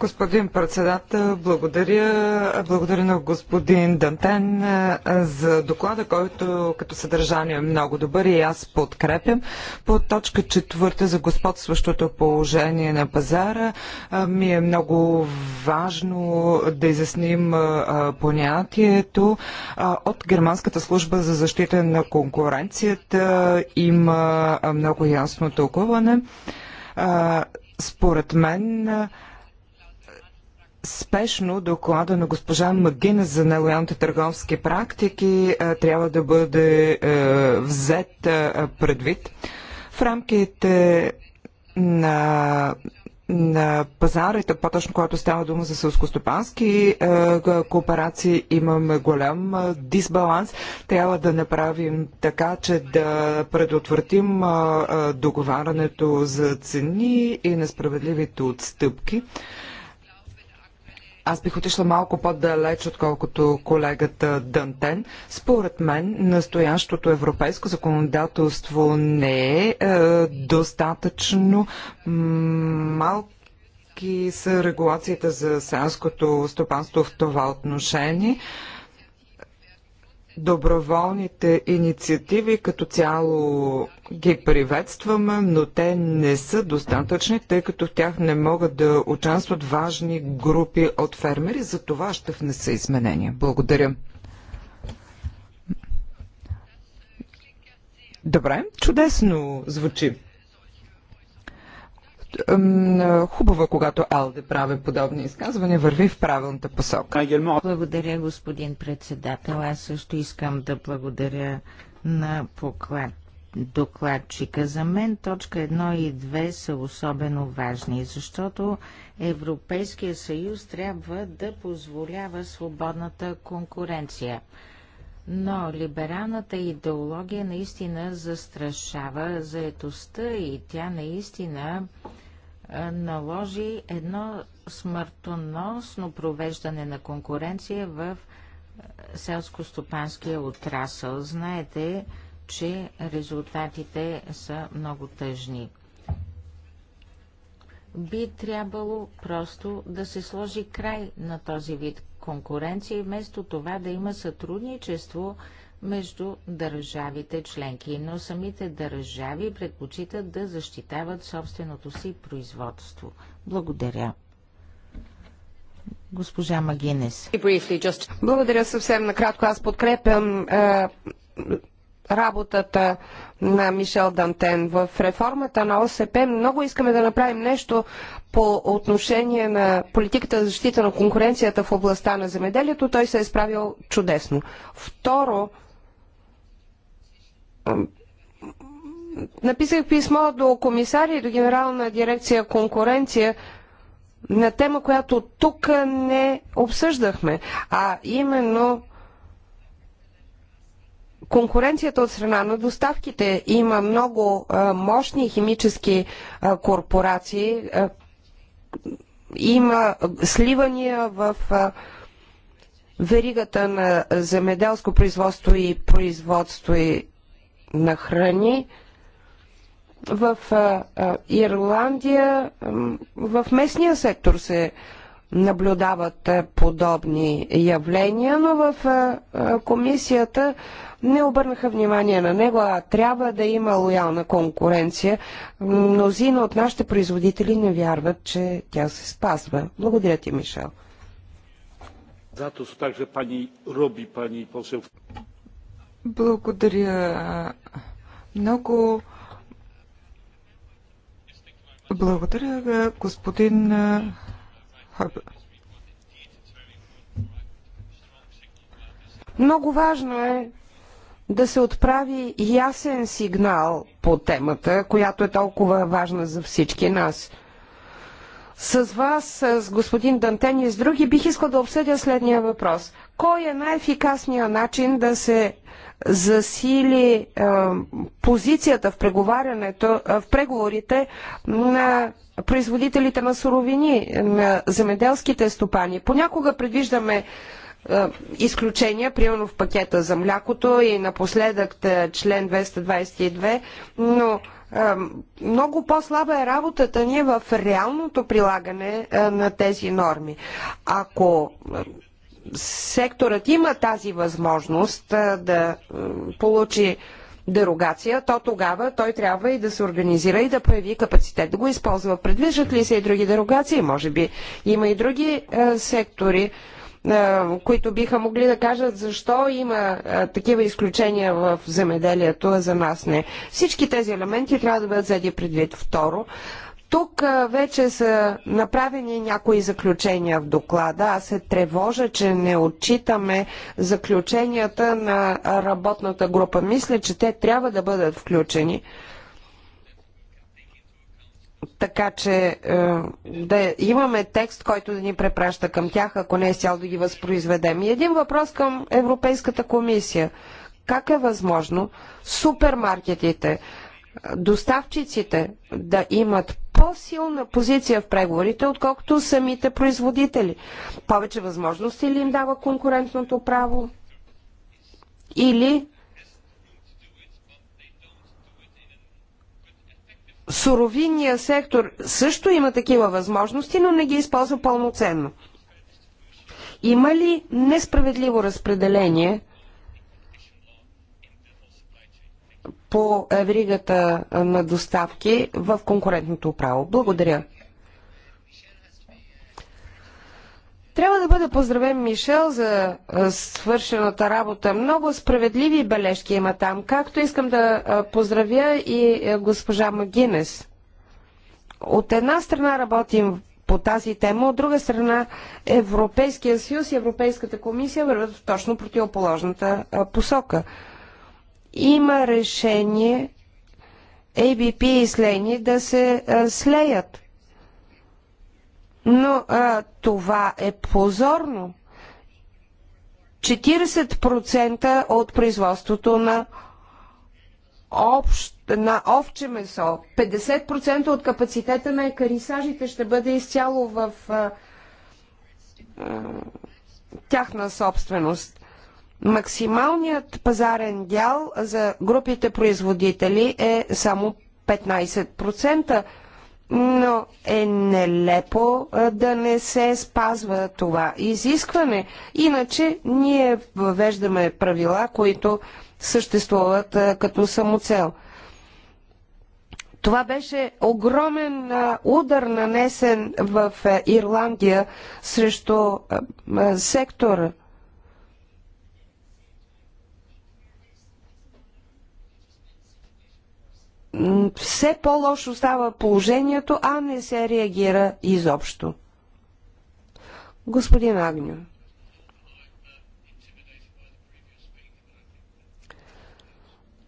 C: Господин председател, благодаря, благодаря на господин Дантен за доклада, който като съдържание е много добър и аз подкрепям. По точка четвърта за господстващото положение на пазара ми е много важно да изясним понятието. От Германската служба за защита на конкуренцията има много ясно тълкуване. Според мен спешно доклада на госпожа Магина за нелоялните търговски практики е, трябва да бъде е, взет е, предвид. В рамките на на пазарите, по-точно когато става дума за селскостопански кооперации, имаме голям дисбаланс. Трябва да направим така, че да предотвратим договарянето за цени и несправедливите отстъпки. Аз бих отишла малко по-далеч, отколкото колегата Дантен. Според мен, настоящото европейско законодателство не е, е достатъчно малко са регулациите за селското стопанство в това отношение доброволните инициативи като цяло ги приветстваме, но те не са достатъчни, тъй като в тях не могат да участват важни групи от фермери. За това ще внеса изменения. Благодаря. Добре, чудесно звучи хубаво, когато Алде прави подобни изказвания, върви в правилната посока.
B: Благодаря, господин председател. Аз също искам да благодаря на поклад докладчика. За мен точка 1 и 2 са особено важни, защото Европейския съюз трябва да позволява свободната конкуренция. Но либералната идеология наистина застрашава заетостта и тя наистина наложи едно смъртоносно провеждане на конкуренция в селско-стопанския отрасъл. Знаете, че резултатите са много тъжни. Би трябвало просто да се сложи край на този вид конкуренция и вместо това да има сътрудничество между държавите членки, но самите държави предпочитат да защитават собственото си производство. Благодаря. Госпожа Магинес. Благодаря съвсем накратко. Аз подкрепям
D: е, работата на Мишел Дантен. В реформата на ОСП много искаме да направим нещо по отношение на политиката за защита на конкуренцията в областта на земеделието. Той се е справил чудесно. Второ, Написах писмо до комисария и до генерална дирекция конкуренция на тема, която тук не обсъждахме, а именно конкуренцията от страна на доставките. Има много мощни химически корпорации, има сливания в веригата на земеделско производство и производство и на храни в Ирландия в местния сектор се наблюдават подобни явления, но в комисията не обърнаха внимание на него, а трябва да има лоялна конкуренция. Мнозина от нашите производители не вярват, че тя се спазва. Благодаря ти, Мишел.
A: За то, также пани роби, пани посел.
C: Благодаря много. Благодаря, господин Хаб.
D: Много важно е да се отправи ясен сигнал по темата, която е толкова важна за всички нас. С вас, с господин Дантен и с други бих искал да обсъдя следния въпрос. Кой е най-ефикасният начин да се засили позицията в преговарянето, в преговорите на производителите на суровини, на земеделските стопани. Понякога предвиждаме изключения, примерно в пакета за млякото и напоследък член 222, но много по-слаба е работата ни в реалното прилагане на тези норми. Ако секторът има тази възможност да получи дерогация, то тогава той трябва и да се организира и да прояви капацитет да го използва. Предвиждат ли се и други дерогации? Може би има и други сектори, които биха могли да кажат защо има такива изключения в земеделието, а за нас не. Всички тези елементи трябва да бъдат взети предвид. Второ, тук вече са направени някои заключения в доклада. Аз се тревожа, че не отчитаме заключенията на работната група. Мисля, че те трябва да бъдат включени така че е, да имаме текст, който да ни препраща към тях, ако не е сял да ги възпроизведем. И един въпрос към Европейската комисия. Как е възможно супермаркетите, доставчиците да имат по-силна позиция в преговорите, отколкото самите производители. Повече възможности ли им дава конкурентното право? Или суровинния сектор също има такива възможности, но не ги използва пълноценно. Има ли несправедливо разпределение – по веригата на доставки в конкурентното право. Благодаря. Трябва да бъде поздравен Мишел за свършената работа. Много справедливи бележки има там, както искам да поздравя и госпожа Магинес. От една страна работим по тази тема, от друга страна Европейския съюз и Европейската комисия върват в точно противоположната посока има решение ABP и Слени да се а, слеят. Но а, това е позорно. 40% от производството на, общ, на овче месо, 50% от капацитета на екарисажите ще бъде изцяло в а, а, тяхна собственост максималният пазарен дял за групите производители е само 15%, но е нелепо да не се спазва това изискване. Иначе ние въвеждаме правила, които съществуват като самоцел. Това беше огромен удар нанесен в Ирландия срещу сектора все по-лошо става положението, а не се реагира изобщо. Господин Агню.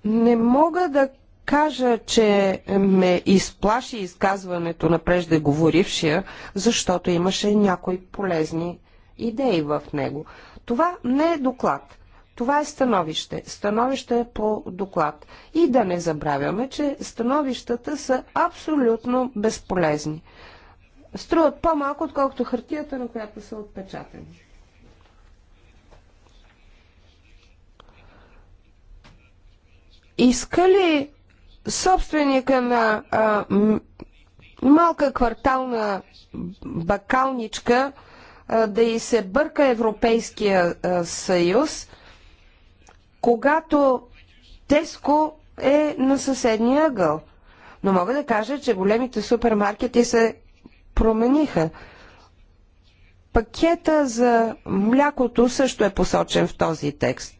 D: Не мога да кажа, че ме изплаши изказването на преждеговорившия, защото имаше някои полезни идеи в него. Това не е доклад. Това е становище. Становище е по доклад. И да не забравяме, че становищата са абсолютно безполезни. Струват по-малко, отколкото хартията, на която са отпечатани. Иска ли собственика на а, малка квартална бакалничка а, да и се бърка Европейския а, съюз – когато Теско е на съседния ъгъл. Но мога да кажа, че големите супермаркети се промениха. Пакета за млякото също е посочен в този текст.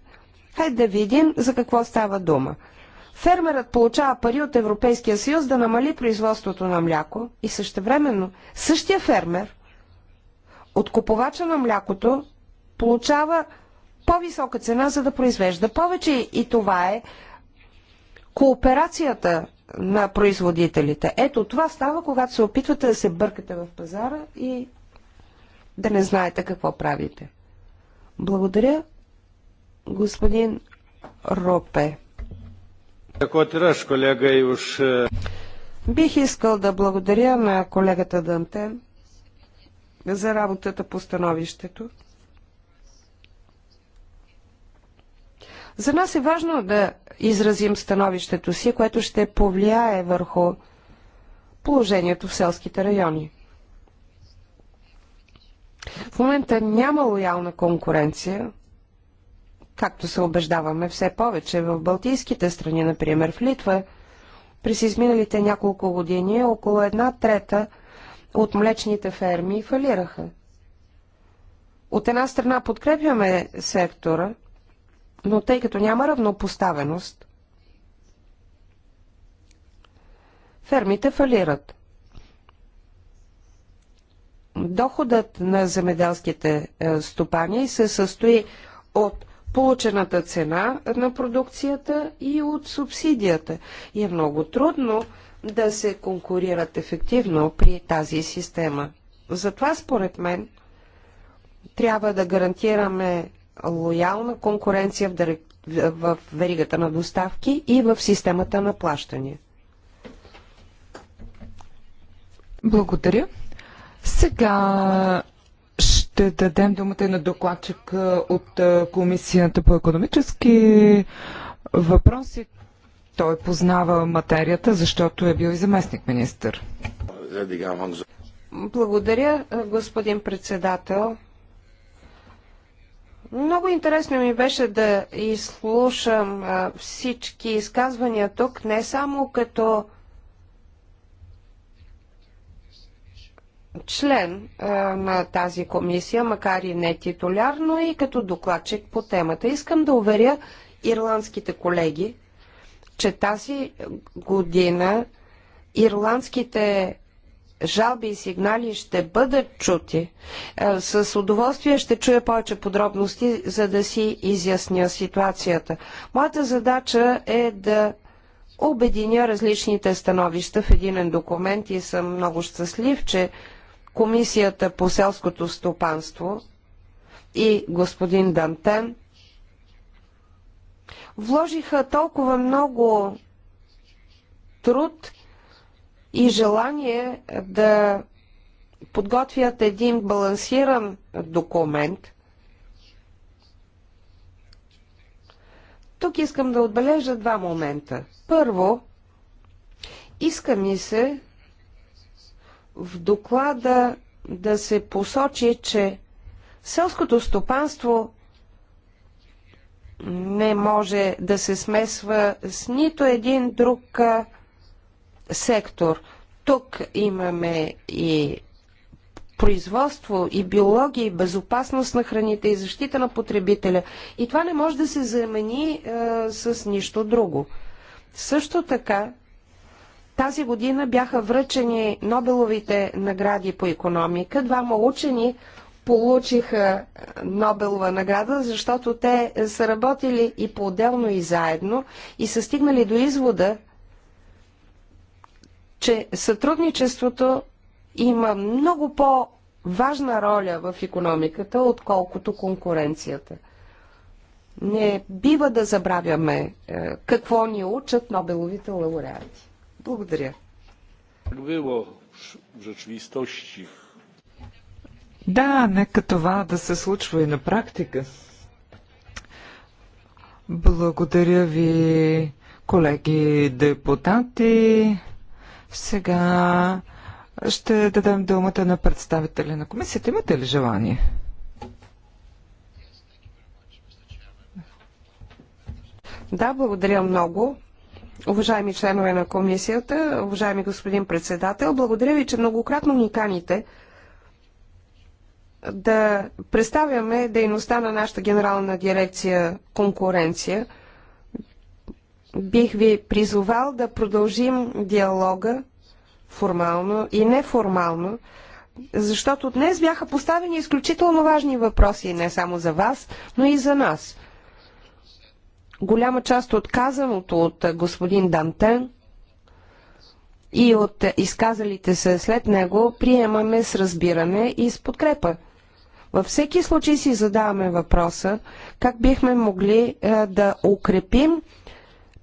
D: Хайде да видим за какво става дума. Фермерът получава пари от Европейския съюз да намали производството на мляко и същевременно същия фермер от купувача на млякото получава по-висока цена, за да произвежда повече. И това е кооперацията на производителите. Ето това става, когато се опитвате да се бъркате в пазара и да не знаете какво правите. Благодаря, господин Ропе.
A: Е,
D: Бих искал да благодаря на колегата Дантен за работата по становището. За нас е важно да изразим становището си, което ще повлияе върху положението в селските райони. В момента няма лоялна конкуренция, както се убеждаваме все повече в Балтийските страни, например в Литва. През изминалите няколко години около една трета от млечните ферми фалираха. От една страна подкрепяме сектора – но тъй като няма равнопоставеност, фермите фалират. Доходът на земеделските е, стопани се състои от получената цена на продукцията и от субсидията. И е много трудно да се конкурират ефективно при тази система. Затова, според мен, трябва да гарантираме лоялна конкуренция в, в веригата на доставки и в системата на плащания.
C: Благодаря. Сега ще дадем думата на докладчик от Комисията по економически въпроси. Той познава материята, защото е бил и заместник министър.
D: Благодаря, господин председател. Много интересно ми беше да изслушам всички изказвания тук, не само като член на тази комисия, макар и не титуляр, но и като докладчик по темата. Искам да уверя ирландските колеги, че тази година ирландските жалби и сигнали ще бъдат чути. Е, с удоволствие ще чуя повече подробности, за да си изясня ситуацията. Моята задача е да обединя различните становища в единен документ и съм много щастлив, че Комисията по селското стопанство и господин Дантен вложиха толкова много труд и желание да подготвят един балансиран документ. Тук искам да отбележа два момента. Първо, иска ми се в доклада да се посочи, че селското стопанство не може да се смесва с нито един друг сектор. Тук имаме и производство, и биология, и безопасност на храните, и защита на потребителя. И това не може да се замени е, с нищо друго. Също така, тази година бяха връчени Нобеловите награди по економика. Двама учени получиха е, Нобелова награда, защото те са работили и по-отделно и заедно и са стигнали до извода, че сътрудничеството има много по-важна роля в економиката, отколкото конкуренцията. Не бива да забравяме е, какво ни учат Нобеловите лауреати. Благодаря.
A: Било в
D: Да,
C: нека това да се случва и на практика. Благодаря ви, колеги депутати. Сега ще дадем думата на представителя на комисията. Имате ли желание?
D: Да, благодаря много. Уважаеми членове на комисията, уважаеми господин председател, благодаря ви, че многократно ни каните да представяме дейността на нашата генерална дирекция конкуренция – бих ви призовал да продължим диалога формално и неформално, защото днес бяха поставени изключително важни въпроси не само за вас, но и за нас. Голяма част от казаното от господин Дантен и от изказалите се след него приемаме с разбиране и с подкрепа. Във всеки случай си задаваме въпроса как бихме могли е, да укрепим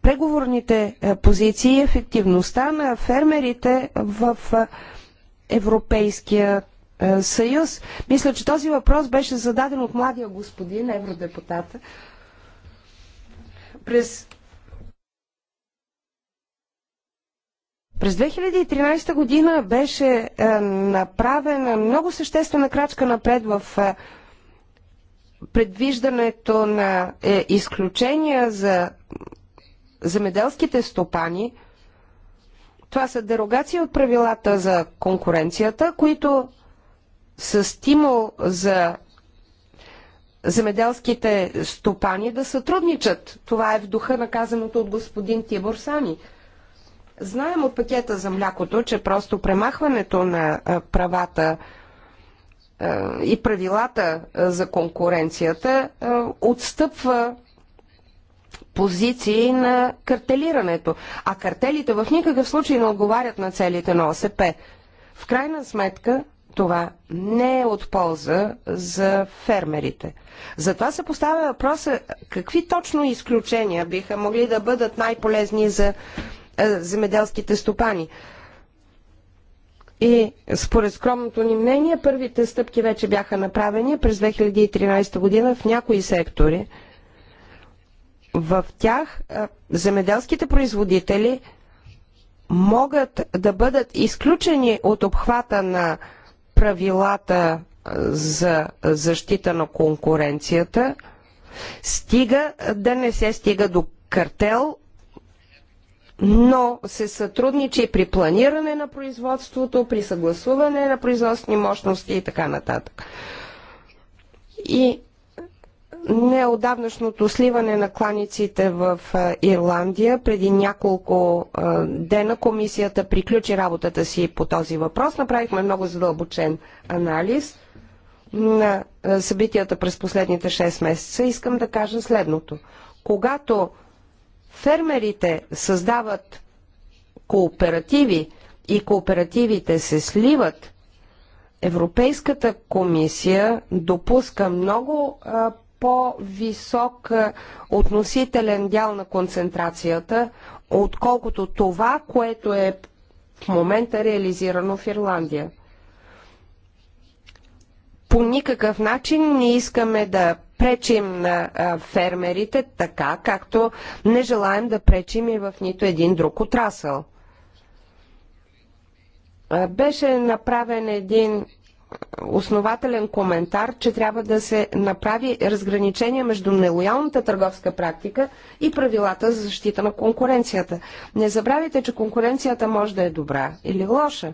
D: преговорните е, позиции и ефективността на фермерите в е, Европейския е, съюз. Мисля, че този въпрос беше зададен от младия господин, евродепутата. През През 2013 година беше е, направена много съществена крачка напред в е, предвиждането на е, изключения за земеделските стопани. Това са дерогации от правилата за конкуренцията, които са стимул за земеделските стопани да сътрудничат. Това е в духа на казаното от господин Тибор Сани. Знаем от пакета за млякото, че просто премахването на правата и правилата за конкуренцията отстъпва позиции на картелирането. А картелите в никакъв случай не отговарят на целите на ОСП. В крайна сметка, това не е от полза за фермерите. Затова се поставя въпроса какви точно изключения биха могли да бъдат най-полезни за е, земеделските стопани. И според скромното ни мнение, първите стъпки вече бяха направени през 2013 година в някои сектори – в тях земеделските производители могат да бъдат изключени от обхвата на правилата за защита на конкуренцията, стига да не се стига до картел, но се сътрудничи при планиране на производството, при съгласуване на производствени мощности и така нататък. И неодавнашното сливане на кланиците в Ирландия. Преди няколко дена комисията приключи работата си по този въпрос. Направихме много задълбочен анализ на събитията през последните 6 месеца. Искам да кажа следното. Когато фермерите създават кооперативи и кооперативите се сливат, Европейската комисия допуска много а, по-висок е, относителен дял на концентрацията, отколкото това, което е в момента реализирано в Ирландия. По никакъв начин не искаме да пречим на е, фермерите така, както не желаем да пречим и в нито един друг отрасъл. Е, беше направен един основателен коментар, че трябва да се направи разграничение между нелоялната търговска практика и правилата за защита на конкуренцията. Не забравяйте, че конкуренцията може да е добра или лоша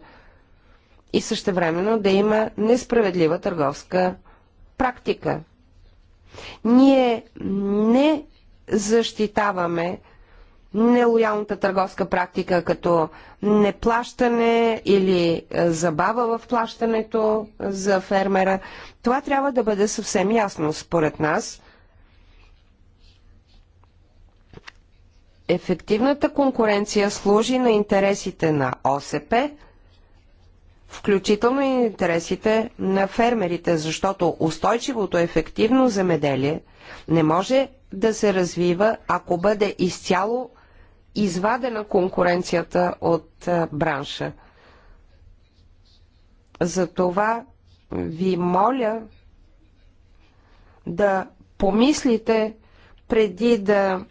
D: и същевременно да има несправедлива търговска практика. Ние не защитаваме нелоялната търговска практика, като неплащане или е, забава в плащането е, за фермера. Това трябва да бъде съвсем ясно според нас. Ефективната конкуренция служи на интересите на ОСП, включително и на интересите на фермерите, защото устойчивото ефективно земеделие не може да се развива, ако бъде изцяло извадена конкуренцията от бранша. Затова ви моля да помислите преди да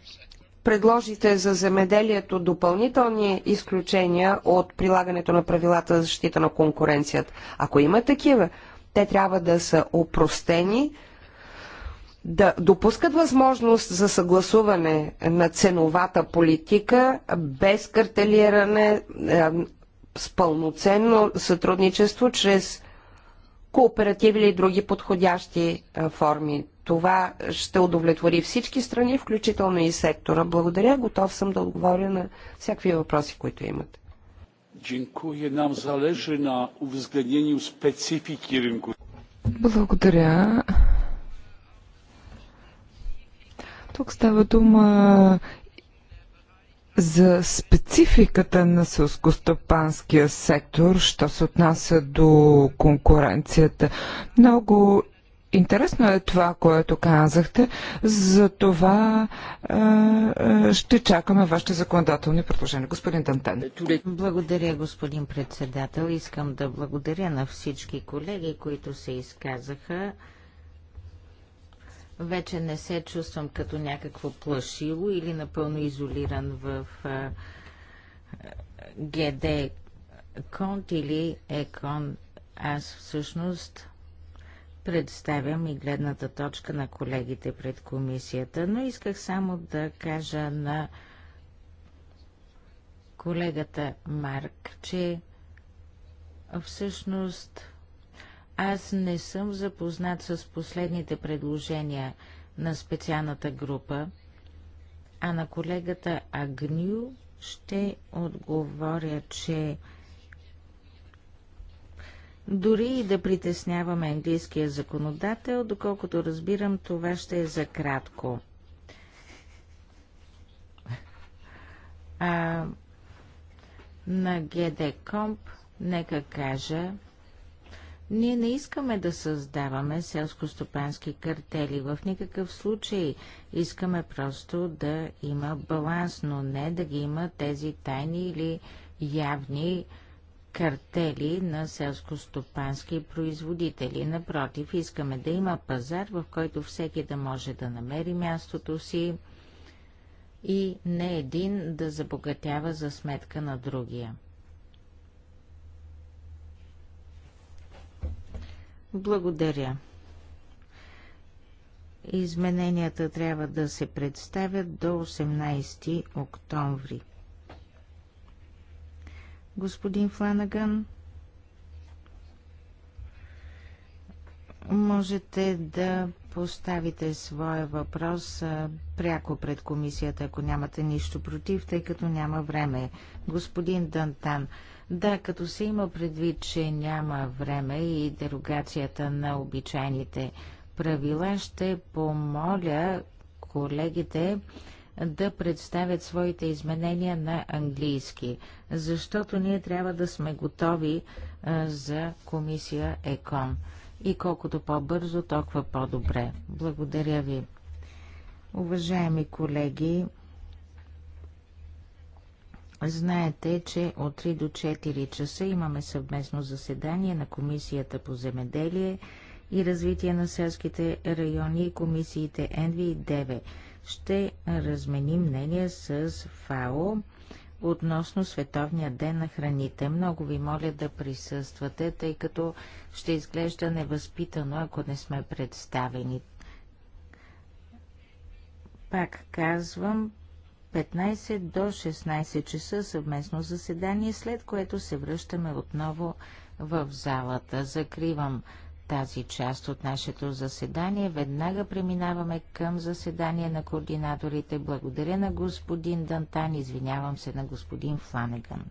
D: предложите за земеделието допълнителни изключения от прилагането на правилата за защита на конкуренцията. Ако има такива, те трябва да са опростени, да допускат възможност за съгласуване на ценовата политика без картелиране, е, с пълноценно сътрудничество чрез кооперативи или други подходящи е, форми. Това ще удовлетвори всички страни, включително и сектора. Благодаря. Готов съм да отговоря на всякакви въпроси, които имате.
A: Dziękuję. Nam zależy na uwzględnieniu специфики рынку.
C: Благодаря. Тук става дума за спецификата на селскостопанския сектор, що се отнася до конкуренцията. Много интересно е това, което казахте. За това е, е, ще чакаме вашите законодателни предложения. Господин Дантен.
B: Благодаря, господин председател. Искам да благодаря на всички колеги, които се изказаха вече не се чувствам като някакво плашило или напълно изолиран в ГД Конт или Екон. Аз всъщност представям и гледната точка на колегите пред комисията, но исках само да кажа на колегата Марк, че всъщност аз не съм запознат с последните предложения на специалната група, а на колегата Агню ще отговоря, че дори и да притесняваме английския законодател, доколкото разбирам, това ще е за кратко. А, на ГД Комп нека кажа, ние не искаме да създаваме селско-стопански картели в никакъв случай. Искаме просто да има баланс, но не да ги има тези тайни или явни картели на селско-стопански производители. Напротив, искаме да има пазар, в който всеки да може да намери мястото си и не един да забогатява за сметка на другия. Благодаря. Измененията трябва да се представят до 18 октомври. Господин Фланаган, можете да поставите своя въпрос пряко пред комисията, ако нямате нищо против, тъй като няма време. Господин Дантан, да, като се има предвид, че няма време и дерогацията на обичайните правила, ще помоля колегите да представят своите изменения на английски, защото ние трябва да сме готови за комисия ЕКОН. И колкото по-бързо, толкова по-добре. Благодаря ви. Уважаеми колеги, Знаете, че от 3 до 4 часа имаме съвместно заседание на Комисията по земеделие и развитие на селските райони и комисиите НВИ и ДВ. Ще разменим мнение с ФАО относно Световния ден на храните. Много ви моля да присъствате, тъй като ще изглежда невъзпитано, ако не сме представени. Пак казвам, 15 до 16 часа съвместно заседание, след което се връщаме отново в залата. Закривам тази част от нашето заседание. Веднага преминаваме към заседание на координаторите. Благодаря на господин Дантан, извинявам се на господин Фланеган.